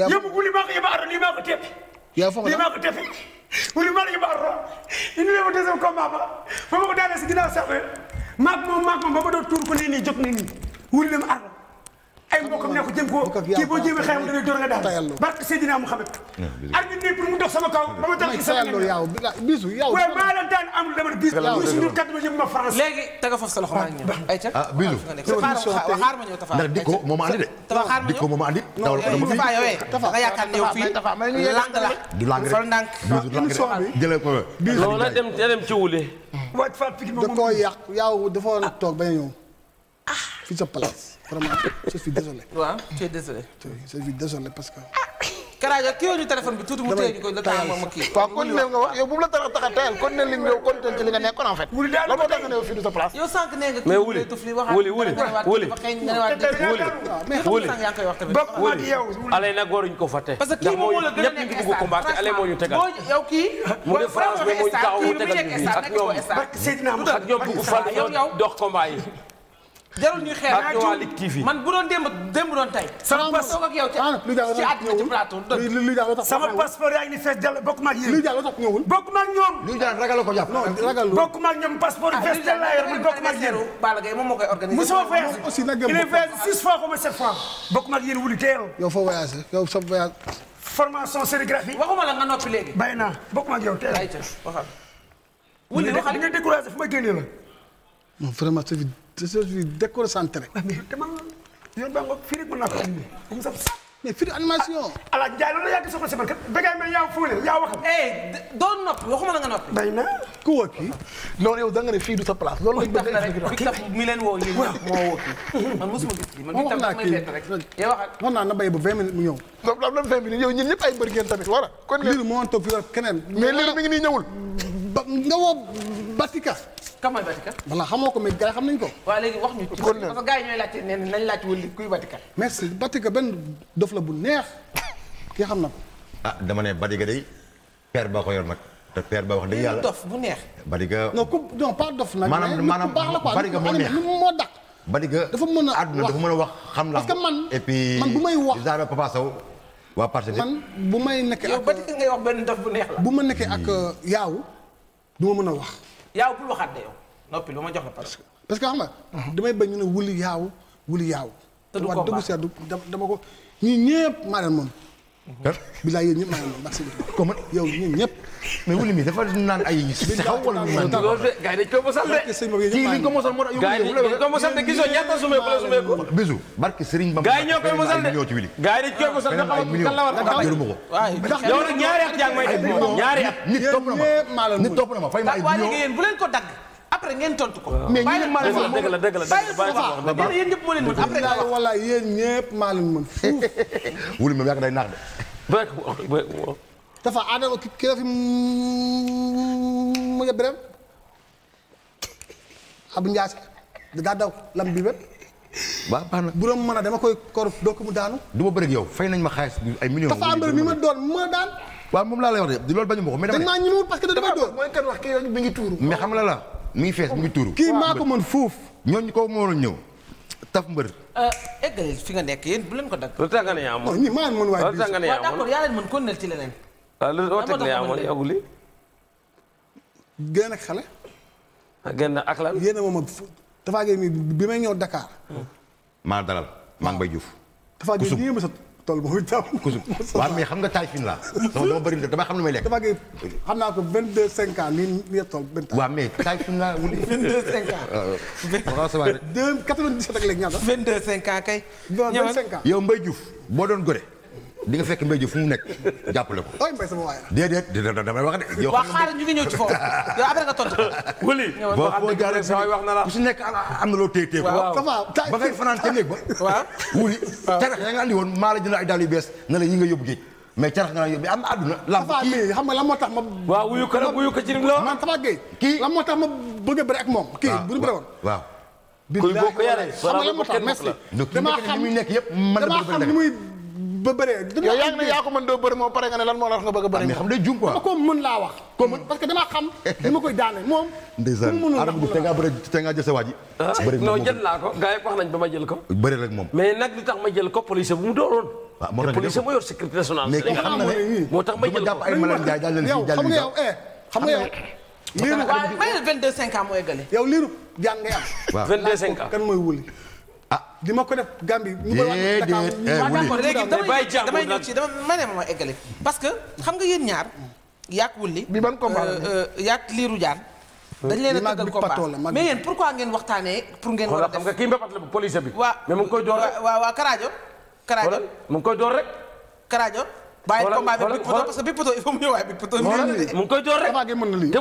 yàlla yóbbu bu li baax yóbbu àdduna yi yaa foofu la lii maa ko defi wala maa ngi baar loo indi leen ma deuxième combat ba ma ko daanee si ginnaaw sax maag moom maag moom ba ma doon tuur ko nii nii jóg nii nii ay mbokkam ne ko jëm ko kii boo jéemee xayma dafay door nga daal barke Seydina Mouhamed ah, arbitre bi pour mu dox sama kaw ba ma tax yaaw bisu yaaw waaye maa leen daan am dama bis bisu ñun kat ma jëm ma France léegi taga foofu sa loxo maa ngi ñëw ay ca ah bisu xaar ma ñëw tafa ndax dikko moo ma andi de tafa dikko moo ma andi dawal ko dama tafa yow eh. tafa nga yaakaar ne yow fii lang la du lang fal ndànk bisu lang jëlee ko loola dem dem ci wule waaj faat piki da koo yàq yaaw dafa war a toog bañ a ñëw ah. fi sa place vraiment je suis désolé. parce que. Karajo kii woo ñu téléphone bi tuuti mu téye ñu ko le temps moom ma kii. waaw continué nga wax nga nekkoon en fait. la moo tax ne fii du sa place. yow sànq nee nga kii wuli wuli wuli wuli wuli wuli ale nag waruñu ko fàtte. parce que kii moom moo la gën a nekk instant ale moo ñu tegal. yow kii mooy France mais moo ñu taxaw tegal ak ak ñoom bugg fal dox combat jarul ñuy xeex ak waa Ligue TV man bu doon démb démb doon tey. sama passeport ak yow ci ci plateau. luy jàll tax sama passeport yaa ngi ni fees dell bokkuma ak yéen. luy jàll tax ñëwul. bokkuma ak ñoom. luy jàll ragal ko jàpp. aussi nag il est voyagé six fois comme sept fois. bokkuma ak yéen wuli teel. yow foo voyagé yow sa voyage. formation sérigraphie. waxuma la nga noppi léegi. bàyyi naa bokkuma ak yow teel. wuli waxal li nga découragé fu ma génnee la. te je suis déconcentré. waaw mais dama yoon baa ngoog fii rek mën naa ko animé. am sa mais fii animation. ala Ndiaye loolu la yàgg soxla si man kat dangay may yaa fóole yaa wax. Eh, doo noppi waxuma la nga noppi. day na ku woo kii loolu yow da nga ne fii du sa place. loolu lañ bëgg a expliqué kii bi mi leen woo yéen ñëpp moo woo kii. man mosuma gis kii man bii tam may bett rek. yow waxal wax naa na bay ba vingt minutes mu ñëw. loolu am na vingt minutes yow ñun ñëpp ay mbër ngeen tamit war a. kon léegi moo toog fi keneen. mais léegi mi ngi nii ñëwul ba nga woo Batika. kan mooy Batika. wala xamoo ko mais gars yi xam nañ ko. waa léegi wax ñu. kon nag parce que gars yi ñooy laajte nee nañ laajte wala kuy Batika. merci Batika benn dof bu neex kii xam na ah, dama ne Batika day père ba ko yor nag. te père ba wax dëgg yàlla dof bu neex. Batika non ku non pas dof nag. maanaam maanaam Batika moo neex moo dàq. Batika dafa mën a àdduna dafa mën a wax xam la. parce man bu may wax genre Papa Sow. waa parce que man bu may nekkee ak yow bu neex la. bu ma nekkee ak hmm. yaaw du ma mën a wax. yaaw bul waxaat de yow noppi lu ma jox la parce que parce que xam nga. damay bañ ñu ne wuli yaaw wuli yaaw. te du ko baax dama ko ñun ñëpp maa leen moom. bilaay yéen ñëpp maa leen moom. yow ñun ñëpp. mais wuli mi dafa naan ay saxaw wala ñu naan gars yi ko mosal de kii liñ ko mosal moo tax gars yi dañ de gisoo ñaata sumeeku la sumeeku bisu barki Serigne Bamba gars yi ñoo koy de ñoo ci de xam nga kan a million ko dagg après ngeen tontu ko. mais ñun maa leen mën dëgg la dëgg la dëgg la day naax de. dafa adama kilafi mu yebbiren abu njaase daa daw lam bi na bu doon a dama koy kor doo ma doon ma daan waaw moom laa lay wax de loolu bañu ma ko mais dama maa ñëwul parce que da damay doon mooy kan wax kii mi ngi tuuru mais xam la la mi fees mi ngi tuuru kii maa ko mën fuuf ñooñu ko moo doon ñëw taf mbër eh, eggal fi nga nekk yéen bu leen ko dagg loolu tax nga ne yaa oh, mën maa waaw ah, lu loo teg ne amoon yow li. génn ak xale. Ah, génn ak lan. génn moom ak Tafa Gueye mi bi may ñëw Dakar. maa dalal maa ngi bay Diouf. Tafa Gueye nii tool boobu itam. kusub [laughs] waaw xam nga taay fin laa. dama xam ne may lekk. Tafa Gueye xam naa ko vingt deux cinq ans nii nii la tool benn taal. waaw mais taay vingt [laughs] deux cinq ans. kay. yow mbay Diouf boo doon gore. di nga fekk mbay ji fu mu nekk jàppale ko. la. déedéet damay wax de. ci foofu ku [laughs] si nekk am na loo téye téye ko. ba ngay fanaan ca ba. [laughs] waaw wuli. waaw nga andi woon maa la jënd ay daal yu bees na la yi nga yóbbu géej. mais carax nga naan yóbbu am àdduna. lamb kii ma. waaw wuyu la. man Tapha Gueye kii lan moo tax ma bëgg a bëri ak moom. kii bu ñu woon waaw kuy boo ko yaree. xam nga moo tax merci damaa xam ni muy nekk yëpp mën na bëgg a ba bare yow yaa ngi doo bëri moom pare nga ne lan moo la wax nga bëgg a bëri. Ah, moom. ndeysaan Adama Diouf te ngaa bëri te ngaa jël sa waaw ah, ah, moo tax police moo yor sécurité nationale. xam na ne ko yow eh, mooy gële yow liiru jaan ngay am kan mooy wuli ah li ma ko def Gambie. ñu koy wax Dakar léegi damay damay ci dama ma ne ma ma eggale. parce que xam nga yéen ñaar. yàq wulli bi ban combat la yàq liiru jaan. dañ leen a tëggal combat mais yéen a nga kii mbapat la police bi. waaw mu ngi koy bi Big Pato mu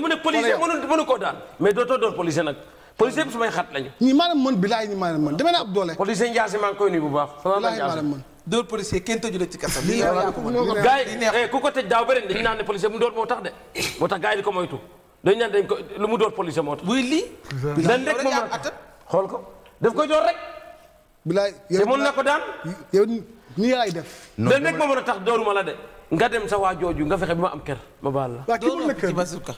ne policier mënu mënu koo daan mais dootoo door policier nag policier bi sumay xat lañu. ñi maanaam mën bilaay ñi maanaam mën demee naa ab doole. policier Ndiassé maa ngi koy nuyu bu baax. bilaay maanaam mën dóor policier la ko mën gaa yi de. moo tax gaa yi di ko moytu dañu tax. buy lii. a de. nga dem sa waa jooju nga fexe bi ma am kër ma baal la. waa kii mën na kër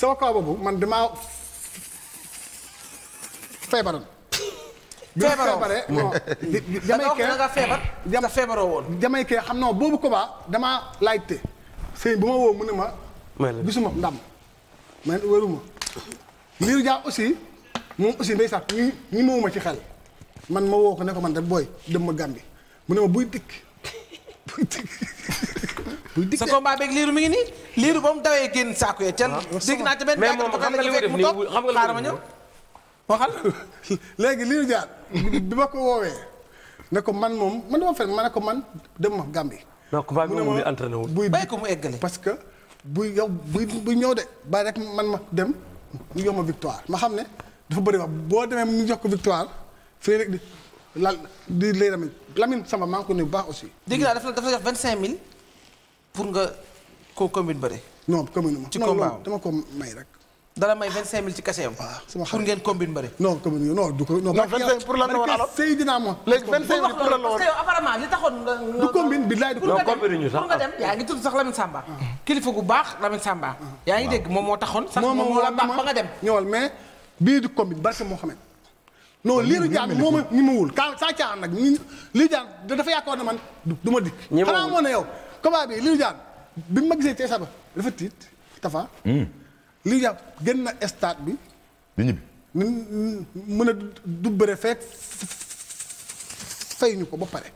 sama kaw boobu man damaa feebaroon. [laughs] feebaroo feebaroo damay nga feebaroo woon. damay xam naa boobu Koba damaa laajte. sëñ bu ma woo mu ne ma. gisuma ndam. man wéruma. liir jaa aussi moom aussi ndey sax ñi ñi mawuma ci xel. man ma woo ko ne ko man de booy dem ma Gàmbi mu ne ma buy dikk [laughs] buy dikk. [laughs] sa combat beeg liiru mi ngi nii liiru ba mu dawee génn saako ya ca ah, dégg naa ci benn mais li mu def ma [laughs] bi ma ko woowee ne ko man moom man dama fen ma ne ko man dem ma Gambie non combat bi moom entraîné wul buy bàyyi ko mu eggale parce que buy yow buy buy ñëw de bàyyi rek man ma dem ñu jox ma victoire ma xam ne dafa bëri wax boo demee mu jox ko victoire fii rek di lal di lay Lamine Lamine Samba maa ngi ko nuyu bu baax aussi dégg naa dafa dafa jox vingt cinq mille pour nga ko combine bëre. non combine ma ci combat dama may rek. may 25000 ci cachet am. waaw pour ngeen combine bëre. non combine non du ko. non ma. léegi 25000 pour lan la war parce que yow apparemment li taxoon bi laay du combine sax pour nga dem ah. baax Lamine Samba. Ah. yaa ngi dégg moom moo taxoon. sax moom moo la baax ba nga dem. ñëwal mais bii du combine barke Mouhamed. non liiru jaan ma ñi ma wul ka saa caaxaan nag ñi liiru jaan dafa yaakaar ne man du ma dikk. xanaa moo ne yow combat bi Lirou Diane bi ma gisee César ba dafa tiit Tafa. Hmm. lii Diane génn na stade bi. di ñibbi. a du bëre fekk fay ñu ko ba pare.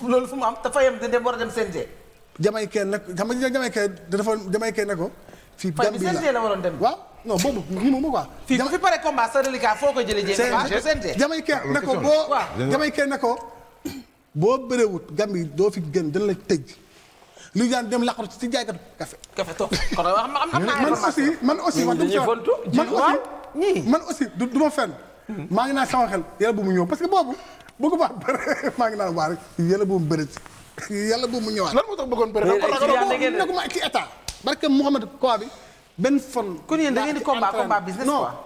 [laughs] loolu fu mu am te fayam da dem war a dem CNG. jamay kenn nag xam nga jamay kenn dafa jamay kenn ko. fii Gambie la fay bi CNG la dem. waaw non boobu nii moom fii bu fi pare combat sa reliquat foo ko jëlee jëlee. CNG jamay kenn ne ko boo. jamay kenn ne ko boo bërewut Gambie doo fi gën dañ la tëj. li daan dem laqatu ci jaaykatu café. café toog kon ma man aussi man aussi du ma fenn. Hmm. maa ngi naan sama xel yàlla bu mu ñëw parce que boobu bëggu maa bëre [laughs] maa ngi naan waa rek yàlla bu mu bëri yàlla lan moo tax bëggoon bëri nag ma ci état barke Mouhamed Kowa bi benn fon. kon yéen da ngeen di combat combat business ah,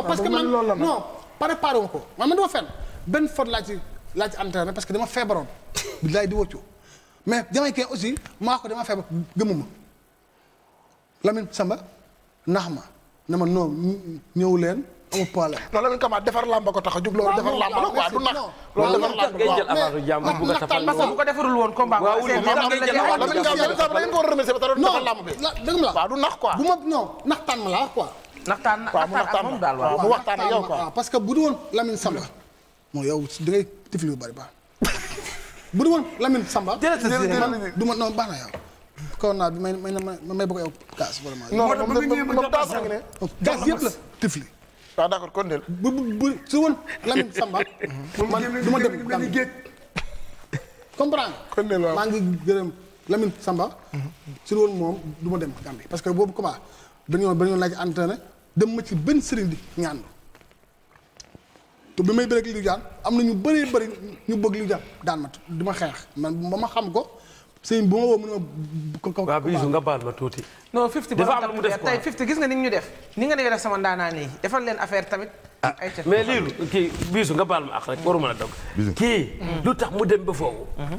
parce que ko man man dama fenn benn fon laa ci laa ci parce que dama feebaroon bilaay di wóccu mais jamaïcain aussi maa ko dama feebar gëmuma Lamine Samba nax ma ne ma non ñëw leen amul problème. non Lamine Kama defar làmba ko tax a jub loolu defar làmba la quoi du bu ko tafal parce que bu ko defarul woon combat Lamine Kama da ngeen ko war a remercier parce que defar làmba bi la dëgg la waaw nax quoi. bu ma non naxtaan ma la quoi. naxtaan daal waaw waxtaan ak parce que bu du woon Lamine Samba. mooy yow da ngay tifli lu bari baax. bu du woon Lamine Samba. jërëjëf man du baax na yow. kawoon naa bi may may may bëgg a yow gaz vraiment. non moom gaz la tifli. waaw ah, d'accord kon de. bu bu su woon Lamine Samba. [laughs] man du ma dem gàllankoor comprendre maa ngi gërëm Lamine Samba. Mhm. su woon moom du ma dem Gambie parce que boobu comment dañoo dañoo laaj entraîné dem ma ci benn sëriñ di ñaan. te bi may bëreeg Ligue 1 am na ñu bëree bëri ñu bëgg Ligue 1 daan ma di ma xeex man ba ma xam ko sëñ bu ma woo mu ne ma. waaw bisu nga baal ma tuuti. non fifty dafa am lu mu def quoi tey fifty gis nga ni ñu def. ni nga def sama ndaanaan yi defal leen affaire tamit. Ah, ay mais lii kii bisu nga baal ma ak rek waruma la dog kii lu tax mu dem ba foofu. Mhm.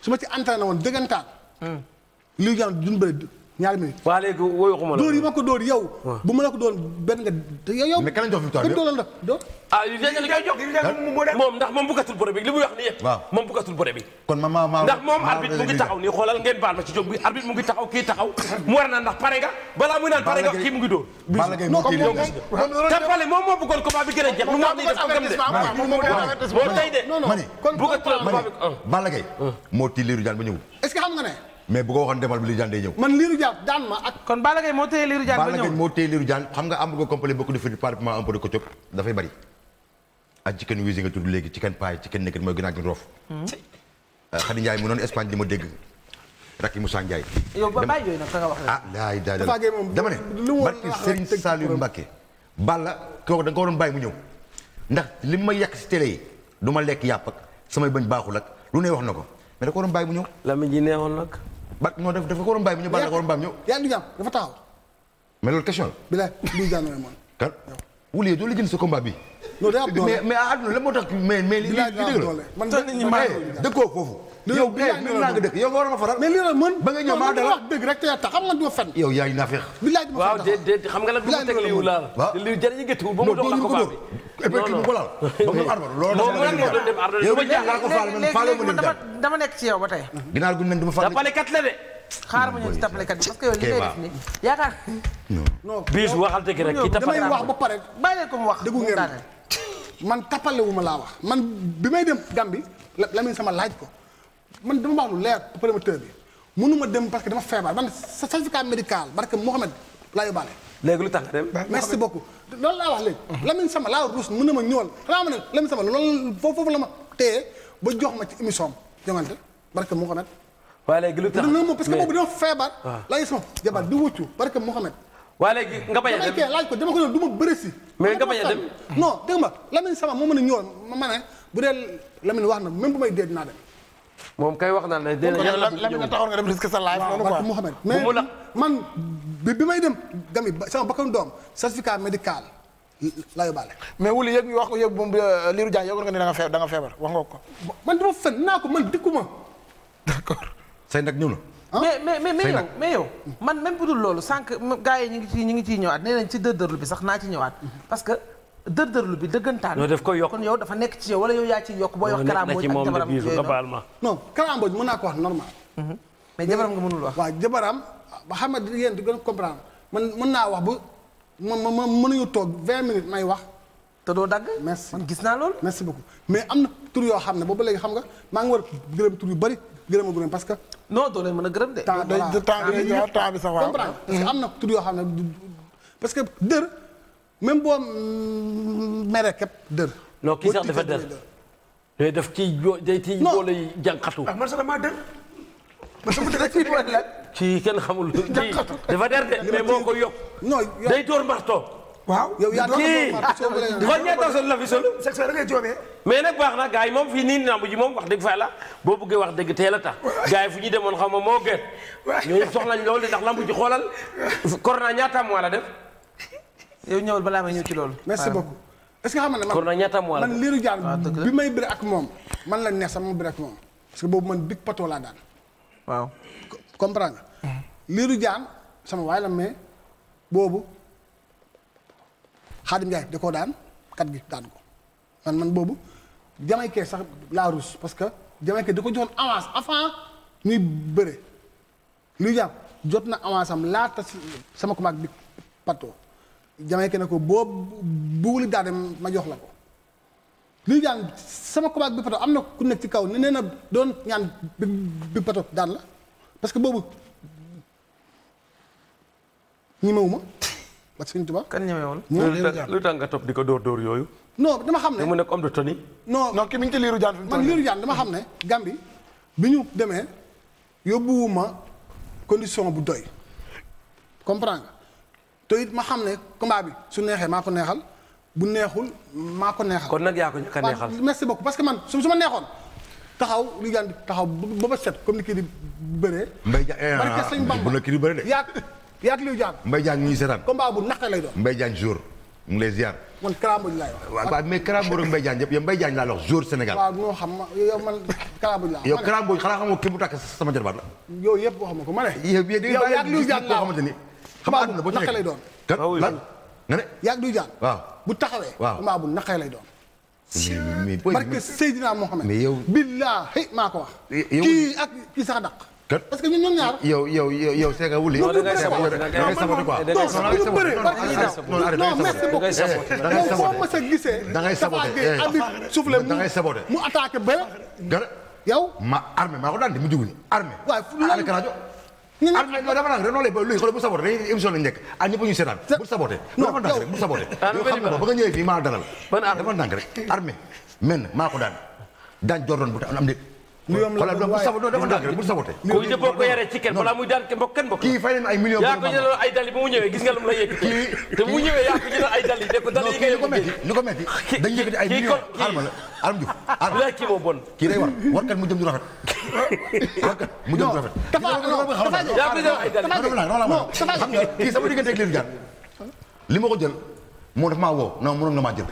su ma ci entraîné woon dëggantaan. Hmm. li ñu daan duñ bëri ñaari minutes. waaw léegi wóyoo ko ma la. dóor yi ma ko yow. bu ma la ko doon benn nga yow bi la do ah yu moom ndax moom bëggatul bëre bi li muy wax nii yëpp. moom bëggatul bëre bi. ma kii taxaw mu war naan ndax pare nga balaa muy naan pare nga kii mu ngi dóor. Balla Gaye moom moo bëggoon combat bi gën a jeex lu mu wax nii def ko gëm de. boo tey de bëggatul moo tii jaan ba ñëwul. est que xam nga ne mais bu ko waxoon demal bi Lirou Diane day ñëw. man Lirou Diane daan ma ak. kon Balla Gaye moo téye Lirou Diane ba ñëw Balla Gaye moo téye Lirou Diane xam nga am nga complet beaucoup de fruits pratiquement un peu de ketchup dafay bari. ak chicken wings nga tudd léegi chicken pie chicken naked di ma dégg rakk Moussa Ndiaye. yow ba bàyyi yooyu nag nga wax ah laay daal dama ne barki Serigne Saliou Mbacké Balla ko waroon bàyyi mu ñëw ndax li ma yàq si télé yi du lekk yàpp ak samay bañ baaxul ak lu ne wax na ko mais da ko waroon bàyyi mu ba non dafa ko waroon bàyyi ñu bal la ko waroon bàyyi ñu. yaa ngi jàmm dafa taxaw. mais loolu question la. bi la du jàmm mooy man. kan wuliye doo la jënd sa combat bi. non day am doole mais mais àdduna ah, la moo tax mais ma li li dëgg la man eh, dëkkoo foofu. yow bi yaa ngi dëkk yow nga a ma faral mais lii la mën ba nga ñëw maa dara wax dëgg rek te yaa tax xam nga du ma fen yow yaa ngi naafeex bilaay du ba mu yow ma jaaxal ko faal man faale mu dem dama nekk ci ma faal tapalekat la de xaaral bi parce ba pare bàyyi ko mu wax dëggu ma laa wax man bi may dem Gambie Lamine sama laaj ko man dama wax lu leer promoteur bi mënuma dem parce que dama feebar man certificat médical barke Mohamed laa yóbbaale. léegi lu tax nga dem. merci beaucoup loolu laa wax léegi. Lamine Sama laa ruus mën ma ñëwal xanaa ma ne Lamine Sama ma téye ba ma ci parce que boobu dama feebar. laa gis sama jabar di wuccu barke Mohamed. waa léegi nga bañ a ko ma bëri si. mais nga bañ a dem non dégg nga Lamine Sama moo mën a ñëwal ma ne bu dee Lamine wax na même bu may dee dinaa dem. moom kay wax na la déedéet lan nga taxoon nga dem risque sa life noonu quoi Mouhamed mais man bi may dem gami sama bakkan doom certificat médical la yóbbaale mais wuli yëg ñu wax ko yëg moom euh, Lirou Diane nga ne da feebar da nga feebar wax nga ko man dama fen naa ko man dikkuma d'accord say nag ñëw na ah? mais mais mais yow mais yow man même bu dul loolu sànq gars yi ñu ngi ci ñu ngi ciy ñëwaat nee nañ ci dëddërlu bi sax naa ci ñëwaat mhm. parce que dërdërlu bi dëggantaan. ñoo def ko yokk kon yow dafa nekk ci yow wala yow yaa ci yokk boo yor kalaam boobu mën naa ko wax normal. Mhm. mais jabaram nga mënul ba naa wax bu ma ma ma mënuñu toog vingt minutes wax. te doo dagg. merci man gis naa loolu. merci beaucoup mais am na tur yoo xam ne boobu léegi xam nga maa ngi war gërëm tur yu bëri gërëm gërëm parce que. non doo leen mën a yoo xam ne que dër même boo mm, mere képp dër. non kii sax dafa dër day def ciy jo day ciy boole jànqatu. ah man sax damaa dër. man sama dër ci wàll la. kii kenn xamul jànqatu dafa dër de mais moo ko yokk. non day door marto. waaw yow yaa kii man ñaata sol la fi sol. c'est ça da mais nag baax na gars yi moom fii nii lamb ji moom wax dëgg fa la boo bëggee wax dëgg teel a tax. gars yi fu ñu demoon xam nga moo gën. ñooñu soxlañ loolu ndax lamb ji xoolal. corona ñaata mois la def. yow ñëwal balaa may ñëw ci loolu. merci beaucoup est-ce que xam nga ne man ñetta mois man liiru jaan ah, bi may bëri ak moom man la neex sax ma bëri ak moom parce que boobu man big pato laa daan. waaw mm-hmm. liiru jaan sama waay la mais boobu Xaadim Njaay da ko daan kat gi daan ko man man boobu jamaykee sax la rousse parce que jamaykee da ko joxoon avance avant ñuy bëre liiru jaan jot na avance am laata sama combat big pato Jamaïque ne ko boo buggul daa ma jox la ko luy daan sama combat bi am na ku nekk ci kaw ne nee na doon ñaan bi pato daan la parce que boobu ñemewuma ba Sëñ Tuubaa kan ñemewul lu tax nga topp di ko dóor dóor yooyu non dama xam ne mu nekk homme de tenue non non kii mi ngi liiru jaan liiru jaan dama xam ne Gambie bi ñu demee yóbbuwuma condition bu doy comprendre nga to it ma xam ne combat bi su neexee maa ko neexal bu neexul maa ko neexal. kon nag yaa ko ñu ka neexal merci parce que man su ma neexoon taxaw li daan taxaw ba ba set comme ni kii di bëree. mbay ja bu la kii di bëree de. yaat yaat liy jaan. mbay jaan ñuy seetaan. combat bu naqare lay doon. mbay jaan jour. mu ngi lay man Karambo di laay wax. waaw mais Karambo rek yëpp yow Mbaye Diagne laa wax Sénégal. waaw non xam ma yow man Karambo di laa wax. yow Karambo ko ma yaa ngi lu jàpp laa wax yow yaa ngi xam nga àdduna bu naqe lay doon. lan nga ne. yaa ngi duy bu taxawee. waaw xam nga doon. mais booy parce que Seydina Mohamed. mais yow billaahi maa ko wax. kii ak kii sax dàq. parce que ñun yow yow yow Sega wuli. ma armé daan di mu jugul armé. waaye fu mu la Karajo. ñu ne dafa naan Renault lay luy xool bu saboté dañuy émission lañu nekk ah ñëpp ñu seetaan bu saboté non dafa ah, naan rek bu saboté yow maa dalal dafa naan men maa ko daan daan Jordan am déet nuyoom la bu saboté dafa ndànk rek bu saboté ko de boo muy daan mbokk kenn mbokk kii fay leen ay millions ay dali ba mu ñëwee gis nga lu mu kii te mu ñëwee yaa ko jëloon ay dali de ko dali la alam diouf alma kii moo bon kii day war li ma ko jël moo dafa maa woo non mënoon nga maa jël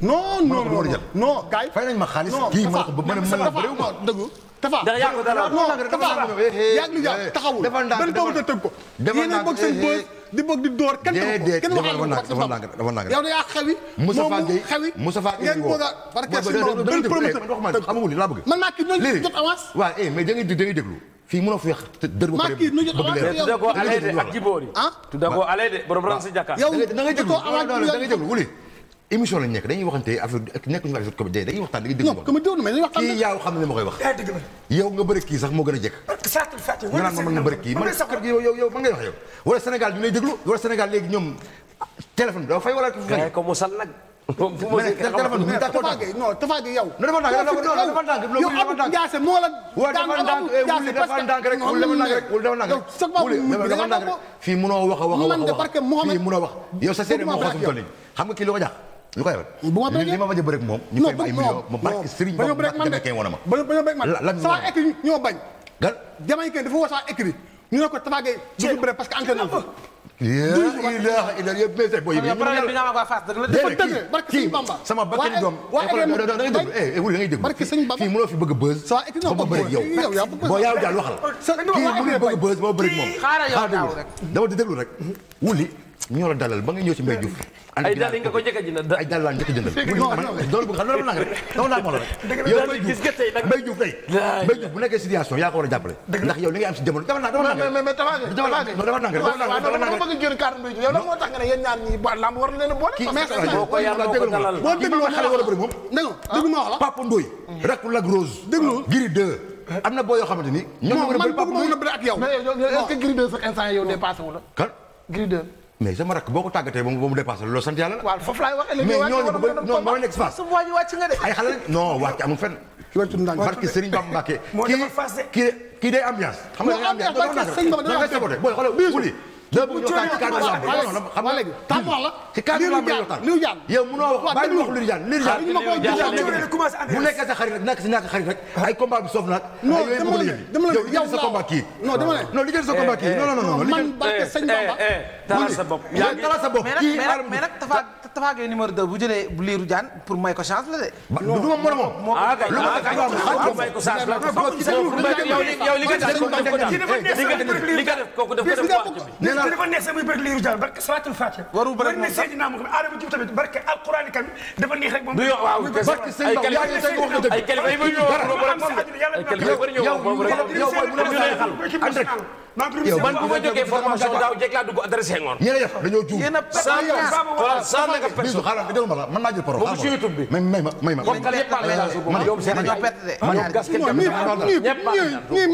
non non non non kay fay nañ ma xaalis kii ma ko ba mën a bëriw ma dëgg tafa dara yàgg dara non tafa yàgg li jàpp eh, eh, taxawul dañ ko bëgg tëgg ko yéen a bëgg seen eh, bës di bëgg di door kenn kenn waxal ma dafa nang dafa nang yow da yaa xawi Moustapha Gueye Moustapha Gueye ngeen bëgg barké ci non ben promoteur xamul li laa bëgg man naa kii ñu jot avance waaw eh mais da ngay da ngay déglu fii mënoo fi wax te dër ba pare bëgg leer da ko alay de ak jiboori ah tu da ko alay de borom ran ci jàkka yow da ngay déglu da ngay déglu wuli émission lañ nekk dañuy waxante affaire nekk ñu affaire comédie dañuy waxtaan dañuy dégg non comédie mais dañuy waxtaan kii yaa xam ne ma koy wax eh, yow nga bëri kii sax moo gën a jekk nga naan ma mën nga bëri kii man yow yow yow man ngay wax yow wala Sénégal ñu lay déglu wala Sénégal léegi ñoom téléphone dafa fay wala fay eh, ko musal nag [laughs] téléphone bi d'accord non Tafa gi yow non dafa ndànk yow ab jaase moo la dafa ndànk eh, rek wul dafa ndànk rek wul dafa ndànk rek dafa ndànk rek fii mënoo wax a wax a wax fii mënoo wax yow sa séeréer moo xos mu toll xam nga kii lu ko jax lu koy bu ma bëree li ma bañ a bëri ak moom. ñu koy ay millions ma barke Serigne Ba ma Jamaïcain woon na ma. ba ñu bëri man sama écrit ñoo bañ. gal Jamaïcain dafa woo sama écrit ñu ne ko Tapha Gueye du fi bëre parce que entraîné na fa. yaa ilaha illa mais booy bi ñu Bamba sama bakkani doom da ngay déglu eh wuli da ngay déglu barke Serigne Bamba fii mënoo fi bëgg buzz sa écrit non ko bëri yow boo yaa jaal waxal kii mënul bëgg buzz boo bëri moom xaaral yow dama di déglu rek wuli ñoo la dalal ba nga ñëw ci Mbaye Diouf. ay dal yi nga ko njëkk a jëndal ay dal laa njëkk a jëndal. loolu bu nga xam ne loolu la rek. [laughs] dëgg la daal gis nga tey nag Mbaye Diouf tey. Mbaye Diouf bu nekkee situation yaa ko war a jàppale. ndax yow li ngay am ci jamono dafa nang dafa nang mais mais mais dafa nang dafa nang dafa nang dafa nang bëgg génn carte Mbaye Diouf yow lan moo tax nga ne yéen ñaar ñi ba lamb war na leen a boole. kii boo ko yàlla boo ko dalal boo ah. déglu ma xale war a bëri moom dégg nga wax la Papa Ndoye rakku Lac Rose déglu Gris 2 am na boo yoo xamante ni ñoom man bëgg ma woon a bëri ak yow mais est-ce que Gris 2 sax instant yow dépassé wu la kan Gris 2 mais ma rakk boo ko tàggatee ba mu dépassé la. waaw foofu laay waxee mais ñooñu non non nekk face. su waa ñu de. ay xale non wàcc amul fenn. wàccu ndànk barke Serigne Bamba de ambiance. xam ambiance da nga ko naan da nga ko saboté booy xoolal da bu ci xam nga léegi tam wax la ci cadre lamb la waxtaan liu jaan yow mënoo wax bàyyi wax liu jaan liu jaan ñu ma koy jox bu nekkee sa xarit rek nekk si ñàkk xarit rek ay combat bi soof nag non dama la dama la yow sa combat kii non dama la non li jël sa combat kii non non non man barke sëñ Bamba tala sa bopp yaa ngi tala sa bopp kii mais nag Tafa Tafa Gueye numéro 2 bu jëlee liiru jaan pour may ko chance la de du ma mën moom lu ma ka ko may ko chance la yow li nga def kooku def ko def Diallo dafa neex sax muy bëri Lirou Diallo barke salatul fatiha waru bëri moom sax Seydina Muhammad Adama Diouf tamit barke alquran kam dafa neex rek moom waaw barke Seydina yaa ngi say wax dëgg ay kalifa yi bëri ñëw ay kalifa yi bëri ñëw yow yow boy bu la xal man bu ma jógee formation daaw jékki laa dugg adressé ngoon. yéen a yàq dañoo juum. yéen a perte la xoolal sans naka personne. xaaral bi ma la man maa jël parole. moom si YouTube bi may ma may ma. kooku ñëpp a la man yow seen ñoo perte de. man yow gas kenn dem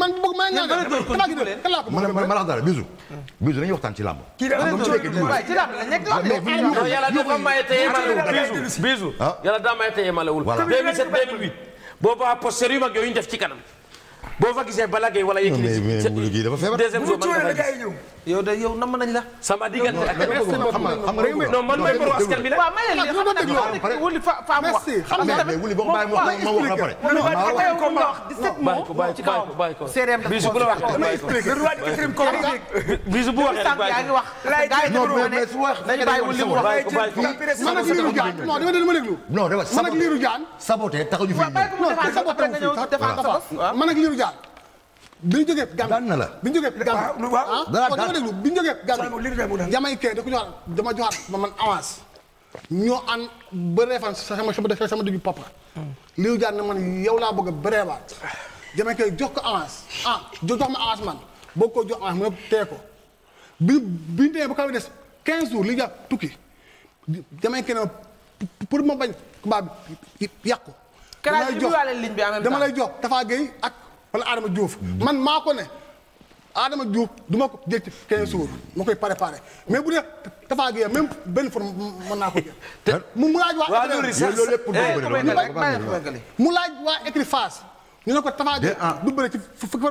man bëgg maa ngi naan man ma la dara bisu. bisu dañuy waxtaan ci làmb. kii da doon ci làmb la nekk làmb. yàlla dafa maye te yemalewul. bisu bisu. yàlla daa maye te yemalewul. voilà 2007 2008. boobu posteri mag yooyu ñu def ci kanam boo fa gisee Balla Gaye wala Yékini. deuxième jour mën na fa gis yow de yow namm nañ la. sama diggante ak non man may borom askan bi la. waaw may leen li wuli fa fa mu wax. xam nga tamit wuli boo bàyyi ma wax après. bàyyi ko bàyyi ko bàyyi ko séeréem la bisu bu la wax bàyyi ko bisu bu waxee rek bàyyi ko. non mais su wax dañu bàyyi wuli mu wax. man ak liiru jaan non dama déglu ma déglu. non dama man ak liiru jaan. saboté taxuñu fi. non saboté wu fi man ak liiru jaan bi ñu jógee Gambie daan na la bi ñu jógee Gambie ah, waaw ah, dara bi ñu jógee Gambie jamay kee da dama joxaat ma man avance ñoo an ba reefan sama sama diggu papa hmm. liw jaan ne man yow laa bëgg a bëreewaat jamay kee jox ko ah, ma boo ko jox ko bi bi ñu demee ba kaw des quinze jours li ma bañ tubaab yàqu dama lay jox dama lay ak wala Adama Diouf man maa ko ne Adama Diouf du ma ko jël ci 15 jours ma koy préparé mais bu dee Tapha Gueye même benn forme mën naa ko jël. mu laaj waa. loolu lépp eh, mu ñu ne ko Tapha Gueye ah. du bëri ci fukki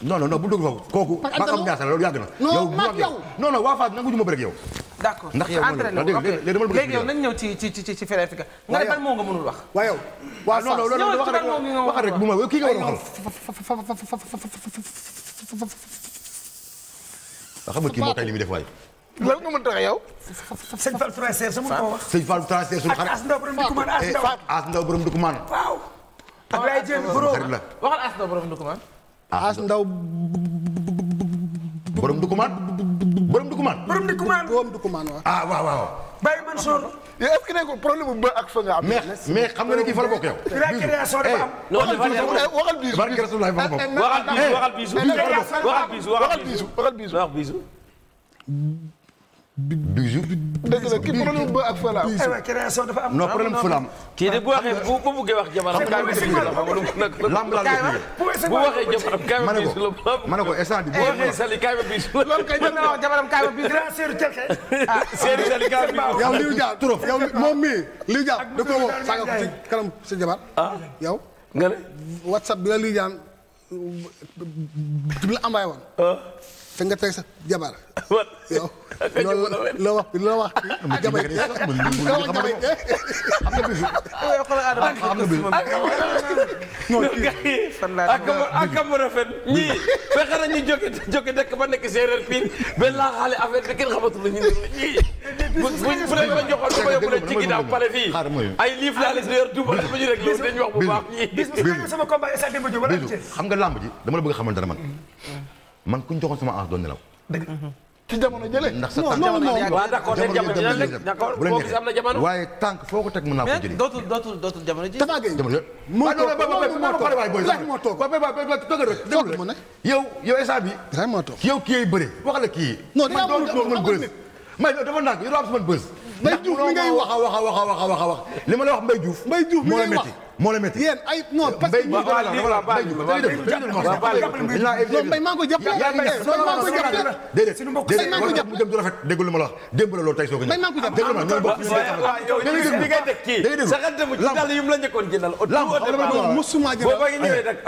non non non bu dugg foofu kooku. ma am ñaata loolu yàgg na. non mag yow non non waa Fass nangu ñu ma bëri ak yow. d'accord ndax yow man la léegi yow nañu ñëw ci ci ci ci fere nga ne ban moo nga mënul wax. waaw yow waaw non non loolu wax rek wax rek bu ma kii nga war a waxal. xam nga kii moo tey li muy def waaye. lan nga mën a yow. sëñ Fall transfert sama ko wax. sëñ Fall transfert suñu xarit ak As Ndaw eh, As eh, Ndaw. As Dukumaan. As Ndaw borom Dukumaan. as ndaw borom du kumaan borom du kumaan borom du kumaan borom a kumaan waaw ah waaw waaw Baye Mansour yow est-ce que ne ko problème bu ba ak fa nga am mais xam nga ne kii fa la bokk yow la création dafa am non waxal biisu barke Rasulullah fa bokk waxal biisu waxal biisu waxal biisu waxal biisu waxal bijou dëgg la ki problème bu eh waxee bu buggee wax jamono. kaa bi dëgg la bu waxee jamono kaa bi bis la. ma ne ko instant bii. bu waxee sali kaa bi bis la. loolu kay jël [laughs] ah. Sali kaa bi bis. yow Liou Dia trop yow [laughs] moom mii Liou Dia da saaga ko ci kanam sa jabar. ah yow. nga ne whatsapp bi la Liou Dia di la envoyé woon. Ah. fi nga teg sa jabar. yow [laughs] loolu la wax bi la wax. jabar ah, ah, yi xam nga ak am rafet ñii fexe nañu jóge jóge dëkk ba nekk séeréer pire ba laa xaale affaire bi kenn xamatul ñu ñii. bu bu leen ma joxoon su ma yóbbu leen ci ginnaaw pare fii ay liif laa leen di yor duubal ba ñu rek loolu dañu wax bu baax ñii. bis sama combat xam nga lamb ji dama la bëgg xamal dara man man ku ñu joxoon sama ans doon nelaw. dëgg mhm. ci jamono ndax sa tànk jamono waaw d'accord jamono waaye tànk foo ko teg mën naa ko jëlee. dootul dootul dootul jamono ji. dafa gay moo toog moo toog waaye moo toog waaye moo yow yow instant bi moo toog yow kii wax la kii. noo man doon man bëri. may dafa naan yow am sama bës. Mbaye Diouf mi ngay wax wax wax a wax li ma la wax Mbaye Diouf. Mbaye Diouf mi ngay wax moo la métti yéen ay non parce que non mbay maa ngi ko jàppale. maa ngi ko jàppale. déedéet déedéet maa ngi ko jàppale. dem du rafet déglu ma la wax démb la loolu tey soo ko ñëw. mbay maa ngi ko jàppale déglu ma la wax.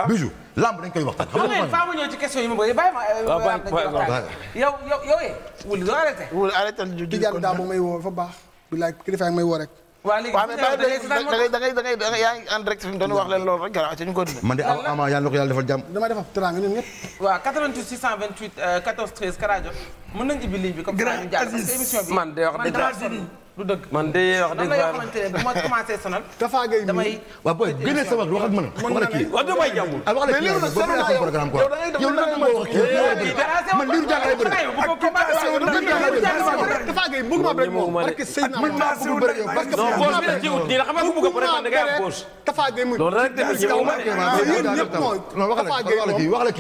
yow yow lamb dañ koy waxtaan xam nga faa ma ñëw ci question yi ma bëgg bàyyi ma eh, yow yow yow eh, wul arrêté wul arrêté Tidiane daa may woo fa baax bilaay kilifa may woo rek waa léegi da ngay da ngay da ngay da ngay yaa ngi en direct fi mu doon wax leen loolu rek garaaw ci ñu ko dindi. man de Ama ah, ah, yàlla na ko yàlla defal jàmm. dama defal teraanga ñun ñëpp. waaw 88 628 14 13 Karajo mën nañu ubbi ligne bi comme ça ñu jàll parce que émission bi man de wax dëgg du dëgg man de wax dëgg fa bu ma commencé sonal. dafaa ngay damay waaw booy gën a sabab wax ak man a. wax ak kii wax damay jàmbul. ah wax ak kii boo ko defee programme quoi yow lan nga ma wax kii man liiru jàng lay bëri. ak kii dafaa ngay bëgg ma bëri moom parce que sëy naa ma bëgg bëri yow parce que. non boo bëri jiw nii la xam nga ku bëgg a bëri man da ngay am poche. dafaa ngay muy loolu rek dafa ñëw ma de. yéen ñëpp mooy dafaa ngay moom wax la kii wax la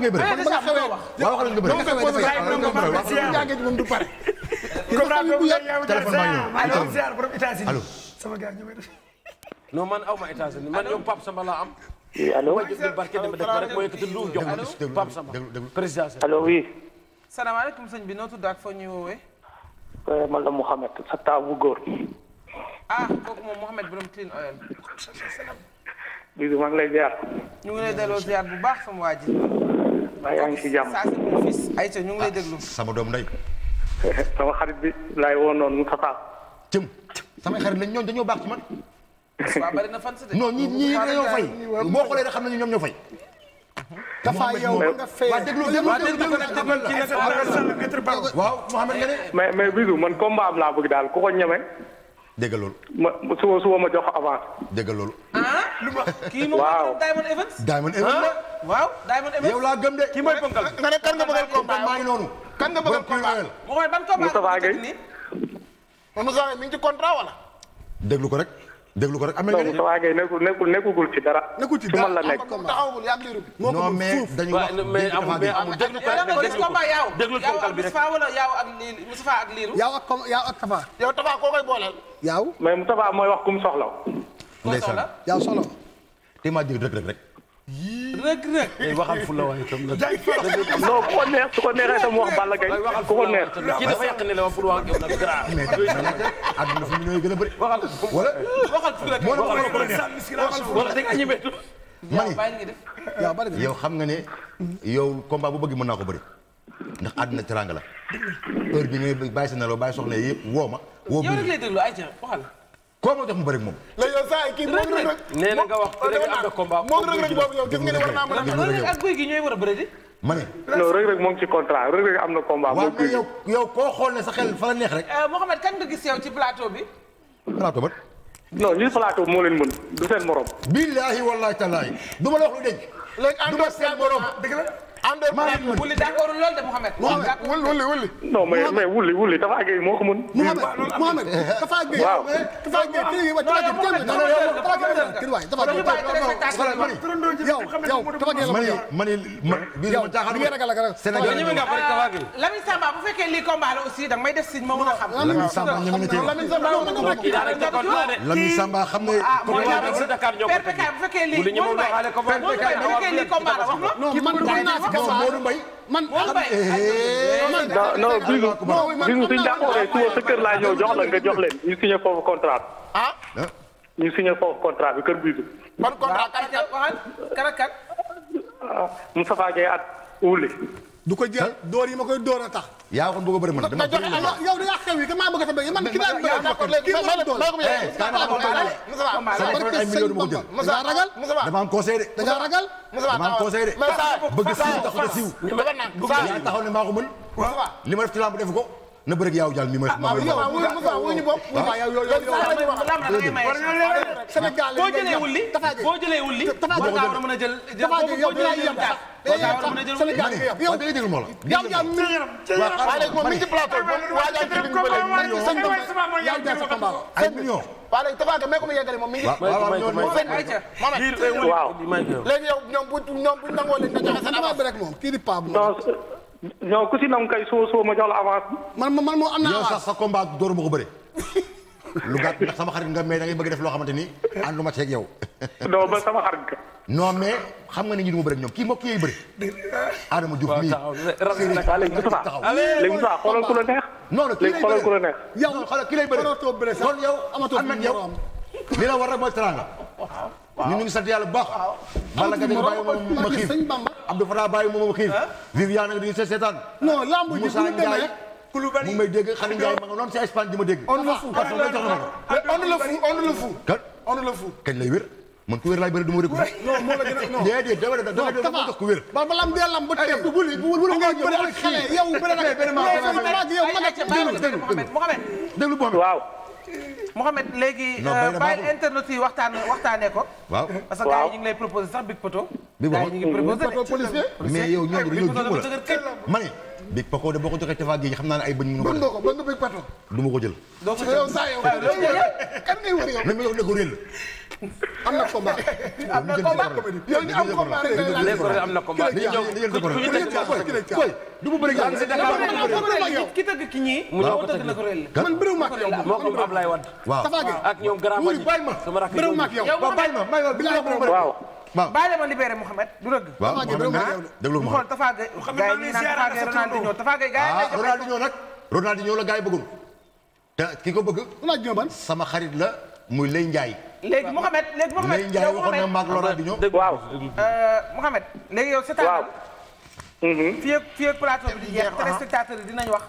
kii. wax la kii. waaw wax leen du pare. non man aw ma États-Unis man yow Pape Samba laa am. oui allo ma jël barke dama def ma rek ma yëkkati lu jox ma Pape Samba président. allo oui. salaamaaleykum sëñ bi noo tudd ak foo ñuy woowee. man la Mouhamed sa taabu góor. ah kooku moom Mouhamed borom clean oil. bii maa ngi lay ziar. ñu ngi lay delloo ziar bu baax sama waa ji. waaye yaa ngi si jàmm. ayca ñu ngi lay déglu. Ah, sama doom nday [laughs] sama xarit bi laay woon noonu Moustapha. jëm samay xarit lañ ñoom dañoo baax ci man. [laughs] waaw bari na fan si de. non ñi ñii dañoo fay boo xoolee rek xam nañu ñoom ñoo fay. dafa yow nga fee. waaw déglu déglu déglu waaw Mouhamed nga ne. mais mais bisu man combat am laa bëgg daal ku ko ñeme. dégg loolu. ma suba suba ma jox ko avance. dégg loolu. ah lu ma kii moom mooy Diamond Evans. Diamond Evans la ah? waaw Diamond Evans. yow laa gëm de. kii mooy ponkal nga ne kan nga bëggal combat maa ngi noonu. kan nga bëggal combat mu mooy ban combat Moustapha Gueye. Moustapha Gueye mi ngi ci contrat wala. déglu ko rek. déglu ko rek amee nga ni Moustapha Gueye nekkul nekkugul ci dara. nekkul ci dara la nekk. non mais dañu wax mais amul mais amul déglu ak Moustapha wala yaaw ak Moustapha ak Lirou. yaaw ak yaaw ak Tafa. yow Tafa koo koy booleel. yaaw mais Moustapha mooy wax kum soxla. ndeysaan yaaw soxla. te maa jël rek rek rek. rëg rëg eh, waxal fu la waaye itam nag. non ko neex su ko neexee itam wax Balla Gaye ku ko neex. kii dafa yàq ne la wax a bëri. waxal wala yow xam nga ne yow combat bu bëgg mën naa ko bëri ndax àdduna teranga la heure bi sa nelaw bàyyi soxna yëpp woo woo bi yow rek lay déglu ay waxal koo ma jox mu bëri moom. la yow saa yi kii moom rek rek nee na nga wax moom rek rek boobu yow gis nga ne a. rek rek ak guy a bëri moom ci contrat rek rek am na combat. moom guy yow yow xool ne sa xel la neex rek. Eh, Mouhamed kan nga gis ci plateau bi. plateau ba. non ñun plateau moo leen mën du seen morom. billaahi wallaahi taalaahi du ma la wax lu dégg. léegi àndoo seen morom àndoon wuli d'accord loolu de Mouhamed. wuli wuli wuli. non mais mais wuli wuli Tafa Gueye moo ko mën. Mouhamed Mouhamed Tafa Gueye. waaw Tafa Gueye kii yi wa Tafa Gueye kenn du yow yow Tafa Gueye la ma yow man man biir ma jaaxal ma ragal ragal Sénégal ñu nga bari Tafa Gueye. Lamine Samba bu fekkee lii combat la aussi danga may def signe ma mën a xam. Lamine Samba ñu mën a téye Lamine Samba Lamine Samba xam nga. ah mooy bu fekkee lii combat la wax ma Modou Mbaye man Modou Mbaye eh, non Bijou Bijou suñ d'accordee suba sa kër laa ñëw jox la nga jox leen ñu signé foofu contrat ah ñu signé foofu contrat bi kër Bijou ban contrat kan kan kan ah, Moustapha Gueye at Wuli du ko jël dóor yi ma koy dóor a tax yaa waxoon bëgg a bëri man dama bëri man yow da yaa xew yi man bëgg a bëri man ki laa bëgg a bëri kii moo doon eh kaan la amoon bëri sama barke sëñ Bamba da ngaa ragal dama am conseil de da ngaa ragal dama am conseil de bëgg siiw taxu na siiw yaa taxaw ne maa ko mën li ma def ci làmb def ko na bëri ak yow jàll mi ma ma ma yow wu ñu bokk waaw yow yow yow Sénégal boo jëlee wulli boo jëlee wulli war nga mën a jël boo jëlee yem Sénégal yow da ngay déglu moo la. yow yaa mi mi ngi ci plateau bi waa jaay ci ligne bi léegi yow non ku si nangu kay soo soo ma jox la avance. man man moo am naa avance yow sax sa combat dóor ma ko bëri. lu gàtt ndax sama xarit nga mais da ngay bëgg def loo xamante ni ànduma ceeg yow. non ba sama xarit nga. non mais xam nga ne ñi du ma bëri ak ñoom kii moo kii yooyu bëri. Adama Diouf mii. waaw taxaw léegi Moussa léegi Moussa xoolal ku la neex. non non kii lay bëri yow xoolal kii lay bëri kon yow amatoo am yow li la war rek mooy teraanga. waaw ñun ñu ngi sant yàlla bu baax. bala nga dégg bàyyi ma ma xiif Abdou Fatah bàyyi ma ma xiif Viviane nga di seetaan. non lamb ji bu ñu demee Koulibaly mu may dégg xale Ndiaye ma nga noonu si Espagne di ma dégg. on le fou on le fou kan on le fou kañ lay wér man ku wér laay bëri du ma wér. non moo la gën a non déedéet dama ne dama ne dama ko wér. ba lam dee lam ba tey bu bu bu bu nga bëri ak xale yow bëri ak benn maa yow mag ak déglu déglu déglu waaw. Mouhamed léegi. non euh, bàyyi internet yi waxtaan waxtaanee ko. waaw parce que gars yi ñu ngi lay proposé sax Big Poto. Big Poto policier mais yow ñooñu dañoo jubóor la ma ne big paco de boo ko joxee Tafa Gueye naa ne ay bëñ. mën nga ko mën nga big du ma ko jël. doo ko jël saa yow kan ko réel. am na combat. [laughs] am na combat yow ñu am na ku ñu ko koy du mu bëri yow. ki tëgg ki ñii. mu ñëw tëgg na ko réel. man bëriw ma ak yow moo ko Ablaye Wade. waaw Tafa Gueye ak ñoom grand. wuuli bàyyi ma bëriw ma ak yow bàyyi waaw bàyyi la ma libéré Mouhamed du dëgg. waaw déglu Mouhamed xool Tafa Gueye. gars yi ñu naan Tafa Gueye Ronaldinho Tafa Gueye gars yi. Ah, Ronaldinho nag Ronaldinho la gars yi bëggoon te ko bëgg. Ronaldinho sama xarit la muy Lay Ndiaye. léegi Mouhamed léegi Mouhamed Lay Ndiaye waxoon na maag Ronaldinho. waaw euh, Mouhamed léegi yow seetaan. waaw. Mm-hmm. fii di jeex dinañ wax.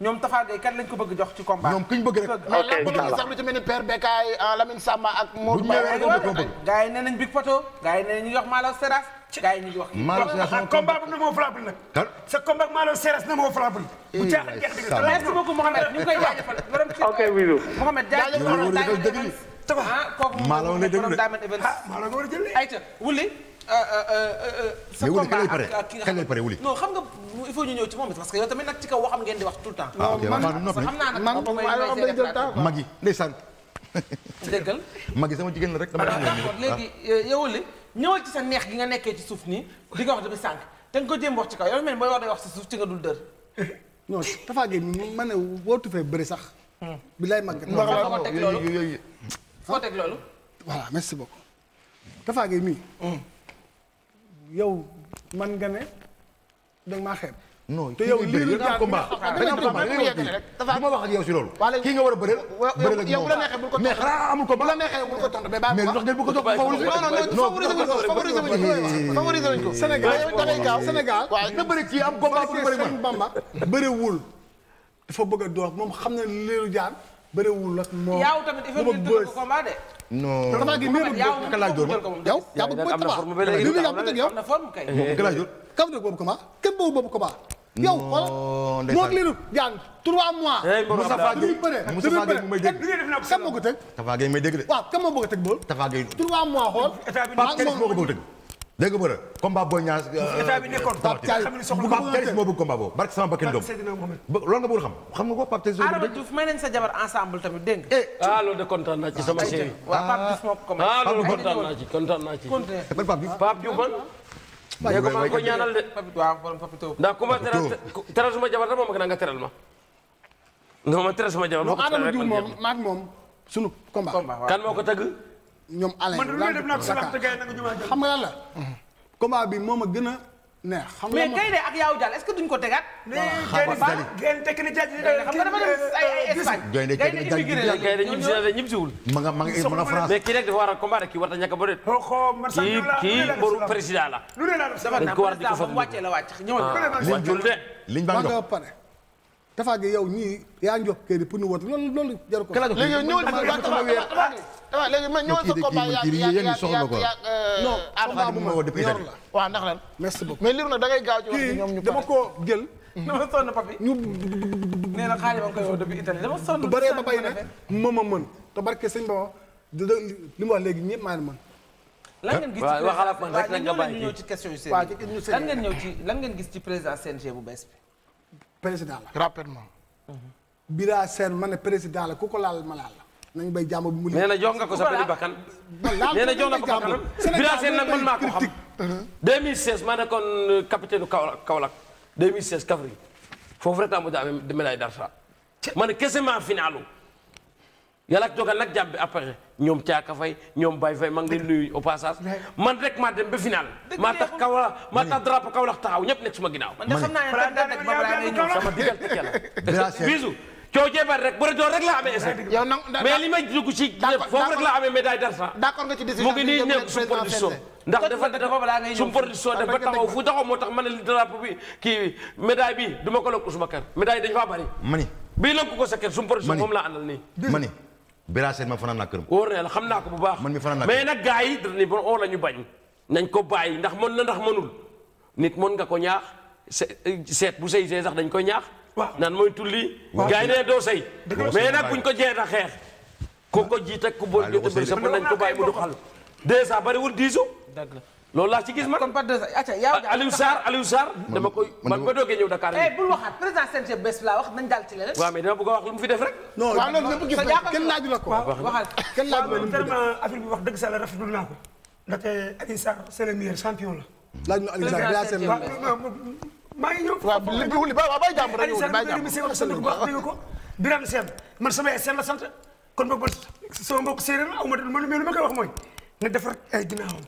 ñoom Tafa Gueye kan lañ bëgg jox ci combat. ñoom kuñ bëgg rek ok incha allah sax lu ci mel ni Père Bekay euh, Lamine Samba ak. Modou Mbaye ak ñoom Big Pato. gars yi nee Malo Seras. gars yi ñu Malo Seras moom combat bu ne moo flambul nag. Malo Seras ne moo flambul. bu caaxaan jeex dëgg la merci beaucoup Mouhamed ñu ngi koy jaajëfal. ok bisou. Mouhamed jaajëf Mouhamed jaajëf Mouhamed. Malo nga war a jël sa combat ak ki nga xam non xam nga il faut ñu ñëw ci moom parce que yow tamit nag ci kaw waxam ngeen di wax tout temps. mag yi ndeysaan. déggal mag yi sama jigéen la rek dama d'accord léegi yow li ñëwal sa neex gi nga nekkee ci suuf nii di nga wax depuis sànq te ko jéem wax ci kaw yow mel booy wax day wax ci suuf ci nga dul dër. non Tapha Gueye mi ma ne wootu fee bëri sax. bilaay mag. foo teg loolu. voilà merci beaucoup Tapha Gueye mii yow man nga ne da nga maa xeeb. non te yow lii lu daal combat dañu combat wax ak yow si loolu kii nga war a bëre bëre la neexee bul ko mais xanaa amul ko bu la neexee bul ko tontu mais mais lu tax ngeen bu ko gaaw Sénégal na bëri kii am combat bu bëri man bëgg a door moom xam na leelu jaan bëriwul ak moom yaaw tamit il faut que ñu combat de. non dafa gi meeru ka laaj door yow yaa bëgg mooy combat li muy yaa bëgg yow am na forme kay ka laaj door kam ne boobu combat kenn boobu boobu combat yow wala moog liiru jàng trois mois Moussa Fage Moussa Fage mu may dégg eh, kan moo ko teg Tafa Gueye may dégg de waaw kan moo bëgg a teg bool Tafa Gueye trois mois xool état bi moo ko bëgg a teg dégg nga bëri combat booy ñaar. Euh, état bi nekkoon Pape Thialis moo bëgg combat boobu barke sama bakkan doom loolu nga bëgg xam xam nga ko Pape Thialis. Adama Diouf may nañ sa jabar ensemble tamit dégg nga. Eh, ah loolu de kontaan naa ci sama chéri. waaw Pape Diouf moo ko may. ah loolu kontaan naa ci kontaan naa ci. Eh, Pape Diouf man. waaye ko maa ngi ko ñaanal de. waaw borom papito. ndax ku ma teral teral suma jabar de moom ak na nga teral ma. non ma teral suma jabar. non Adama Diouf moom maak moom sunu combat. kan moo ko tagg ñoom Alain xam nga lan moom a gën a neex. xam nga mais Gaynde ak Yawou Dial est duñ ko tegaat. xaaral xam nga dafa dem euh, ay euh, Espagne. Gaynde ñibbisiwul ma a a combattre kii war a ñàkk ba de. Oh, kii kii boru président la. dañ ko war a di ko fokk wàccee la wàcc ñëwal ah. de. liñ ba nga waaw ah, léegi man ñëwal sa combat yaa yaa yaa euh, non combat bu la waaw ndax lan. merci beaucoup mais liir na da ngay gaaw ci ñoom ñu koo mm-hmm. jël. Mm-hmm. dama sonn papi ñu nee na xaalis ba nga koy woo depuis Italie bu bëree ba bay nag mën a mën te barke sëñ ba li mu wax léegi ñëpp maa ngi mën. la ngeen gis ci waaw waxal ak man rek nga bàyyi ñëw ci seen lan gis ci président CNG bu bees bi. président la rapidement. Mm-hmm. Bira Sène ma ne président la ku ko laal ma laal la nañ bay jàmm bi mu nee na jox nga ko sa bëri bakkan nee na jox na ko bakkanam Bira Sène nag man maa ko xam 2016 maa nekkoon euh, capitaine Kaolack Kaolack 2016 Kaffrine foofu rek laa mujj amee médaille d'argent ma ne kese maa finalu yàlla ak nag jàmm bi après ñoom caaka fay ñoom bay fay maa ngi leen nuyu au passage man rek maa dem ba final maa tax Kaolack maa tax drapeau Kaolack taxaw ñëpp nekk suma ginnaaw. man de xam naa ne coo jeebar rek bu doon rek la amee essai. yow mais li ma dugg ci. foofu rek la amee médaille d'argent. mu ngi nii nekk suñu production. ndax dafa dafa balaa ngay ñëw suñu ba taxaw fu taxaw moo tax ma ne drapeau bi kii médaille bi du ma ko lëkk suma kër. médaille dañu faa bari. mani bii lëkk ko sa kër suñu production moom laa àndal nii. mani Birasène ma fanaan naa këram. wóor na yàlla xam naa ko bu baax. man mi fanaan naa këram bon oo oh, la bañ. nañ ko bàyyi ndax mën na ndax mënul nit mën nga ko ñaax euh, seet bu sëy see sax dañ ko ñaax nan mooy tulli. gaa yi ne doo sëy mais nag buñ ko jeet a xeex. ku ko jiit ak ku bool jot a bëri sëpp ko bàyyi mu du xal. deux ans la loolu laa gis man. kon pas deux ans acca yaa Aliou Sarr Aliou Sarr. dama koy man ba doogee ñëw Dakar. Eh, laa wax naa ko. ndaxte Aliou Sarr c'est le meilleur la. maa ngi ñëw waaw li bi wuli ba waaw bàyyi jàmbur rek yow bàyyi jàmbur monsieur ko baax dégg man sama Sène la sant kon boog sama mbokk séeréer la aw ma man lu ma koy wax mooy na defar ay ginnaawam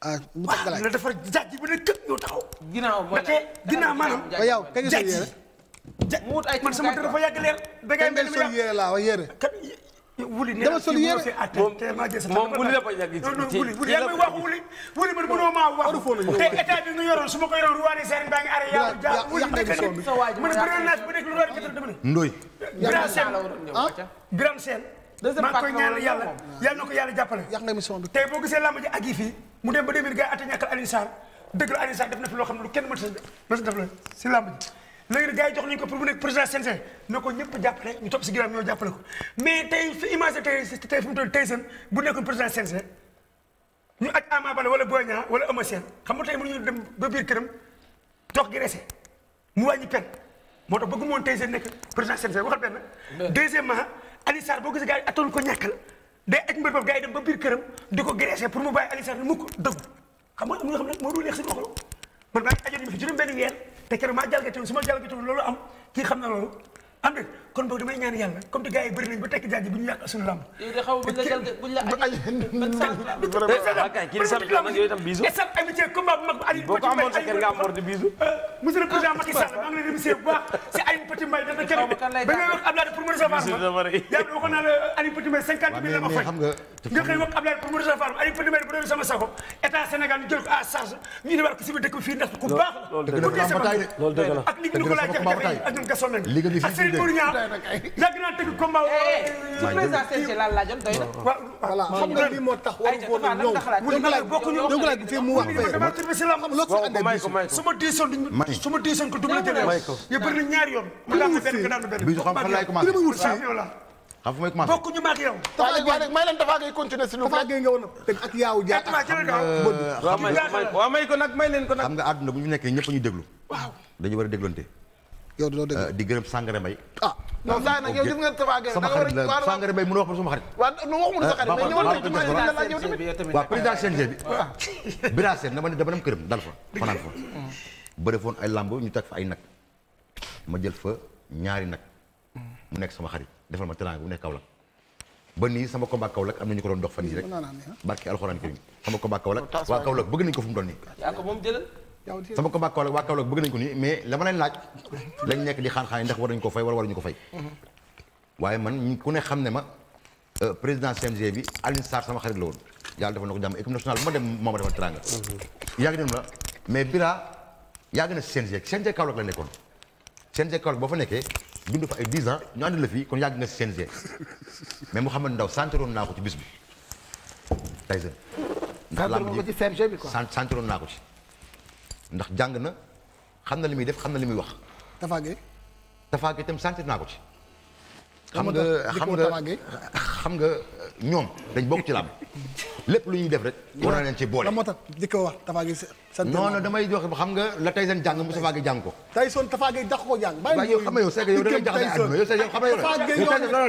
ah mu tàgg laay nga defar jaaj bi ne këpp yow taxaw ginnaaw mooy ndaxte ginnaaw maanaam ba yow kañ nga sol yére ja man sama dafa yàgg leer da ngay mel ni la wa yére wuli dama sol yére moom moom wuli la ko yàgg ci wuli wuli yaa ngi wax wuli wuli man mënoo maa wax te état bi nga yoroon su ma ko yoroon ruwaani seen baa ngi ara yaa ja wuli nekk ni man bëri naa bu nekk lu war a jëtal dama ne ndoy biram seen biram seen maa ngi koy ñaanal yàlla yàlla na ko yàlla jàppale yàq nga mission bi tey boo gisee làmb ji ak yi fii mu dem ba 2000 gars atta ñàkkal Alioune Sarr dëgg la Alioune Sarr def na fi loo xam ne lu kenn mënta def la si làmb ji léegi nag jox nañu ko pour mu nekk président CNG ne ko ñëpp jàppale ñu topp si ginnaaw ñoo jàppale ko mais tey fi image tey tey fi mu toll tey seen bu nekkoon président CNG ñu aj Ama Baldé wala Boy xam nga tey mënuñu dem ba biir këram jox gi rese mu wàññi pen moo tax bëggu moon tey seen nekk président CNG waxal benn deuxièmement Ali Sarr boo gisee gars yi attoon ko ñàkkal day aj mbir boobu gars yi dem ba biir këram di ko gressé pour mu bàyyi Ali Sarr mu ko dëgg xam nga am nga xam ne moo dul neex si man maa ngi ajoon ñu fi benn weer te keroog maa jalgati su ma jalgati loolu am kii xam na loolu am de kon boog damay ñaan yàlla comme te gars yi bëri nañ ba tekki jaaji bu ñu yàq suñu lamb. yow de xaw ma bu ñu la aji. man [laughs] sant la amitié combat bu mag ba Aliou Petit Mbaye. boo ko amoon sa kër nga am mort de bisou. Euh, monsieur le président Macky Sall maa ngi lay remercier bu baax si Aliou Petit Mbaye dafa kenn ba ngay wax Abdoulaye pour mu recevoir ma yaa waxoon naa la euh, Aliou Petit Mbaye cinquante mille la ma fay nga xëy wax Abdoulaye pour mu recevoir ma Aliou Petit Mbaye bu doon sama sako état Sénégal ñu jël ko à charge ñu ne war ko si biir dëkk fii ndax ku baax la ak ni ñu ko laaj jafe-jafe ak ñun gasoon nañ ak Serigne Bourou Niang yàgg naa tëgg combat ci président CNG la laajoon doy na. voilà xam nga lii moo tax waru ko woon ñëw donc la gisee mu wax fee dama tëdd si la xam loo ko andee bis su ma diisoon duñ su ma diisoon ko duma la jëlee yu bëri ñaari yoon mu daan benn daan benn bi xam fan lay commencé xam fu may commencé bokkuñu ma ak yow. taxaw may may leen dafa ngay continuer si lu. dafa ngay ñëw na teg ak yaaw jaar ak xam nga waaw may ko nag may leen ko nag. xam nga àdduna bu ñu nekkee ñëpp ñu déglu. waaw dañu war a déglonte yow doo euh, di gërëm sàngara Mbaye ah non saa nag yow gis nga Tapha sama xarit la Sangare Mbaye mën wax ma sama xarit waaw non waxuma sa xarit euh, mais ñëwal tey ci ah. [laughs] ne dama dem këram dal fa fanaan fa mm. bëri foon ay lamb ñu teg fa ay nag ma jël fa ñaari nag mu nekk sama xarit defal ma teraanga bu nekk Kaolack ba nii sama combat Kaolack am na ñu ko doon dox fan yi rek barki alxuraan karim sama combat Kaolack waa Kaolack bëgg nañ ko fu mu doon nii sama combat Kaolack waa Kaolack bëgg nañ ko nii mais la ma leen laaj lañ nekk di xaar xaar ndax war nañ ko fay wala waruñu ko fay waaye man ku ne xam ne ma euh, président CNG bi Alioune Sarr sama xarit la woon yàlla defal na ko jàmm équipe nationale ma dem moo ma defal teranga yàgg dem la mais Bira yàgg na CNG CNG Kaolack la nekkoon CNG Kaolack boo fa nekkee dund fa ay 10 ans ñu ànd la fii kon yàgg nga CNG mais Mouhamed Ndaw santeroon naa ko ci bis bi Tyson ndax làmb ji santeroon naa ko ci ndax jàng na xam na li muy def xam na li muy wax. Tapha Gueye. Tapha Gueye itam naa ko ci. xam nga xam nga xam nga ñoom dañ bokk ci làmb [laughs] lépp lu ñuy def rek. war na leen ci boole lan moo tax di wax Tapha sant non non Tafa Gueye dàq ko jàng. bàyyi xam nga yow Sege yow da ngay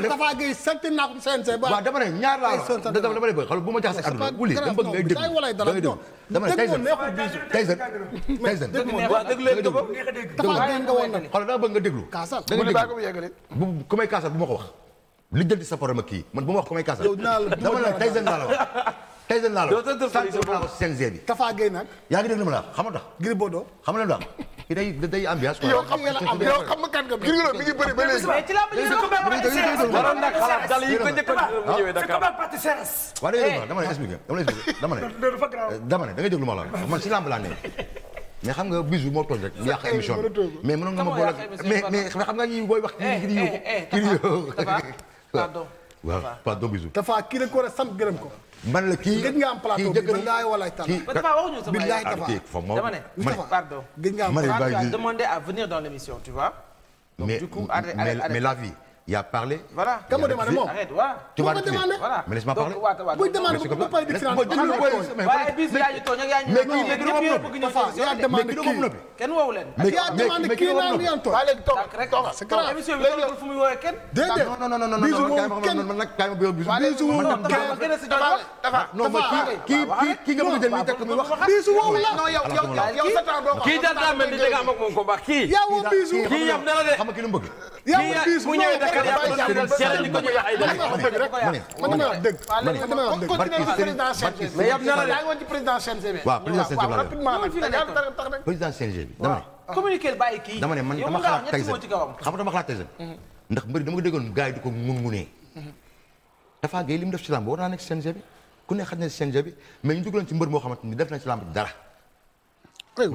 Tafa Gueye sant naa ko ba. waaw dama ne ñaar laa wax dama dama lay bëgg xam bu ma jaxase dama bëgg ngay déglu da dama ne Tyson Tyson Tyson. waaw na. bu ku may kaasal bu ma ko man bu ma wax ku may kaasal. dama ne [laughs] tey de naa la ko CNG bi. Tafa Gueye nag. yaa ngi dégg li ma la wax xam nga tax. Gris Bordeaux xam nga lu ma la wax. ki day day ambiance. yow xam nga yow xam nga kan nga bi. Gris mi ngi bëri ba léegi. mais ci laa bëgg eh. dama lay expliquer dama lay expliquer dama ne. dama ne da nga déglu ma la wax man si lamb laa ne mais xam nga bisu moo tooñ rek. yàq émission bi mais mënoon nga ma boole mais mais xam nga ñi booy wax. kii kii eh, eh, kii [laughs] waaw pardon bisu. Tafa kii la ko war a sant gërëm ko man la kii gëj nga am plateau bi billaay walaay tànn ba dafa waxuñu sama billaay dafa dama ne pardon gëj nga am plateau demandé à venir dans l'émission tu vois donc du coup arrête arrête mais la vie y' a parlé. voilà kan ma demandé moom arrête waaw. tu vas demander voilà mais laisse-moi parler. buy demandé bu bu paree di si rendu. waaye bis yaa ñu tooñ ak yaa ñu. mais kii mais kii dama bëgg ñu solution mais kii dama bëgg kenn woowu leen. mais kii mais kii mais kii naan yan toog. léegi toog rek toog émission bi toogul fu muy woowee kenn. déedéet non non non non bisu woowu kenn man nag kaay ma bisu. bisu woowu kenn dafa non ma kii kii kii nga bëgg jël mi teg ko mi wax. bisu woowu la non yow yow yow sa temps boo ko. kii daal daa mel ni da ngaa am ak moom combat kii. yaa woo bisu kii yam na la de. xam nga kii lu mu bëgg. yaa woo bisu président CNG bi dama ne. communiqué bàyyi kii dama ne man dama xalaat Tyson xam dama xalaat Tyson ndax mbëri dama ko déggoon gars yi di ko ngun-ngunee. dafa gay li mu def ci làmb war naa nekk CNG bi ku ne xam ne CNG bi mais ñu dugg leen ci mbër moo xamante ni def na ci làmb dara.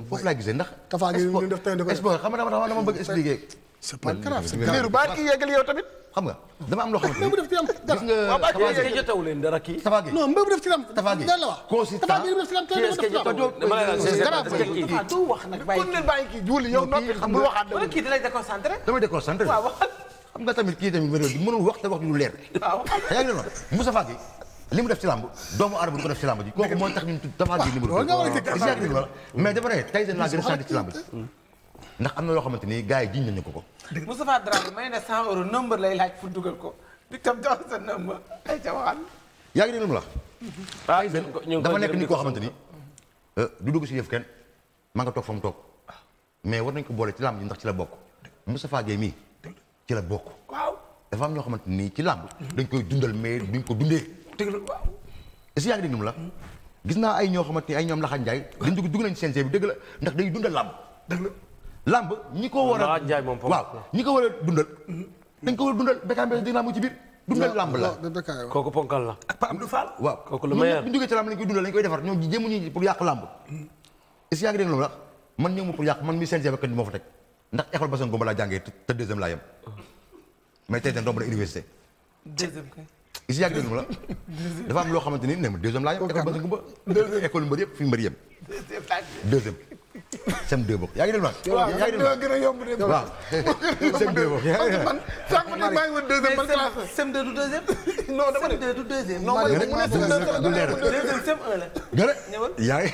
foofu laa gisee ndax. Tafa Gueye ñu def tey de ko xam nga dama dama bëgg expliquer c'est pas grave c'est grave baal kii yeggali yow tamit. xam nga dama am loo xamante ni mbéy bu def ci ram dara waaw baal kii yeggali jotawu leen dara kii. Tapha Gueye non mbéy bu def ci ram. Tapha Gueye consistant Tapha Gueye def ci ram tey def ci ram. doo wax nag bàyyi kii kon leen bàyyi kii juuli yow noppi xam bu waxaat dama kii dalay déconcentré. damay déconcentré waaw xam nga tamit kii tamit mënul wax te wax lu leer. waaw yaa ngi noonu Moussa Faye li mu def ci làmb doomu aadama du ko def ci làmb ji kooku moo tax ñu tudd Tapha Gueye numéro mais dafa ne tey dañ laa gën a sant ci làmb ji ndax am na loo xamante ni gaa yi jiñ nañu ko ko. dëgg Moustapha Dramé may na 100 euros number lay laaj pour dugal ko di tam jox sa number ay ca waxal. yaa ngi déglu mu la. ah dafa nekk nit koo xamante ni. Euh, du dugg si yëf kenn maa fa mu toog mais war nañ ko boole ci làmb ji ndax ci la bokk Moustapha Gueye mii ci la bokk. waaw dafa am ñoo xamante ni ci làmb. dañ koy dundal mais duñ ko dundee. dëgg la waaw. est-ce la. gis naa ay ñoo xamante ni ay ñoom Laxa Njaay. waaw dañ dugg dugg nañ CNG bi dëgg la ndax day dundal làmb la. lamb ñi ko war a waaw ko war a dundal dañ ko war a dundal Bécaye Mbaye di lamb ci biir dundal lamb la kooku ponkal la ak Pape waaw kooku lu meilleur bu jógee ci lamb lañ koy dundal lañ koy defar ñoom jéemuñu pour yàq lamb est-ce que yaa loolu la man ñëw ma pour yàq man mi seen bakkan bi moo fa teg ndax école Bassane Gomba laa jàngee te deuxième laa yem mais tey jii doomu na université. deuxième kay. is yàgg déglu la dafa am loo xamante ni ne ma deuxième laa yem. école Bassane Gomba école mbër yëpp fi mbër yem. deuxième. sem deux bokk yaa ngi déglu man. gën a yomb de. sem deux bokk ma ne maa dama sem deux du a yaa ngi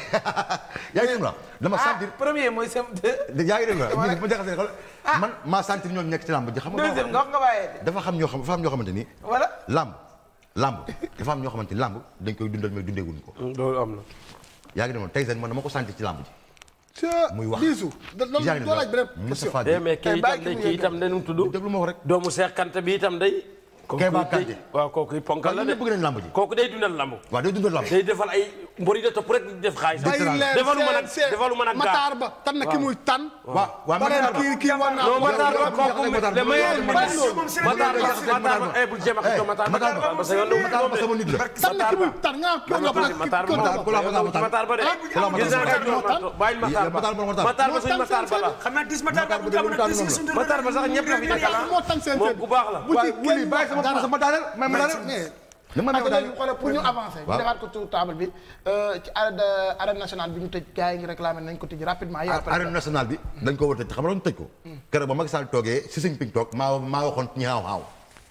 [laughs] yaa ngi dama ah, sentir. premier mooy sem deux. yaa ngi déglu man ma jaxase xool man maa sentir ñoom nekk ci làmb xam nga dafa xam ñoo xam dafa xamante ni. voilà làmb làmb dafa am ñoo xamante ni làmb dañ koy dundal mais dundeewuñ ko. loolu am na. yaa ngi déglu man tey seen man dama ko sentir ci làmb ji muy wax Bijou loolu laaj beneen question eh, mais kii itam day mu tudd déglu ma rek doomu Seex Kanta bi itam day Kéba Kandé waaw kooku ponkal la de bëgg nañ lamb ji kooku day dundal lamb waaw day dundal lamb day defal ay mbor yi da topp rek def xaalis defalu mën ak defalu mën ak Matar Ba tànn ki muy tànn waaw waaw Matar Ba kii kii wan naa Matar Ba kooku le meilleur ministre Matar Ba ay bu jéem de gis naa moo ku baax la dama dama ma daaneel ma ma daaneel. dama ma daaneel bi euh, ci arène arène nationale bi ñu tëj gars yi ngi réclamé ah, hmm. maa waxoon ñu xaaw xaaw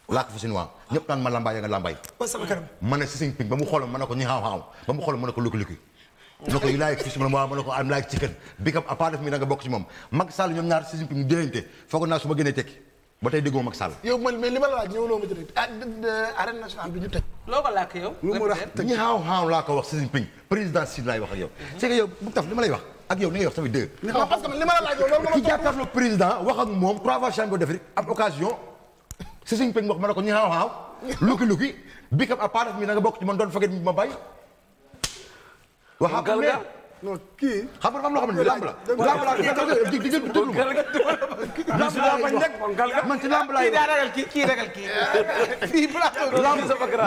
laa ko fa sinuwaa ñëpp naan ma lambaay nga lambaay. sama kanam ma ne ba mu xooloon ma ne ko lukki lukki mën na ko yu laay fish ma ma ne ko am laay ci bi kam à def mi da bokk ci moom Macky Sall ñoom ñaar si Sing Ping foog naa su ma gënee tekki ba tey déggoo Macky Sall. yow man mais li ma la laaj ñëwuloo ma jënd ah arène nationale bi ñu tëj. loo ko làkk yow. lu mu rax ñi xaaw xaaw laa ko wax Serigne Ping président Sine laay wax ak yow. Mhm. c'est que yow bu taf li ma wax ak yow ni ngay wax tamit deux. li ma parce que li ma la laaj yow loolu ma ci jàkkaarloo président wax ak moom trois fois champion d'Afrique am occasion Serigne Ping wax ma ne ko ñi xaaw xaaw. [laughs] luki luki bi kam à part mi na nga bokk ci man doon faget mi ma bay. non kii. xam nga am loo xam ne lamb la. lamb la di di déglu ma. lamb laa bañ nekk man ci lamb laa yor kii kii ragal kii. [laughs] fii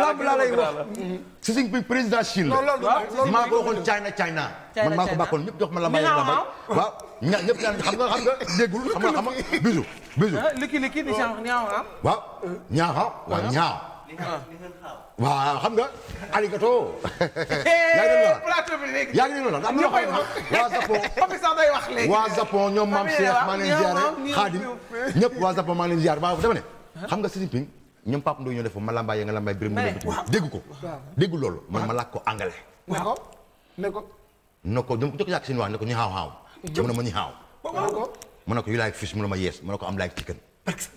lamb laa lay wax. Mm-hmm. si si bi président Chine la. maa ko waxoon China China. man maa ko bàkkoon ñëpp jox ma la may lambal. waaw ña ñëpp ñaan xam nga xam nga [laughs] déggul xam nga xam nga bisu bisu. liki liki ni waaw ñaaxa waaw ñaaxa. waa xam nga arigato. [laughs] yaa ngi noonu plateau bi noonu am na loo xam [laughs] ñoom maam seex maa leen ziare ñëpp waa Japon maa leen ziare maa dama ne. xam nga Xi Jinping ñoom Pape Ndoye ñoo def ma lambaay nga lambaay biir mu ne dégg ko dégg loolu man ma làkk ko ne ko. ne ko ñoom jokk yàgg si wax ne ko ñu xaaw xaaw. mu ne ma ñu xaaw. mu ne ko you like fish mu ne ma yes mu ne ko am like chicken.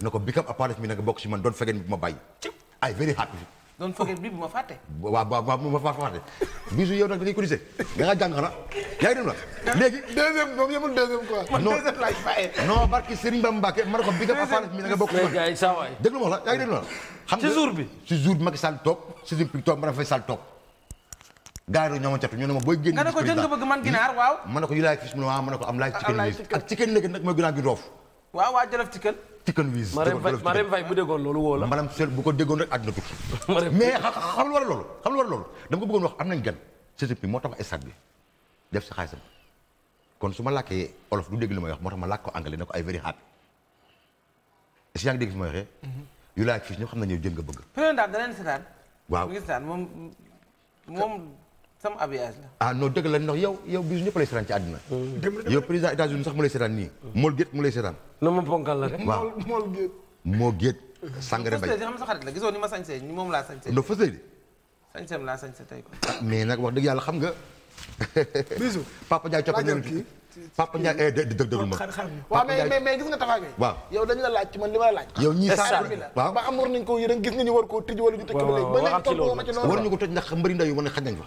ne ko become a part of me nag bokk si man doon fegen bi ma bàyyi. ay very happy don't forget bi bu ma fàtte. waaw waaw waaw bu ma fàtte bisu yow nag da ngay cotiser da ngaa jàng xanaa yaa dem la léegi. deuxième moom yemul deuxième quoi. man deuxième laay fayee. non Ba Mbacke ma ne bi nga fa mi nga bokk. mais gars yi saa waay dégg nga wax la yaa ngi dem bi ci jour bi toog ci jour ma ne fay Sall toog. gars yi ñoo ma catu ñu ne ma booy génn. nga ne ko jën nga man ginaar waaw. ma ah, ne ko yu laay fis mu waaw ma am laay. am laay chicken ak chicken mooy ginaar ma Wiz. Marème bu déggoon loolu woo la. maanaam seul bu ko déggoon rek àdduna tukki. [laughs] mais xam lu war a loolu xam lu war a loolu dama ko bëggoon wax am nañ gan. CTP moo tax stade bi def si xaalisam kon su ma làkkee olof du dégg li may wax moo tax ma làkk ko anglais ne ko ay very happy si yaa ngi dégg fi ma yu laaj fii ñëpp xam nañu jën nga bëgg. président da leen seetaan. waaw mu ngi seetaan moom moom. sama abiage la. noo ah, non dëgg la ndax yow yow bisu ñëpp lay seetaan ci àddina. Mm. yow président États-Unis sax mu lay seetaan nii. Mm. Mool Géet mu lay seetaan. na ma ponkal la rek. waaw mm. xam sa la gisoo ma sañsee ni moom laa sañsee. non fësee de. sañseem laa sañsee tey ko. Ah, mais nag wax dëgg yàlla xam nga. bisu [laughs] Papa Ndiaye coppe ñëw kii. Papa Ndiaye dë dë dëglu ma. waaw mais mais gis nga Tafa Gueye. waaw yow dañu la laaj ci man li ma laaj. yow ñii saa bi la ba xam war nañ ko yéen gis nga ñu war koo tëj wala ñu tëj ko léegi ba léegi toog ma ci noonu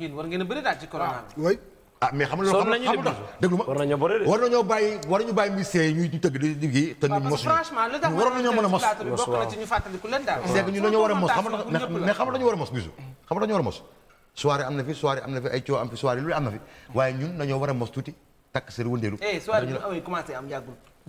yéen war ngeen a bëri daal ci corona bi. ah mais xam nga xam nga déglu ma war nañoo war nañoo bàyyi bàyyi musée yi tëgg di liggéey te ñu mos ñu waroon na ñu fàttaliku a mos xam nga mais xam war a mos bisu xam nga dañoo war a mos soirée am na fi soirée am na fi ay coow am fi soirée lu am na fi waaye ñun dañoo war a mos tuuti takk sër wëndeelu. Eh, soirée bi ah commencé am yàggul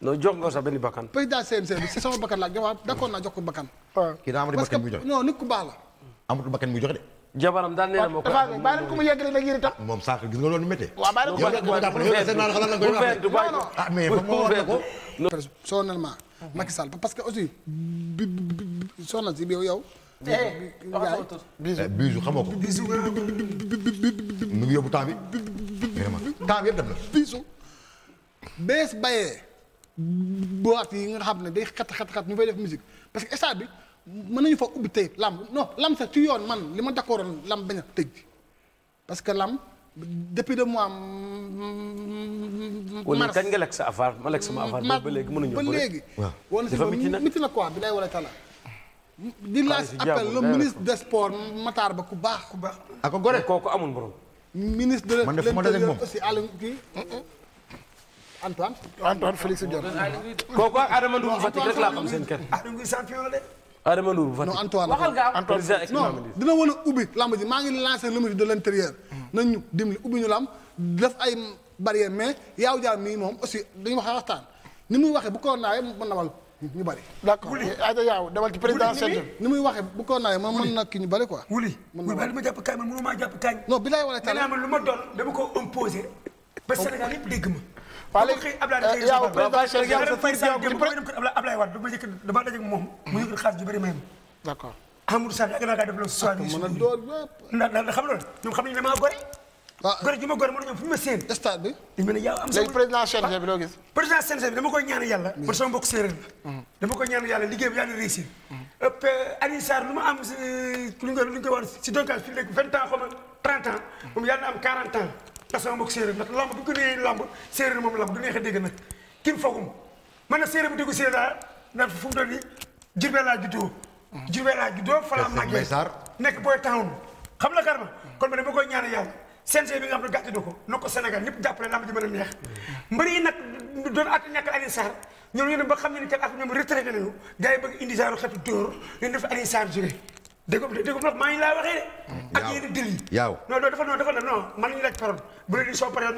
non jox nga sa benn bakkan. président CNG bi si sama bakkan laa jox d'accord naa jox ko bakkan. kii daa amati bakkan bu joxe non nit ku baax la. amatul bakkan bu joxe de. jabaram daal xamoo ko. bisu mu ngi yóbbu temps bi. vraiment na. bisu bees bayee. boîte yi nga xam ne day xat xat xat ñu fay def musique parce que stade bi mën nañu fa ubbi tey lam no lamb sax ci yoon man li ma d'accord lamb bañ a tëj parce que lamb depuis le mois mars kañ nga lekk sa avare ma lekk sama avare ba léegi mënuñu ba léegi woon na si miti na quoi bi day wala tala di laaj appel le ministre des sports Matar Ba ku baax ku baax ak ko gore kooku amul borom ministre de l'intérieur aussi Aliou Antoine. Antoine Félix Diome. kooku ak Adama Ndour bu Fatick ah, la. Adama Ndour bu Fatick. non Antoine dina war a ubbi lamb ji maa ngi lancé le ministre wax waxtaan ni muy waxee bu ko naawee mën na d' accord ko man na kii ñu bari quoi. wuli wuli ba jàpp kañ man mënu maa jàpp kañ. non bi laay wane tànn lu ma doon dama ko imposer. ba oh. Sénégal yëpp dégg ma. waaw léegi euh, yow président yow sa fay ma njëkk dama dajeeg moom. mu yëkkati ma. d'accord Amadou Sall yàgg naa kaa def loolu soit bi. mën a doon ndax ndax gore. waaw ah. gore la. dama koy ñaan mm. mm. liggéey bi yàlla réussir. Mm. ëpp euh, Alioune Sarr lu am si euh, lu ñu koy vingt ans xaw ma ans moom yàlla am quarante ans ndax sama mbokk séeréer ndax lamb bu gënee lamb séeréer moom lamb du neexee dégg nag kin foogum man na séeréer bu déggu séeréer laa naan fu mu doon nii Jurbel laa juddoo Jurbel nekk booy taxawul xam la karma kon ma koy ñaanal yàlla CNG bi xam ne gàttandoo ko na ko Sénégal ñëpp jàppale lamb ji mën a neex mbër yi nag doon at ñàkkal Alioune Sarr ñoom ñu ne ba xam ne ni kat ak ñoom retraité nañu gars dégg nga dégg nga maa ngi laa waxee de. ak yéen dëli. yaaw non non dafa non dafa non man ñu laaj parole bu leen di soo paree na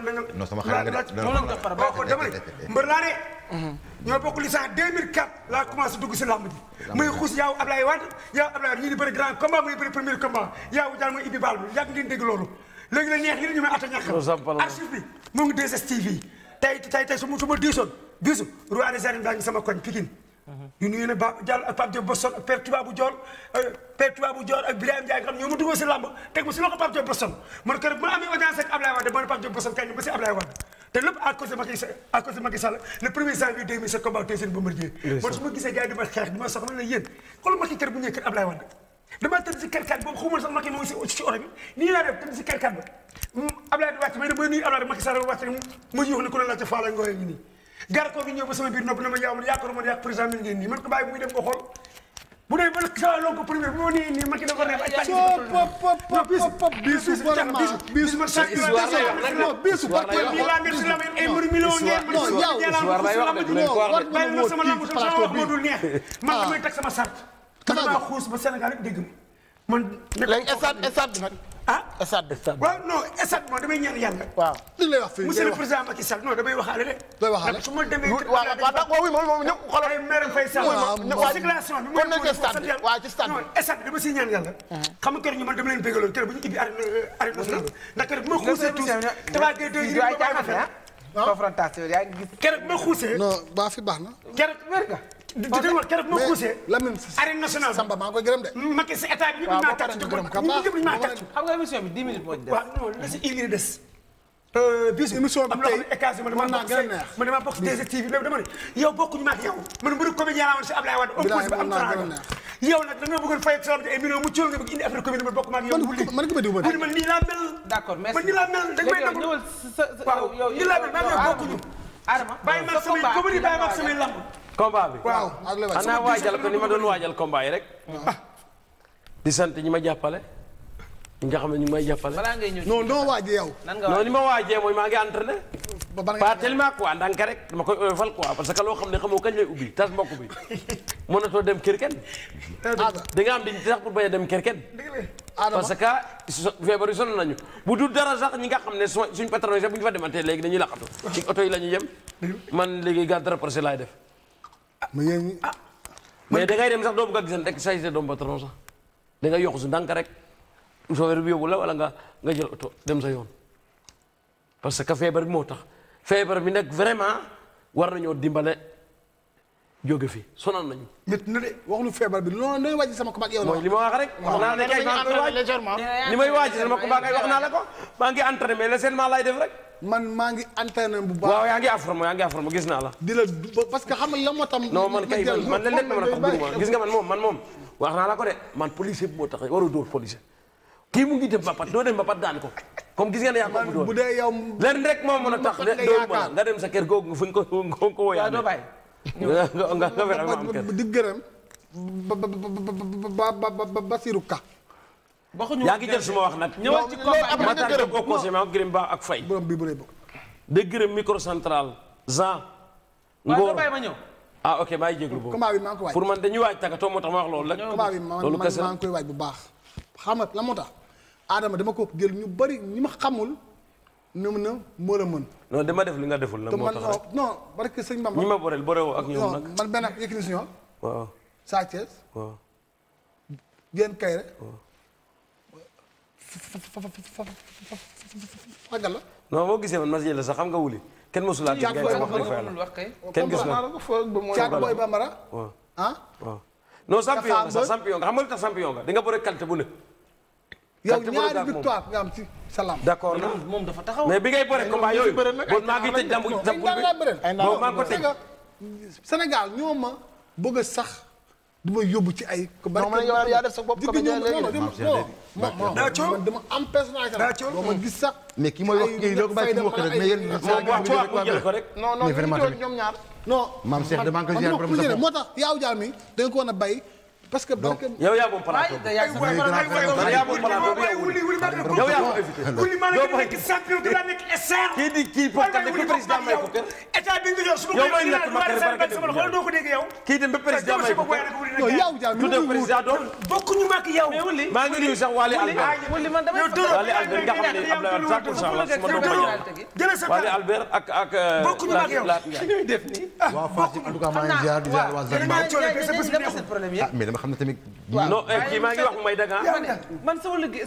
laa de. Mhm. ñoo bokk li sax 2004 laa commencé dugg si làmb ji. muy xuus yaaw Ablaye Wade yaaw Ablaye Wade ñu di bëri grand combat muy bëri premier combat yaaw jàng muy ibbi baal bi yàgg ngeen loolu. léegi la neex ñu ne ñu may atta ñàkk. archive bi mu ngi 2STV tey tey tey su diisoon bisu roi sama koñ Pikine ñu nuyu la Ba Diallo ak Pape Diop Boston ak bu Dior euh, Père Touba bu Dior ak Birame Ndiaye nga xam si làmb teg ma si loxo Pape Diop Boston man kër bu la amee audience ak Ablaye Wade man Pape Diop Boston kañ ba si Ablaye Wade te lépp à cause de Macky Sall à cause yi di ma xeex di ma mu ma yox ne ku ne ngooye ngi garko gi ñëw ba sama biir nopp na ma yaaw ma yaakaar ma ne yàq président mi ngeen nii man ko bàyyi muy dem ko xool bu dee ba saa loo ko premier bu ma nee nii man ki dafa neex ay tànk bisu bisu bisu ma chaque jour non bisu ba ko ni la ngeen la ay mur million ngeen ma ci yaaw bàyyi na sama lamb sama wax dul neex man damay teg sama sart dama xuus ba Sénégal yëpp dégg ma man. léegi stade stade bi nag. ah stade stade waaw non stade moom damay ñaan yàlla. waaw li lay wax fii monsieur le président Macky Sall non damay waxaale de. damay waxaale ndax su ma demee. waaw waaw oui moom moom ñëpp xoolal. ay maire Faye Sall. waaw waaw circulation bi. kon nekk stade bi waaw ci stade bi. non stade bi dama siy ñaan yàlla. Mm. xam nga kër ñu man dama leen bégaloon kër bu ñu ibbi arrêté euh, national ndax kër bu ma xuusee tuuti. damaa gën a yëngu ba confrontation yaa ngi gis. kër bu ma xuusee. non baa fi baax na. kër wér nga. di déglu woon keroog moo poussé. Lamine arène nationale Samba maa ngi koy gërëm de. Macky sa état bi ñu ngi tàcc di ko ñu ngi naan tàcc. xam nga émission bi 10 minutes moo ci des. waaw non la si ili des. bis émission bi tey mën naa gën a neex man damaa bokk si TV bi dama ne yow bokkuñu ma ak yow man mbiru comédien laa woon si Ablaye Wade. bilaay mën naa gën a neex yow nag da nga bëggoon fay ak sa ay millions mu cóol nga bëgg indi affaire comédie man bokk ma ak yow. man ko bëgg a man nii laa mel. d'accord merci man nii laa mel da nga may nangu. waaw nii laa mel maa ngi bokkuñu. Adama bàyyi ma ak samay comédie bàyyi ma ak samay lamb combat bi waaw xanaa waajal ko ni ma doon waajal combat yi rek. di sant ñi ma jàppale. ñi nga xam ne ñu may jàppale. balaa ngay ñëw non non waajee nan nga ma waajee mooy maa ngi entraîné. ba ban nga tellement quoi ndànk rek dama koy oyofal quoi parce que loo xam ne xamoo kañ lay ubbi tas mbokk bi [laughs] mënatoo dem kër kenn. da nga am di tax pour bañ a dem kër kenn. parce que feebar yi nañu bu du dara sax ñi nga xam ne suñ patron yi sax bu ñu fa dema léegi dañuy laqatu. ci oto yi la ñuy yem. man léegi garde rapprochée laay def. mais yéen ah. mais da ngay dem sax doo bëgg a gisal rek saa yi sa doom patron sax da ngay yokk su ndànk rek chauffeur bi yóbbu la wala nga nga jël oto dem sa yoon parce que feebar bi moo tax feebar bi nag vraiment war nañoo dimbale jóge fi sonal nañu. métti na de waxuñu feebar bi non non wàcc sama kubaag yow. li ma wax rek. wax naa la kay li may wàcc sama kubaag wax naa la ko maa ngi entraîné mais l'essentiel laay def rek. man maa ngi entraîné bu baax. waaw yaa ngi en forme yaa ngi en forme gis naa la. di la parce que xam nga la moo tam. non man kay man lan la mën a tax gis nga man moom man moom. wax naa la ko de man policier bi moo tax waroo dóor policier kii mu ngi dem Mbapat doo dem Mbapat daan ko comme gis nga ne yaa ko bu dee yow lenn rek moom mën a tax dóor ma nga dem sa kër googu fu ko ko ko wóyaale. doo bàyyi nga nga nga vraiment am kër. ba ba ba ba Basirou Ka. waxuñu yaa ngi jël suma wax nag. ñëwal ci combat ma taal ko conseil ma gërëm baax ak fay. borom bi bu lay bokk. de gërëm microcentral. Jean. Ngor waaye ma ñëw. ah ok maa ngi boobu. combat bi maa ngi pour man dañuy waaj tàggatoo moo tax wax loolu la. combat bi man maa ngi koy waaj bu baax. xam nga la moo tax. Adama dama ko jël ñu bari ñi ma xamul. nu mën a moo la mën. non dama def li nga deful nag moo tax rek non parce que sëñ Bamba. ñi ma boreel boreewoo ak ñoom nag. man benn Yékini Junior. waaw. Sa Thiès. waaw. Diène Kaïré. waaw. xajal la. non boo gisee man Massi la sax xam nga wuli. kenn mosul a. yaa ngi koy wax kenn gis na caag booy bambara. ah waaw. non champion nga sax champion nga xam nga li tax champion nga di nga bëre qualité bu ne. yow ñaari victoire nga am ci salaam. d'accord moom dafa taxaw mais bi ngay bëre combat yooyu bon maa ngi tëj dambu dambu bi. ay ndaw la bëre maa ngi ko tëj Sénégal ñoo ma bëgg sax. du ma yóbbu ci ay. non man yaa def sa bopp comme ni dama am personnalité ma gis sax. mais ki mooy wax kii loolu bàyyi kii wax rek mais yéen. non non ñoom ñaar. non maam Cheikh damaa ko ziar borom moo tax yaaw jaar mi dañ ko woon a bay parce que barke. yow yaa moom plateau bi yow yaa moom plateau bi yow yaa ko invité. wuli maa ngi nekk champion di la nekk SR. kii di kii pourtant ne président may ko kër. état bi nga jox su ma koy ñàkk ma kër barke dëgg yow doo ko dégg yow. kii di ba président may ko kër. yow jaa mi ngi président doon. bokkuñu ma ak yow. maa ngi nuyu sax Waly Albert. Waly Albert nga xam ne Abdoulaye Wade 100 pour cent la su ma doon ma ñëw. Waly Albert ak ak. Euh, bokkuñu ma ak yow. waaw Fatou en tout cas maa ngi ziar di ziar waa Zane Ba. xam ne tamit. non eh, kii maa ngi wax may daga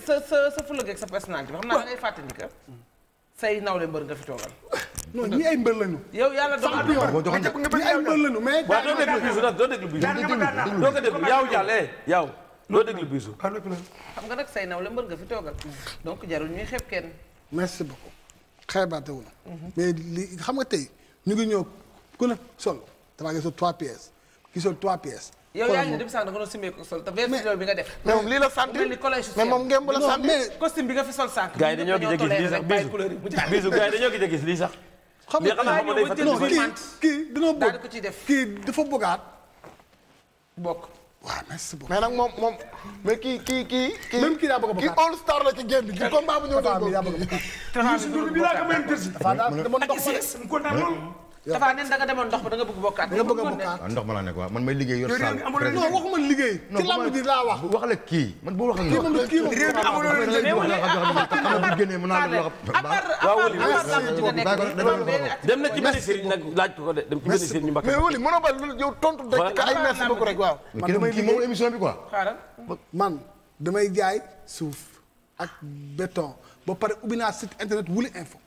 sa sa sa fulla ak sa personnalité bi xam naa da ngay fàttali que say nawle mbër nga fi toogal. non ñii ay mbër lañu. yow yàlla doon na doon boo joxoon ñii ay mbër lañu mais. nga nag say nawle mbër nga fi toogal. donc jarul ñuy xeeb kenn. merci beaucoup. xeebaate wu na. mais li xam nga tey ñu ngi ñëw ku ne sol damaa ngi sol trois pièces ki sol trois pièces yow yaa ngi dem sànq da nga doon simmee sol te version bi nga def. lii la sant mais moom ngeen la sant costume bi nga fi sol sànq. gars yi dañoo gis lii gis lii sax. xam nga xanaa moom day fàttali non kii kii def kii dafa bëggaat bokk. waaw merci beaucoup mais nag moom moom mais kii kii kii. même kii daa bëgg a bokkaat kii all star la ci game bi kii combat bu ñëw doon bokk. bi daa dafa neen da nga demoon ndox ba da nga bëgg bokkaat. da bëgg a bokkaat ndox ma la nekk waaw man may liggéey yor saal. non waxuma liggéey. ci lamb ji laa wax. wax la kii man bu wax la. kii moom kii na ci benn sëriñ nag laaj ko de dem ci benn sëriñ ñu mbakk. mais wala mënoo bal yow tontu rek ay merci beaucoup rek waaw. man damay kii moom émission bi quoi. man damay jaay suuf ak béton ba pare ubbi naa site internet wuli info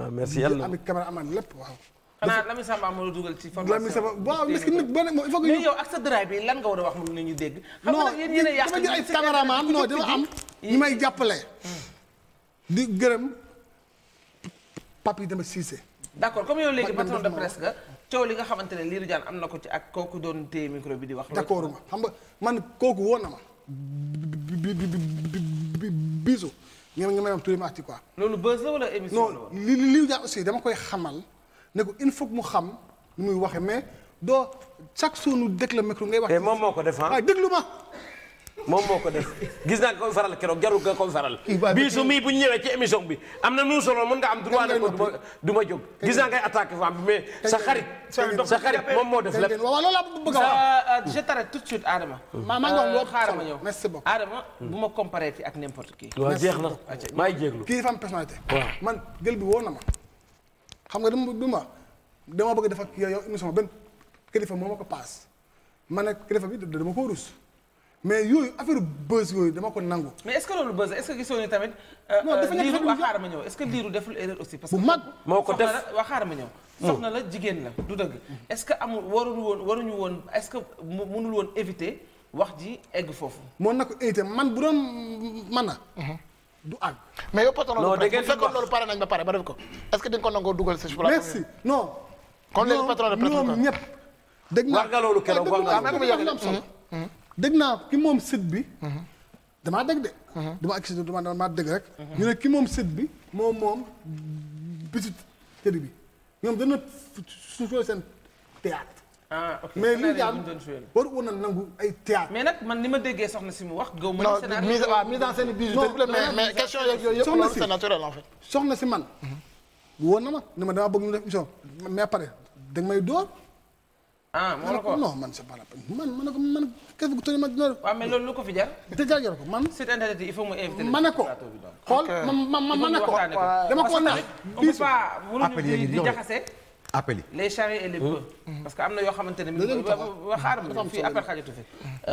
ah merci yàlla amit caméraman lépp waaw. xanaa Lamine moo la dugal ci formation. Lamine Samba waaw parce que nit ba ne il faut que ñu. ak sa drive bi lan nga war a wax moom la ñu dégg. xam nga yéen yéen a yàq non am ñu may jàppale. di gërëm papi dama siise. d'accord comme yow léegi patron de presse nga coow li nga xamante ne Lirou jaan am na ko ci ak kooku doon téye micro bi di wax. d'accord ma xam nga man kooku woon na ñu ngi may am tous les loolu buzz la wala émission la non li li li aussi dama koy xamal ne ko il faut mu xam nu muy waxee mais doo chaque jour nu dégg la micro ngay wax. te eh, moom moo ko def ah déglu ma. moom moo def gis naa nga koy faral keroog jarul nga koy faral. bii mii bu ñu ñëwee ci bi am na nu solo mën nga am droit ne ko du gis naa ngay attaqué femme moom moo def lépp. waaw loolu laa a wax. Euh, je t'arrête tout de suite Adama. Mm. maa euh, maa ngi wax xaaral ma ñëw jeex na maa ngi jéeglu. kii dafa am man gël bi woo na ma. xam nga dama duma dama bëgg def ak yow émission benn kilifa moo ma ko paas man nag kilifa bi dama ko rus mais yooyu affaire buzz yooyu dama ko nangu. mais est ce que loolu buzz est ce que gisoo ni tamit. non euh, dafa nekk euh, liiru waa xaaral ma ñëw est ce que liiru deful erreur aussi. parce que bu mag moo mm. la jigéen la du dëgg. Mm. est que amul waruñu woon waruñu woon est ce que woon éviter wax ji egg foofu. moo na ko éviter man bu doon man na. Mm-hmm. du àgg. mais yow patron loolu bu fekkoon loolu pare nañ ba pare ba def ko est ce que di nga ko nangoo dugal sa. merci non. kon léegi patron de presse ñoom ñëpp. dégg naa war nga loolu keroog ah, dégg naa ki moom site bi. Mhm. damaa dégg de. Mhm. dama accident dama damaa dégg rek. Mhm. ñu ne ki moom site bi moo moom moom visite bi ñoom dana suufee seen théâtre ah ok mais li daal war woon na nangu ay théâtre mais nag man ni ma déggee soxna si mu wax. gaw ma mise mise en scène bi naturel en fait. soxna si man. woon na ma ne ma dama bëgg ñu def émission mais pare danga may door. ah moo ko man c'est pas la man man man ma dina. waaw mais loolu lu ko fi jar. te jar ko man. site internet yi il faut mu invité man ne ko xool ma ma ma ne ko dama ko naan bisu. appel yeegi jaxase. appel yi les charrues et parce que am na yoo xamante ne. dëgg la xaaral ma fii appel xaajatu fi.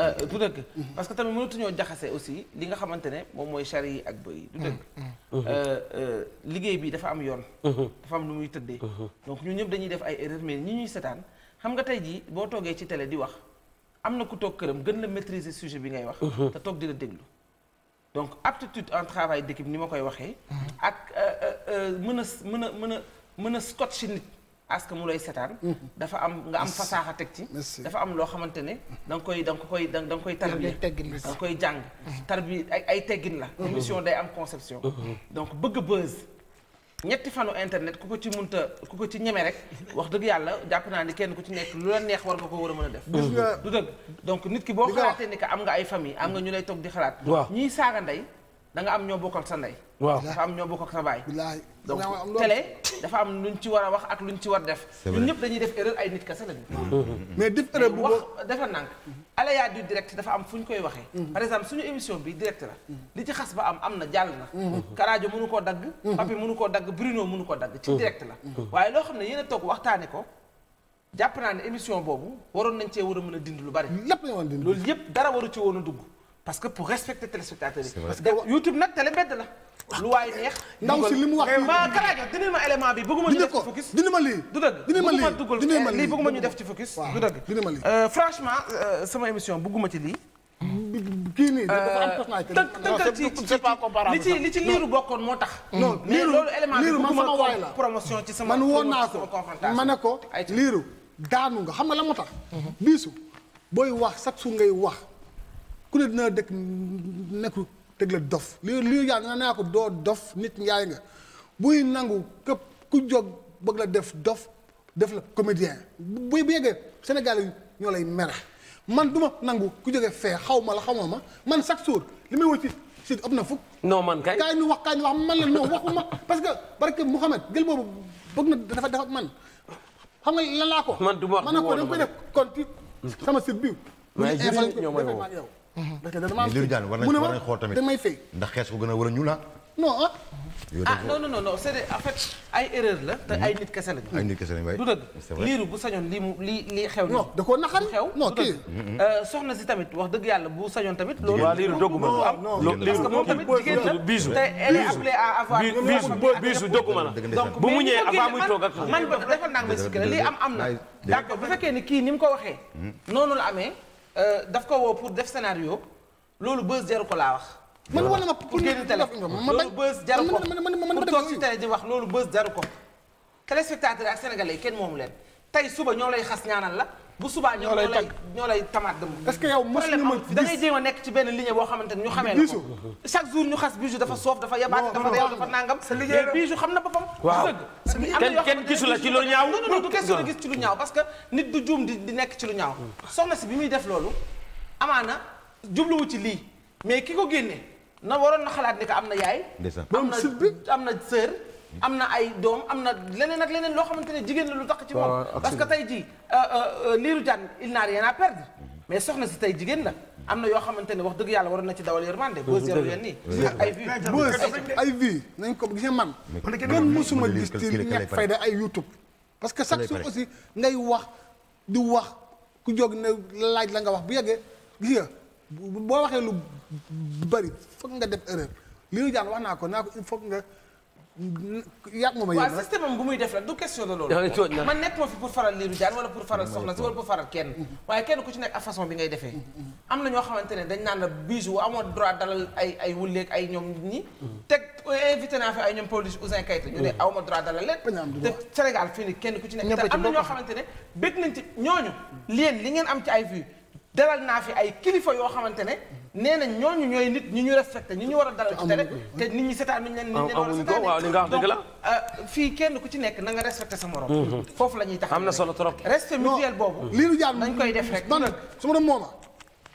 Euh, du dëgg parce que tamit mënatuñoo jaxase aussi li nga xamante ne moom mooy charrues yi ak bëy yi du dëgg. Euh, euh, liggéey bi dafa am yoon. dafa am lu muy tëddee. donc ñun ñëpp dañuy def ay erreurs mais ñuy setaan xam nga tey jii boo toogee ci télé di wax am na ku toog këram gën la maîtriser sujet bi ngay wax. Mhm. te toog di la déglu. donc aptitude en travail d'équipe ni ma koy waxee. Mhm. ak euh, euh, euh, mën a mën a mën a mën a scotch nit. aska mu lay setaan. Mhm. dafa am nga am fasaaxa teg ci. dafa am loo xamante ne da koy da nga koy da nga koy tarbiya da nga koy jàng. tarbi ay ay teggin la. émission day am conception. donc bëgg buzz. ñetti fanu internet ku ko ci munta ku ko ci ñeme rek wax dëgg yàlla jàpp naa ni kenn ku ci nekk lu la neex war nga ko war a mën a def du dëgg donc nit ki boo xalaatee ni que am nga ay famille am nga ñu lay toog di xalaat ñiy saaga ndey da nga am ñoo bokkal sa ndey dafa am ñoo bokkal sa baay donc télé dafa am luñ ci war a wax ak luñ ci war def. ñun ñëpp dañuy def erreur ay nit kese lañu. [laughs] mais def erreur bu wax dafa nànk. aléa du direct dafa am fu ñu koy waxee. Mm-hmm. par exemple suñu émission bi direct la. Mm-hmm. li ci xas ba am am na jàll na. Mm-hmm. Karajo mënu koo dagg. Papi mënu koo dagg Bruno mënu koo dagg. ci direct la. waaye loo xam ne yéen a toog waxtaane ko. jàpp naa ne émission boobu waroon nañ cee war a mën a dind lu bari. lépp la ñu war a dind loolu yëpp dara waru woon a parce que pour respecter téléspectateurs yi. parce que YouTube nag télé mbedd la. lu waay neex. ndaw si li mu wax mais ma Karajo dina ma élément bi bëgguma ñu def ci focus. dina ma lii du dëgg dina ma lii bëgguma ma eh, lii bëgguma ñu def ci focus. du dëgg dina ma lii. Euh, franchement euh, sama émission bëgguma ci lii. kii nii dafa am euh, personnalité. tënkal ci li ci li ci liiru bokkoon moo tax. non liiru liiru man sama waay la promotion ci sama. man woo naa ko ma ne ko liiru daanu nga xam nga la moo tax. Mhm. biisu booy wax chaque jour ngay wax ku ne dina dëkk nekku teg la dof li li yàlla naa ko doo dof nit njaay nga buy nangu këpp ku jóg bëgg la def dof def la comédien buy bu yeggee Sénégal yi ñoo lay mere man du ma nangu ku jógee fee xaw ma la xaw ma man chaque jour li may wër ci si ëpp na fukk. non man kay kaay ñu wax kaay ñu wax man la non waxuma parce que barke Mouhamed gël boobu bëgg na dafa dafa man xam nga lan laa ko. man du ma wax man ko da koy def kon ci sama site bi. mais jërëjëf ñoo mooy woo parce mhm. que dama am mais Lirou war nañu war nañu da may fay. ndax xees ah. Ah. Ah, ko a a la mhm. ay kese lañu. ay nit kese lañu waaye du liiru bu sañoon lii mu lii lii xew. non da koo naxal xew non kii. Mhm. Euh, soxna si tamit wax dëgg yàlla bu sañoon tamit. loolu waaw liiru dogguma la am parce que moom tamit jigéen la bisu te elle est appelée à avoir. bisu bisu dogguma la donc bu mu ñëwee avant muy toog ak man ba defal naa ko ma sikki la lii am am na. d'accord bu fekkee ni kii ni mu ko waxee. noonu la amee. Euh, daf ko woo pour def scénario loolu bës jaru ko laa wax. man wala ma pour génn télé loolu bës jaru ko pour toog ci télé di wax loolu bës jaru ko téléspectateur ak sénégal yi kenn moomu leen tey suba ñoo lay xas ñaanal la. bu subaa ñoo lay tag ñoo lay tamaat dem est-ce que yow mos nga ma gis da a nekk ci benn ligne boo xamante ne ñu xamee la ko chaque jour ñu xas bijou dafa soof dafa yabaat dafa deew dafa nangam sa liggéey xam na boppam waaw kenn kenn ci lu ñaaw parce que nit du juum di nekk ci lu ñaaw soxna si bi muy def loolu amaana jubluwu ci lii mais ki ko génne na waroon na xalaat ni ko am na yaay am na am na am na ay doom am na leneen ak leneen loo xamante ne jigéen la lu tax ci moom parce que tey jii euh, euh, euh, liiru jaan il n'a rien à mm-hmm. mais soxna si tey jigéen la am na yoo xamante ne wax dëgg yàlla waroon na ci dawal yërmande bës yaru yenn nañ ko gis man gën mosuma gis ci ñàkk fayda ay youtube parce que chaque jour aussi ngay wax di wax ku joog ne laaj la nga wax bu yeggee gis nga boo waxee lu bari foog nga def erreur li jàng wax naa ko naa ko il nga yàgg moom a yem waaw système am bu muy def la du question de loolu. man nekk ma fi pour faral Lirou Diane wala pour faral soxna si wala pour faral kenn. Mm-hmm. waaye kenn ku ci nekk ak façon bi ngay defee. Mm-hmm. am na ñoo xamante ne dañ naan la bijou amoon droit dalal ay ay ay ñoom nit mm-hmm. teg invité naa fi ay ñoom Pawlish Ouzin Keita ñu ne aw droit dalal leen. te Sénégal fii nii kenn ku ci nekk. te am na ñoo xamante ne bëgg nañ ci ñooñu. leen li ngeen am ci ay vues dalal naa fi ay kilifa yoo xamante ne nee nañ ñooñu ñooy nit ñi ñu respecté ñi ñu war a dalal ci télé te nit ñi seetaan nañ leen niñ leen war a seetaan waaw li nga wax dëgg la euh, fii kenn ku ci nekk na nga respecté sa morom mhm. foofu la ñuy tax am na solo trop respect mutuel boobu lii ñu jaar nañ koy def rek man nag su ma doon mooma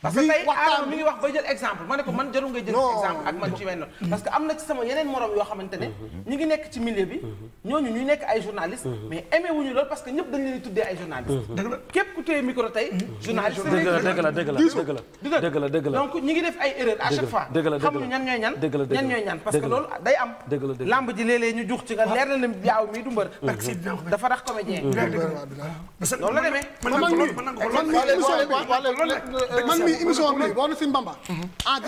parce que tey Adama mi ngi wax ba jël exemple ma ne ko man jarul ngay jël exemple ak man ci wenn parce que am na ci sama yeneen morom yoo xamante ne ñi ngi nekk ci milieu bi ñooñu ñu nekk ay journaliste mais aimé wuñu loolu parce que ñëpp dañ leen di tuddee ay journaliste dëgg la képp ku téye micro tey journaliste dëgg la dëgg la dëgg la dëgg la dëgg la donc ñi ngi def ay erreur à chaque fois xamuñu ñan ñooy ñan ñan ñooy ñan parce que loolu day am lamb ji léeg-léeg ñu juux ci nga leer na ne yaaw mii du mbër dafa rax comédien loolu la demee bi émission bi wax na si Mbamba. Mhm. ah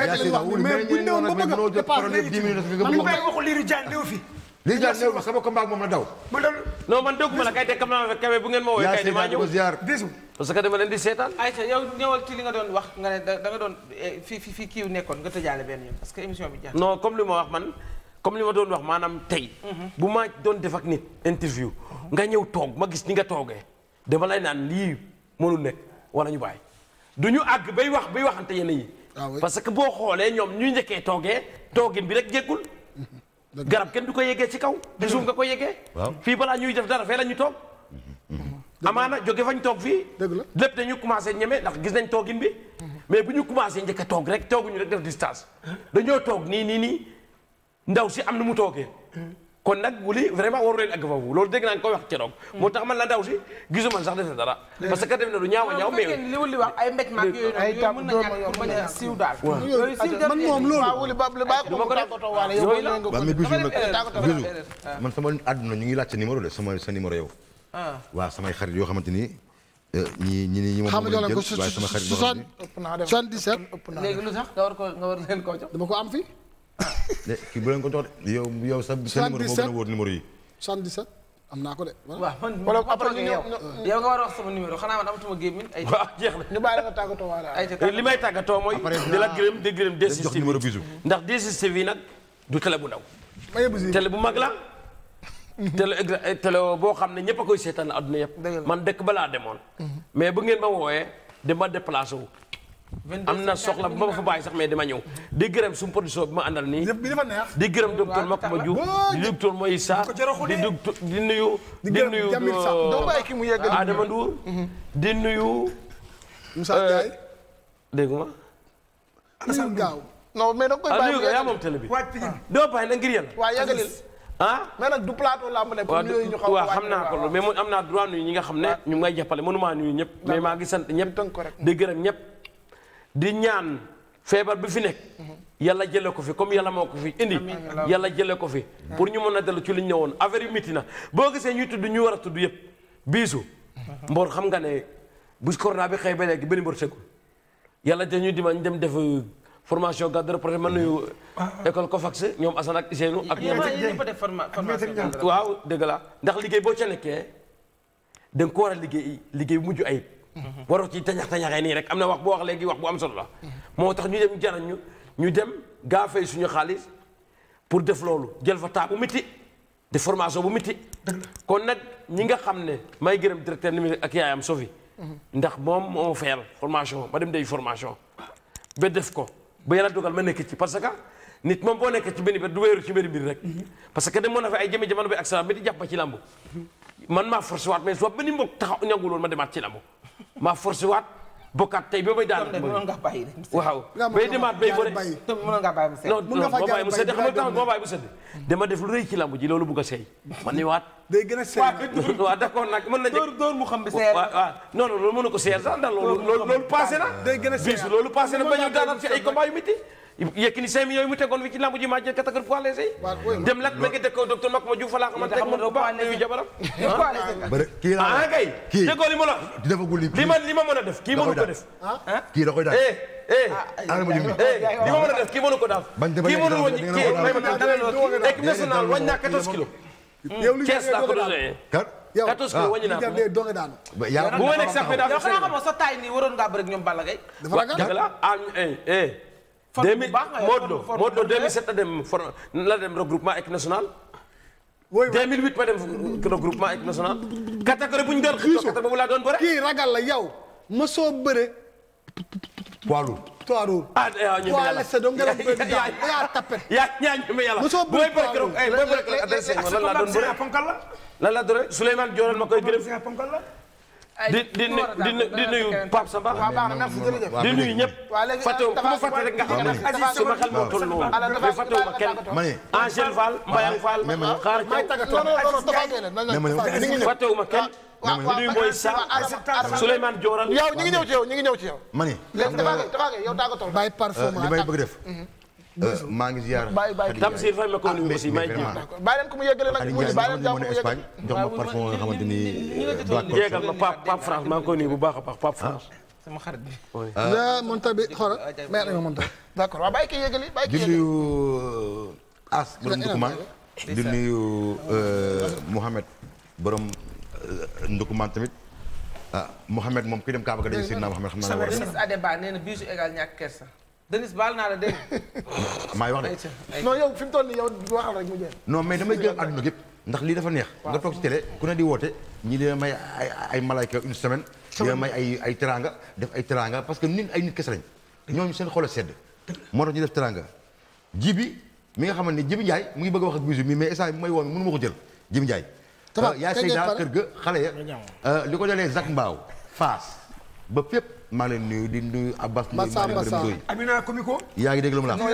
bu ñu a. dépassé man Mbaye waxul Lirou Diane néew fi. Lirou Diane néew sama combat ak moom la daw. ma dal la kay de ma ñëw bisu. parce que dama leen di seetaan. Aïcha yow ñëwal ci li nga doon wax nga ne doon eh, fii fii kii nekkoon nga tëjaale benn yoon parce que émission bi jeex non comme li ma wax man comme li ma doon wax maanaam tey. Mhm. bu ma doon def ak nit interview. nga ñëw toog ma gis ni nga toogee dama lay naan lii mënul nekk wala ñu bàyyi du ñu àgg bay wax bay waxante yenn yi. Ah parce que boo xoolee ñoom ñuy njëkkee toogee toogin bi rek jéggul garab kenn du ko yeggee ci kaw. te suuf nga ko yeggee. fii balaa ñuy def dara fee la ñu toog. amaana jóge fañ toog fii. dëgg la lépp dañu commencé ñeme ndax gis nañ toogin bi. mais bu ñu commencé njëkk a toog rek tooguñu rek def distance. dañoo toog nii nii nii ndaw si am na mu toogee. kon nag wuli vraiment waru leen àgg foofu loolu dégg ko wax keroog. moo tax man la ndaw si gisu man sax de na dara. parce que def na du ñaaw a ñaaw mais. li wuli wax ay mbéj mag yooyu noonu mën na ñàkk pour bañ a man moom loolu. wuli ba ba ko man sama àdduna ñu ngi laaj sa numéro de sama sa numéro yow. Ah. waaw samay xarit yoo xamante ni. Euh, ñi ñi ñi moom xam nga ko 77 léegi lu sax nga war ko nga war leen koo jox dama ko am fii [coughs] de kii bu leen ko jox de yow yow sa sa moo gën a wóor numéro yi. 77 nga war a wax sama numéro xanaa man amatuma gémmiñ ay waaw jeex na ñu bàyyi la nga tàggatoo waala li may tàggatoo mooy di la gërëm di gërëm jox numéro bisu ndax DSTV nag du télé bu ndaw télé bu mag la télé télé boo xam ne ñëpp a koy seetaan adduna yëpp man dëkk balaa demoon mhm. mais bu ngeen ma woowee dama déplacé wu am na soxla bu ma fa bàyyi sax mais dama ñëw di gërëm suñu production bi ma àndal nii di gërëm docteur Makoma Diouf di docteur Moïssa di docteur di nuyu di nuyu euh, Adama Ndour mhm. di nuyu Moussa euh, Ndiaye dégg ma Assane Gaaw non mais da koy bàyyi yaa moom télé bi ah. doo bàyyi na ngir yàlla waaw yàggalil ah mais nag du plateau laa mu ne pour yooyu ñu xaw waaw xam naa ko loolu mais am naa droit nuyu ñi nga xam ne ñu ngay jàppale mënumaa nuyu ñëpp mais maa ngi sant ñëpp di gërëm ñëpp di ñaan feebar bi fi nekk yàlla jële ko fi comme yàlla moo ko fi indi yàlla jële ko fi pour ñu mën a dellu ci li ñu ñëwoon affaire yi métti na boo gisee ñuy tudd ñu war a tudd yëpp biisu mboor xam nga ne bu corona bi xëy ba léegi benn mboor segul yàlla dañuy diman dem def euh, formation garde rapprochée man nuyu ah, ah. école COFAX ñoom Assane ak Ousseynou ak ñoom waaw dëgg la ndax liggéey boo ca nekkee da nga ko war a liggéey liggéey bu mujj ayib Mm-hmm. waroo ci tañax tañaxee nii rek am na wax boo wax léegi wax bu am solo la mm-hmm. moo tax ñu dem jarañ ñu ñu dem gaa fay suñu xaalis pour def loolu jël fa taa bu métti de formation bu métti kon nag ñu nga xam ne may gërëm directeur numérique ak yaayam Sofi mm-hmm. ndax moom moo fayal formation ma dem day formation ba def ko ba yàlla dogal ma nekk ci parce que nit moom boo nekk ci benn biir du wéeru ci benn biir rek parce que demoon na ay jëme jamono bi ak salaam ba di jàpp ci lamb man maa forcé waat mais soo benn mbokk taxaw ñangul woon ma demaat ci lamb ma forcé waat bokkaat tey ba may daan. mënoon waaw bay demaat bay bëre. mënoon nga bàyyi mu sedd. mën nga def lu rëy ci lamb ji loolu bugg a seey. man ni waat. day gën a nag mën na jël. door door mu xam bi seer. waaw non non loolu mën ko seer sax ndax loolu. loolu loolu na. day loolu passé na ba ñëw daanaka ci ay combat yu métti Yékini cinq millions yi mu tegoon fi ci lamb ji maa jël catégorie poids dem lak ma ngi dëkk docteur Makoma ma la li ma li ma mën a def kii mënu ko kii da daal eh kii mënu daal kii mënu woon kii may naa 14 bu ma nekk sax mais daal. sa taay nii waroon ngaa bëri ak ñoom Balla forme bu baax Modou Lo 2007 la dem for la dem regroupement équipe nationale. woy ma dem regroupement équipe nationale. catégorie bu ñu doon xiisu catégorie boobu doon bëre. kii ragal la yow ma soo bëre. a lourd. poids lourd. ah ñu yàlla la lan laa doon bëre Souleymane Diorel ma koy gërëm. di di di nuyu Samba di nuyu ñëpp fàttewu ku ma fàtte rek nga xam ne sama xel moo toll noonu mais fàttewuma kenn Angèle Fall Mbayang Fall xaar kenn fàttewuma kenn di nuyu Mboy Sarr Souleymane Dioral yow ñu ngi ñëw ci yow ñu ngi ñëw ci yow mani léegi yow tàggatoo bàyyi parfum li may Euh, maa ngi ziar. bàyyi bàyyi Tamsir fay ma ko nuyu ah, aussi may ñaan bàyyi leen ko mu yëgale nag mu bàyyi leen jàpp mu Espagne jox ma parfum nga xamante ni yéegal ma Pape Pape France maa ngi koy nuyu bu baax a baax Pape France ah, sama xarit bi euh, la monta bi xoolal mais ma monta d'accord waaw bàyyi kii yëgali bàyyi kii yëgali di nuyu As borom Ndukumaan di nuyu euh, Mouhamed borom Ndukumaan tamit ah Mouhamed moom kuy dem Kaaba ga dañu Seydina Mouhamed xam naa war a Denis baal naa la dégg [laughs] maay wax de non yow fi mu toll nii yow waxal rek mu jeex damay jël àdduna gépp ndax lii dafa neex nga toog ci télé ku ne di woote ñi dina may ay ay malayka une semaine dina may ay ay teranga def ay teranga parce que nit ay nit kese lañ ñooñu seen xol sedd moo tax ñu def teranga ji bi mi nga xamante ni Jibi Ndiaye mu ngi bëgg a wax ak bisu mi mais instant bi may woo mënu ma ko jël Jibi Ndiaye euh, yaa Seyda kër ga xale ya euh, li ko dalee Zac Mbao Faas ba fépp maa leen nuyu di nuyu Abbas. Massa Massa Amina Komiko. yaa ngi dégg lu mu la awa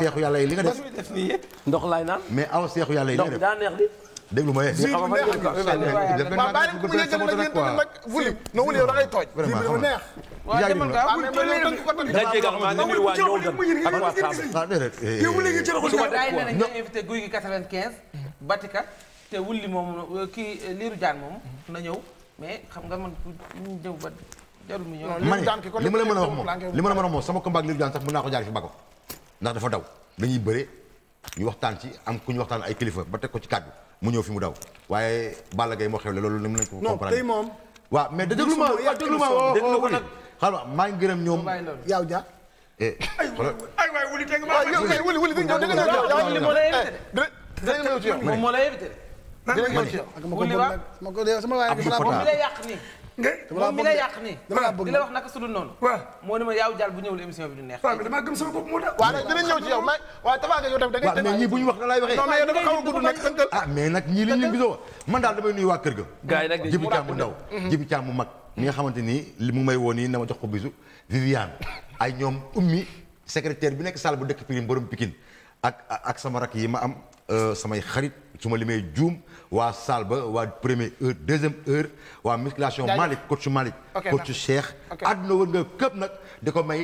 seexu yàlla yi li nga def. ndox laay naan. mais awa seexu yàlla yi li nga def ndox daa neex di. déglu ma eh. yee. si mu xam nga yow. waaw bàyyi ba ma ne li ma la mën a wax moom li ma la mën a wax moom sama combat ak Liru Jaan sax naa ko jaar fi Mbako ndax dafa daw dañuy bëre ñu waxtaan ci am ku ñu waxtaan ay kilifa ba teg ko ci kàddu mu ñëw fi mu daw waaye Balla Gaye moo xewle loolu mën nañ ko comprendre non tey moom waaw mais déglu ma déglu ma woo woo xam maa ngi gërëm ñoom ja eh ay waay wuli da nga ñëw da nga ñëw ci yow moom moo lay invité da eh, sama waay bi nga moom mi la yàq nii di la wax naka sudul noonu waaw moo ne ma yaaw nag ñii bu ñu wax da a gudd nag santal ah, man daal damay nuyu waa kër ga gaay nag ndaw mm-hmm. jibi caam mag mi xamante nii mu may woo nii na ma jox ko bisu Viviane ay ñoom ummi secrétaire bi nekk salle bu dëkk Pikine borom Pikine ak ak sama rak yi ma am euh, samay xarit su ma limee juum waa Salba waa première heure deuxième heure waa musculation Malick coach Malick coach Cheikh adduna wër nga këpp nag di ko may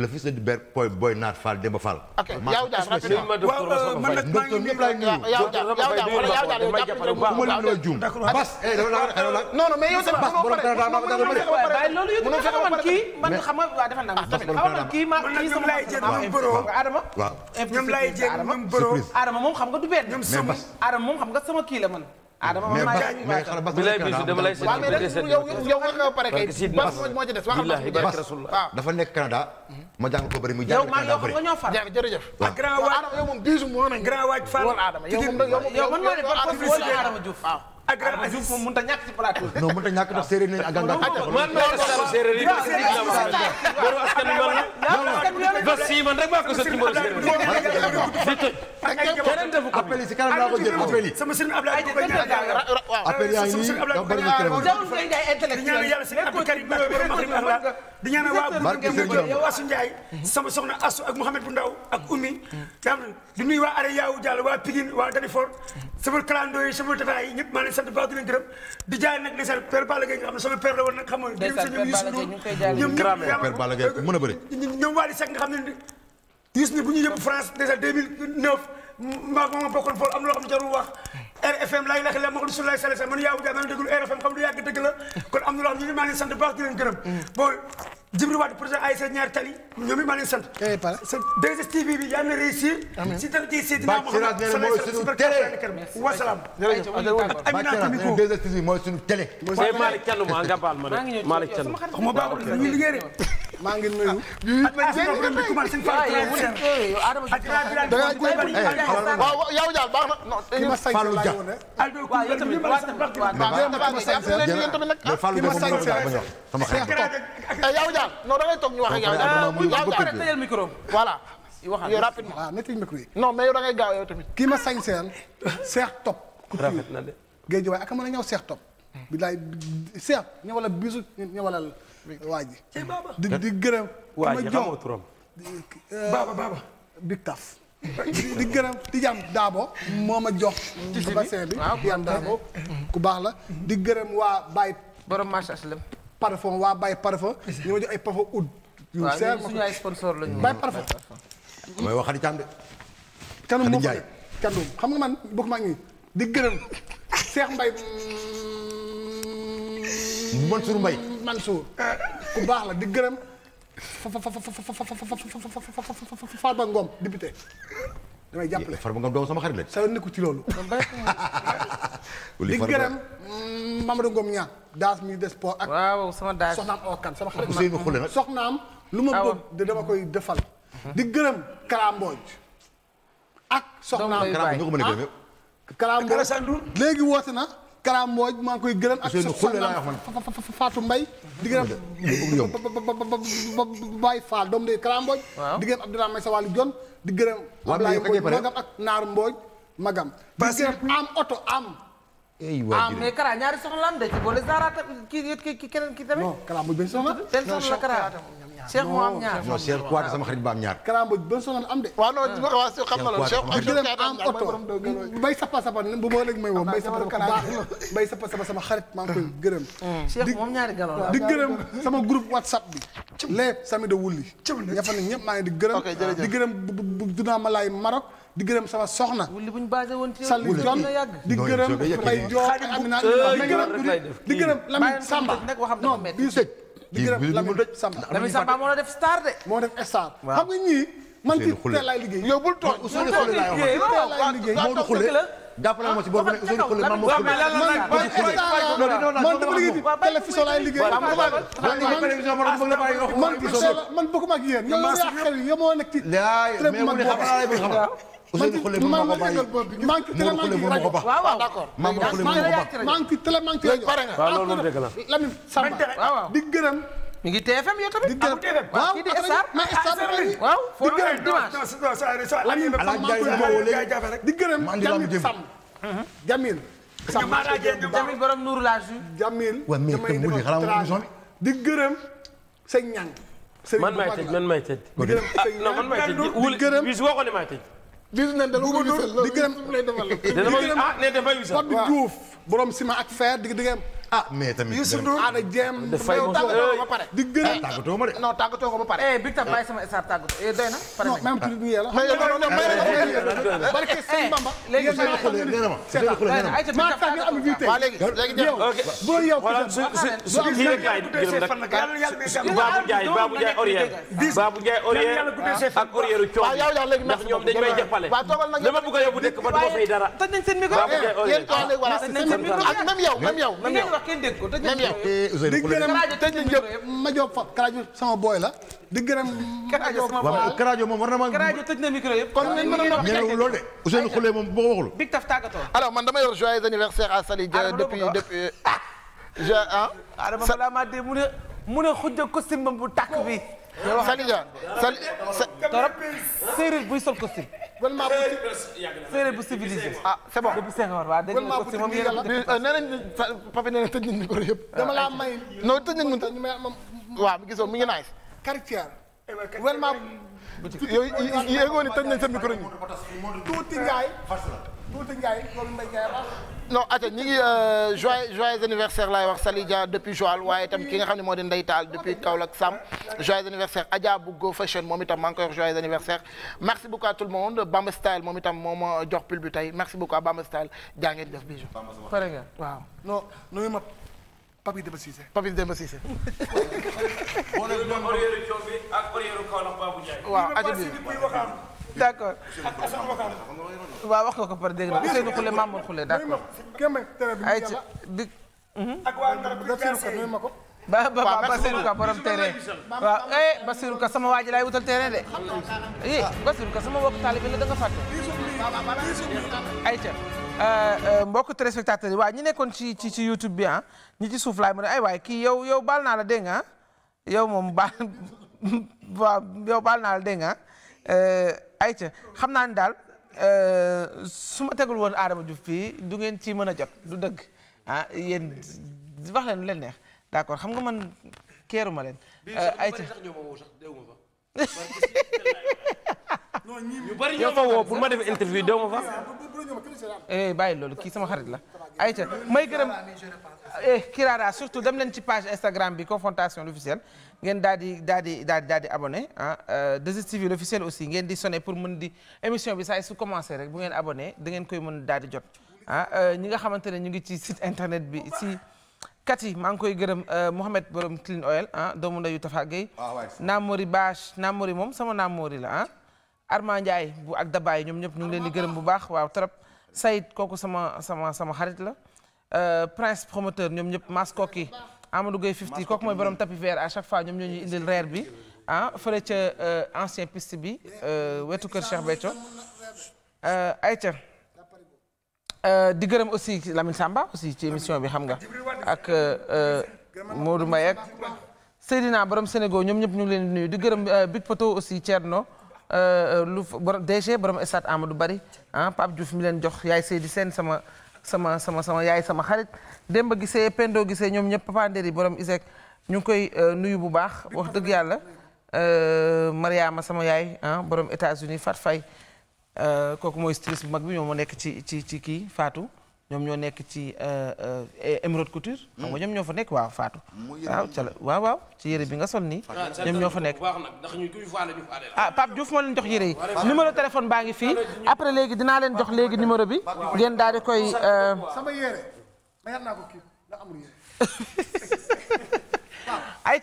le fils de Ber Boy Boy Naar Fall Demba Fall. ok yow daal rapidement waaw man nag maa ngi nuyu yow daal yow daal yow daal yow jàpp nañu ko bu ma lim loo juum. bas non non mais yow tamit bas borom dara dara dara bëri. waaye loolu yëpp nga xamoon kii man xam nga waaw dafa naan tamit xamoon kii ma kii sama Adama. waaw ñoom laay jéeg ñoom borom Adama moom xam nga du benn. ñoom sama Adama moom xam nga sama kii la man. Adama ah, man maa ngi mais bi lay bisu dama lay seetlu yow yow nga ba pare kay bas moo ci des waxal bas bi dafa nekk Canada. ma jàng ko bëri mu jàng Canada bëri yow maa far jërëjëf. waaw grand waaj yow moom bisu mu woon nañu. grand waaj Fall Adama yow moom yow man maa ne ak grand Aziz moom mënut a ñàkk ci a ñàkk si kanam laa ko jël appel yi. sama da bari na téléphone. di ñaan yàlla si Abdou Karim di ñaan waa Barke Serigne ak Mouhamed di nuyu waa Are Yaaw Diallo waa Pikine waa Danifor sama clando yi sama tata yi ñëpp maa di jaay nag ndeysaan père Balla Gaye nga xam ne sama père la woon nag xam nga ñoom père Balla Gaye a bëri ñoom waa di sax nga xam ne Youssou Ndour bu ñu yóbbu France mbaag mooma bokkoon fool am na loo xam ne jarul wax RFM laay laxe la Mouhamadou Soulaye Saleh man yaa wuja maa ngi déglu RFM xam du yàgg dëgg la kon am na loo xam ne ñu maa leen sant baax di leen gërëm bon Djibril Wade président ASC ñaari tali ñoom it maa leen sant 2STV bi yàlla na réussir si dara ji si dinaa wasalaam Aminata Miko 2STV mooy suñu télé Malick Thiandou ma nga baal ma rek Malick Thiandou xam nga baaxul dañuy liggéey rek maa ngi nuyu waaw yow jaal baax na non. ki ma sañ si laaj woon yow daal non da ngay toog ñu wax ak yow daal yow daal micro voilà. waxal yow rapidement waaw na tëj micro yi. non mais yow da ngay gaaw yow tamit. ki ma sañ seel seex top. rafet na de. géej waaye ak mën a ñëw seex top. bilaay seex ñëwalal bisu ñëwalal waa ji. di di gërëm. waa ji xamoo turam. baaba baaba big taf. di gërëm di jam daabo moo ma jox bassin bi ku baax la di gërëm waa Baye borom marché aslam parfum waa Baye parfum ñu ma jox ay parfum oud yu seer ma suñu ay sponsor lañu Baye mooy wax xadi càmbe kanum moo kanum xam nga man bokk maa ngi di gërëm Cheikh Mbaye mbay Mbaye Mansour ku baax la di gërëm Farba Ngom député damay jàppale Farba Ngom doom sama xarit la. sa yoon nekku ci loolu. [laughs] li gërëm mm, Mamadou Ngom ñaan daas mi des sport ak. waaw sama daas soxnaam Okan sama xarit ma soxnaam lu ma ah, bëgg dama koy defal. di gërëm Karambooj ak soxnaam Karambooj ah, léegi woote na. Karaam Mbooj maa ngi koy gërëm ak sa soxnaam Fatou Mbaye di gërëm Baye Fall doom de Karaam Mbooj di gërëm Abdoulaye May Sawali Jon di gërëm Abdoulaye Mbooj magam ak Naar Mbooj magam di gërëm am oto am ah mais Kara ñaari soxnaam de ci boole Zara kii keneen ki tamit non Karaam Mbooj benn soxna seen soxna Cheikh mu am ñaar non sama xarit ba am ñaar. karam boobu ma ko wax bay sapa sapa bu ma léegi may bay sapa sapa sama xarit maa koy gërëm. la di gërëm sama groupe whatsapp bi. lépp sami de wulli. ña fa ne ñëpp maa ngi di gërëm. di gërëm bu dunaa ma laay Maroc. di gërëm sama soxna. wuli bu ñu basé woon ci di gërëm bay joo ak Amina di gërëm di gërëm Lamine Samba non bii sëj moo la def star de. moo def star. xam nga ñii man ci teel laay liggéey. yow bul toog Ousseynou Khoule laay wax teel laay liggéey Maodo Khoule. jàppale ma ci boobu ne Ousseynou Khoule man moo Khoule. man dama liggéey télévision laay liggéey. man man bokkuma ak yéen yow yaa xel yow moo nekk ci. très Ousseynou Khoule mënu ma ko bàyyi Modou Khoule mënu ma ko baax. waaw waaw d'accord Mamadou Khoule mënu ma ko baax. maa ngi tële maa ngi tële waaw loolu moom dëgg la. Lamine Samba di gërëm. mi ngi TFM yow tamit. di gërëm waaw kii di Estar. mais Estar bi waaw. foo di gërëm dimanche. di gërëm Jamil Samb. Jamil. Samb Jamil borom Nour la ju. Jamil. waaw mais tey mu di xalaat woon émission bi. di gërëm sëñ Ñang. man maay tëj man maay tëj. di gërëm sëñ Ñang di gërëm. wul bis woo ko ne maay tëj. Bijou Nen da la ko wisal loolu wisal lay defal la. da la ko ah nee na dafay wisal waaw Fodou borom ciment ak fer digg diggam ah mais tamit Youssou Ndour Ada Dieng tàggatoo ko ba pare di gën a tàggatoo ma de non tàggatoo ko ba pare eh bi tam bàyyi sama star tàggatoo eh, doy na pare non même tudd yàlla eh, barke eh, Sëñ Bamba léegi ma tax nga am vité waaw léegi léegi boo yow su su li gaay gërëm nag Babou Ndiaye Babou Ndiaye Orien Babou Ndiaye Orien ak Orien Coow ndax ñoom dañ may jàppale dama bëgg a yóbbu dëkk ba du ma fay dara Babou Ndiaye Orien ak même yow même yow. même yow même yow. Eh, di gërëm ma jóg fa Karajo sama booy la. di gërëm [laughs] Karajo moom war na ma. Karajo tëj na micro yëpp. kon nañ mën a wax mais loolu de Ousseynou Khoule moom boo waxul. Big Taf tàggatoo. alors man dama yor joyeux anniversaire à Sali Dia depuis depuis. Euh, je ah. Adama balaa maa dee mu ne mu ne bu tàkk bi. Salidia Sal torop séeréer buy sol costume. wala maa bu séeréer bu civilisé. ah c'est bon depuis cinq heures waaw dégg nga costume moom yéen a. nee nañu Pape nee na tëj nañu ko yëpp. dama laa may. non tëj nañu ko ñu may waaw gisoo mu ngi naaj. quartier. wala maa bu. yow yéegoo ni tëj nañu sa micro ñi. tuuti Ndiaye. Tuuti Ndiaye loolu Mbaye Ndiaye baax. non aca ñi ngi euh, joyeux joyeux anniversaire laay wax Sali Dia depuis Joal waaye itam ki nga xam ne moo di Ndeye Tall depuis Kaolack Sam joyeux anniversaire Adja bu Go Fashion moom itam maa ngi koy wax joyeux anniversaire merci beaucoup à tout le monde Bamba Style moom itam moo ma jox bi tey merci beaucoup à Bamba Style jaa def bijou pare nga waaw non nuyu ma Papi Demba Cissé Papi Demba Cissé [laughs] waaw d' accord. waaw wax nga ko par dégg na Ousseynou Khoule Mamour Khoule d' accord. ay ci bi. Mhm. ak waa Ndar ma ko. ba ba ba Bassirou Ka borom terrain waaw eh Bassirou Ka sama waa ji laay wutal terrain de eh Bassirou Ka sama mbokk taalibe la da nga fàtte. ayca euh, euh, mbokk téléspectateurs yi waaw ñi nekkoon ci ci ci YouTube bi ah ñi ci suuf laay mu ne ay waay kii yow yow baal naa la dégg nga ah? yow moom baal [laughs] waaw yow baal naa la dégg nga ah? euh, ayca xam naa ni daal euh, su ma tegul woon Adama Diouf fii du ci mën a jot du dëgg ah yéen wax leen lu leen neex d'accord xam nga man keeruma leen. ay euh, ñu bari ñoo ma woo pour ma def interview doo ma fa. eh bàyyi loolu kii sama xarit la. ayca may gërëm eh Kirara surtout dem leen ci page Instagram bi confrontation l'officiel ngeen daal di daal di daal daal di abonné ah 2 euh, aussi ngeen di sonné pour mën di émission bi saa su commencé rek bu ngeen abonné da ngeen koy mën daal di jot ah euh, ñi nga xamante ne ñu ngi ci site internet bi si Kati maa ngi koy gërëm euh, Mouhamed borom Clean Oil ah a ndeyu Tafa Gueye ah, Namori Bache Namori moom sama Namori la ah Armand Ndiaye bu ak Dabaye ñoom ñëpp ñu ngi leen di gërëm bu baax waaw trop Saïd kooku sama sama sama xarit la Prince promoteur ñoom ñëpp Mas Koki Amadou Gueye fifty kooku mooy borom tapis vert à chaque fois ñoom ñoo ñuy indil reer bi ah ca euh, ancien piste bi euh, wetu kër Cheikh Béthio euh, ayca di gërëm aussi Lamine sàmba aussi ci émission bi xam nga ak Modou Mbaye ak Seydina borom Sénégal ñoom ñëpp ñu ngi leen di nuyu di gërëm Big Poto aussi Thierno lu borom DG borom Estat Amadou Bari ah Pape Diouf mi leen jox yaay Seydi seen sama. sama sama sama yaay sama xarit Demba Gisee Pendo Gisee ñoom ñëpp Papa Ndéri borom ISEC ñu ngi koy euh, nuyu bu baax wax dëgg yàlla euh, Mariama sama yaay ah borom États-Unis Fat Fay euh, kooku mooy stress bu mag bi ñoom moo nekk ci ci ci kii faatu ñoom ñoo nekk ci euh, euh, émeraude couture. xam nga hmm. ñoom ñoo fa nekk waaw Fatou. waaw ca la waaw waaw ci yére bi nga sol nii. ñoom ñoo fa nekk ah Pape Diouf moo leen jox yére yi. numéro téléphone baa ngi fii après léegi dinaa leen jox léegi numéro bi. ngeen daal di koy. Euh, sama yére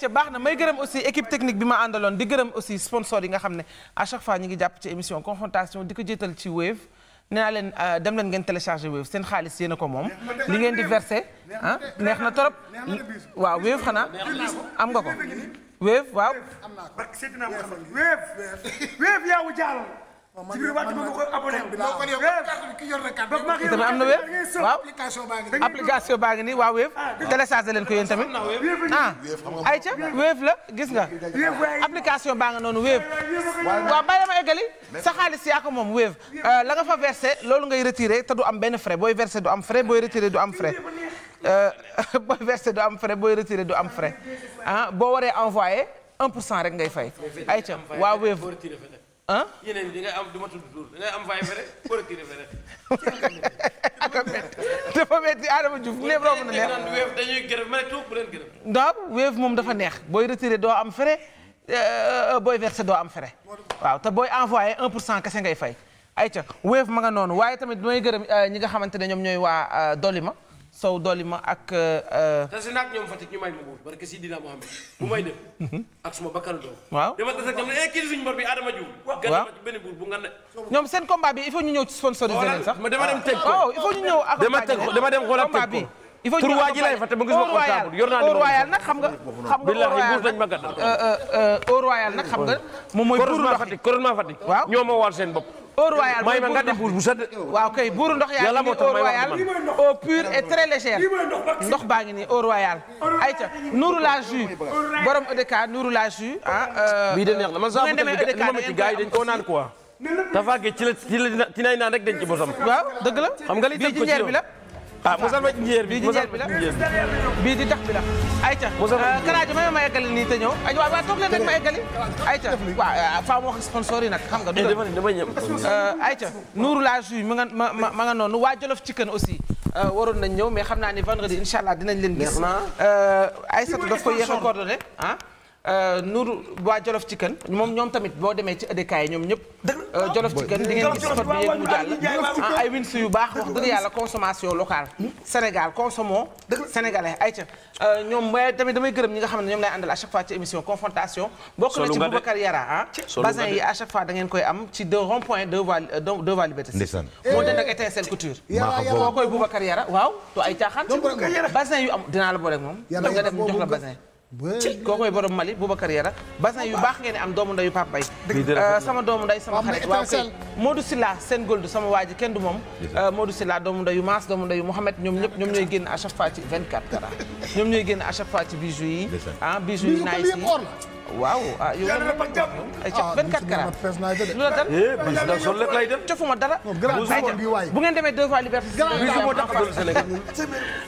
[laughs] baax na may gërëm aussi équipe technique bi ma àndaloon di gërëm aussi sponsor yi nga xam ne à chaque fois ñu ngi jàpp ci émission confrontation di ko jiital ci Wave. nee leen euh, dem leen ngeen téléchargé Wave seen xaalis yéen ko moom li ngeen di versé ah neex na trop waaw Wave xanaa am nga ko Wave waaw. Wave ci biir wàcc bëgg ko abonné itam am na wéef waaw application baa ngi nii waaw wéef ah, télécharge leen ko yéen tamit ah la gis nga application baa nga noonu wéef waaw bàyyi ma eggali sa xaalis yaa ko moom wéef euh, la fa versé loolu ngay retiré te du am benn frais booy versé du am frais booy retiré du am frais euh, [laughs] booy versé du am frais booy retiré du am frais ah, ah boo waree envoyé 1 pour cent rek ngay fay ayca waaw wéef ah yeneen di nga am du ma tudd tur da ngay am fay fere producteur fere dafa metti Adama Diouf lépp dañuy gërëm ma ne tuub bu leen gërëm waaw weef moom dafa neex booy retiré doo am fere euh, euh, euh, booy versé doo am fere waaw te booy envoyé un pour cent kese ngay fay ayca weef ma nga noonu waaye tamit mooy gërëm ñi nga xamante ne ñoom ñooy waa Dolima Sow dolli ma ak. Euh, euh, tase na ak ñoom Fatick ñu may ma buur barke Sidina Mohamed bu may dem. Mhm. ak suma bakkanu doom. waaw eh, ñoom seen combat bi ñu ñëw ci sponsoriser leen sax. dama dem ah. oh, ñu ñëw. dama il faut ñu ji lay fàtte ba gis ma yor naa au euh, euh, euh, royal nag xam nga xam nga billahi buur dañ ma gàttal au royal nag xam nga moom mooy buuru ndox Fatick corona Fatick waaw ñoo ma war seen bopp au may ma ngàddi buur bu sedd waaw kay buuru ndox yaa ngi au au pur et très légère ndox baa ngi nii au royal ayca nuru la jus borom EDK nuru la jus ah bii de neex na man sa e ma ci gars yi koo naan quoi dafa ci la ci la naan rek dañ ci bosam waaw dëgg la xam nga li bii ci njeer ah mosal ma njéer bi mosal bii di tax bi la ayca euh, karaajo may ma eggali nii te ñëw ay waaw waaw toog leen rek ma eggali ayca waaw euh, faa ma wax sponsor eh, euh, ma nga ma ma noonu waa Jolof Chicken aussi waroon nañ ñëw mais xam naa ni vendredi incha allah dinañ leen gis Aïssatou daf ko yéex a Euh, Nour waa Jolof Chicken moom ñoom tamit boo demee ci ëdekaay yi ñoom ñëpp euh, Jolof Chicken di ngeen gis spot bi ah, yu baax la dëgg yàlla consommation locale hmm? Sénégal consommons sénégalais ay ca euh, ñoom waaye chaque fois ci émission confrontation bokk na ci Boubacar Yara ah. basin yi am dinaa la boole ak moom nga def jox la basin ci koo koy borom Mali Boubacar Yara basin yu baax ngeen am doomu ndeyu Pape Bay euh, sama doomu ndey sama xarit waaw kay Modou Silla seen gold sama waa ji kenn du moom euh, Modou Silla doomu ndeyu Maas doomu ndeyu Mohamed ñoom ñëpp ñoom ñooy génn à chaque fois ci 24 carats ñoom ñooy génn à chaque fois ci bijoux yi ah bijoux yi nice yi waaw ah yow lan la ko ah, eh, demee deux fois [laughs]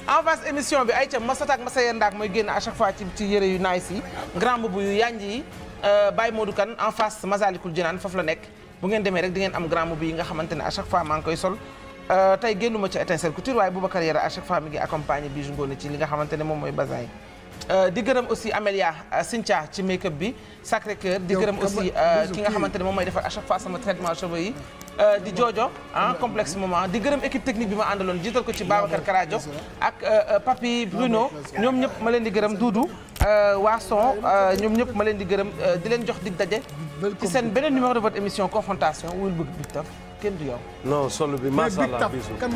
en face émission bi ayca Masata ak Masaya Ndaak mooy génn à chaque fois ci ci yu nice yi grand boubou yu yanj yi euh, Baye Modou en face Masalikul Jinaan foofu la nekk bu demee rek di am grand boubou yi nga xamante ne chaque fois maa ngi koy sol. Euh, tey génnuma ci étincelle couture waaye Boubacar Yara à chaque fois mi ngi accompagné Bijou Ngoné ci li nga xamante moom mooy bazin yi Euh, di gërëm aussi Amélia Sinthia euh, ci make-up bi Sacré Cœur di gërëm aussi euh, ki nga xamante ne moom mooy defar à chaque fois sama traitement cheveux yi di joojo ah complexe moment di gërëm équipe technique bi ma àndaloon jiital ko ci Babacar Karadio ak Papi Bruno ñoom ñëpp ma leen di gërëm Doudou Wasson ñoom ñëpp ma leen di gërëm di leen jox dig daje ci seen beneen numéro de votre émission confrontation wul bëgg big taf kenn du yow non solo bi macha allah bisu kan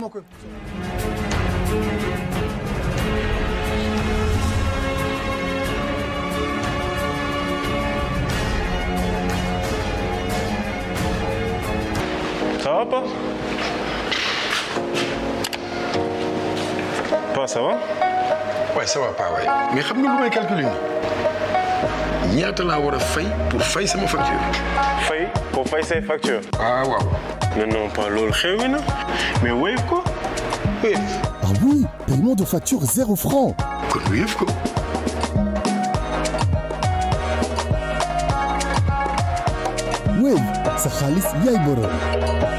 Körper. Pas ça va. waaw ça may calculer nii ñaata laa war a fay pour fay sama facture. fay pour fay say facture. ah waaw. non non pas loolu xewi na mais Wave ko Wave. ah oui paiement de facture zéro franc. kon Wave ko. Wave sa xaalis yaay borom.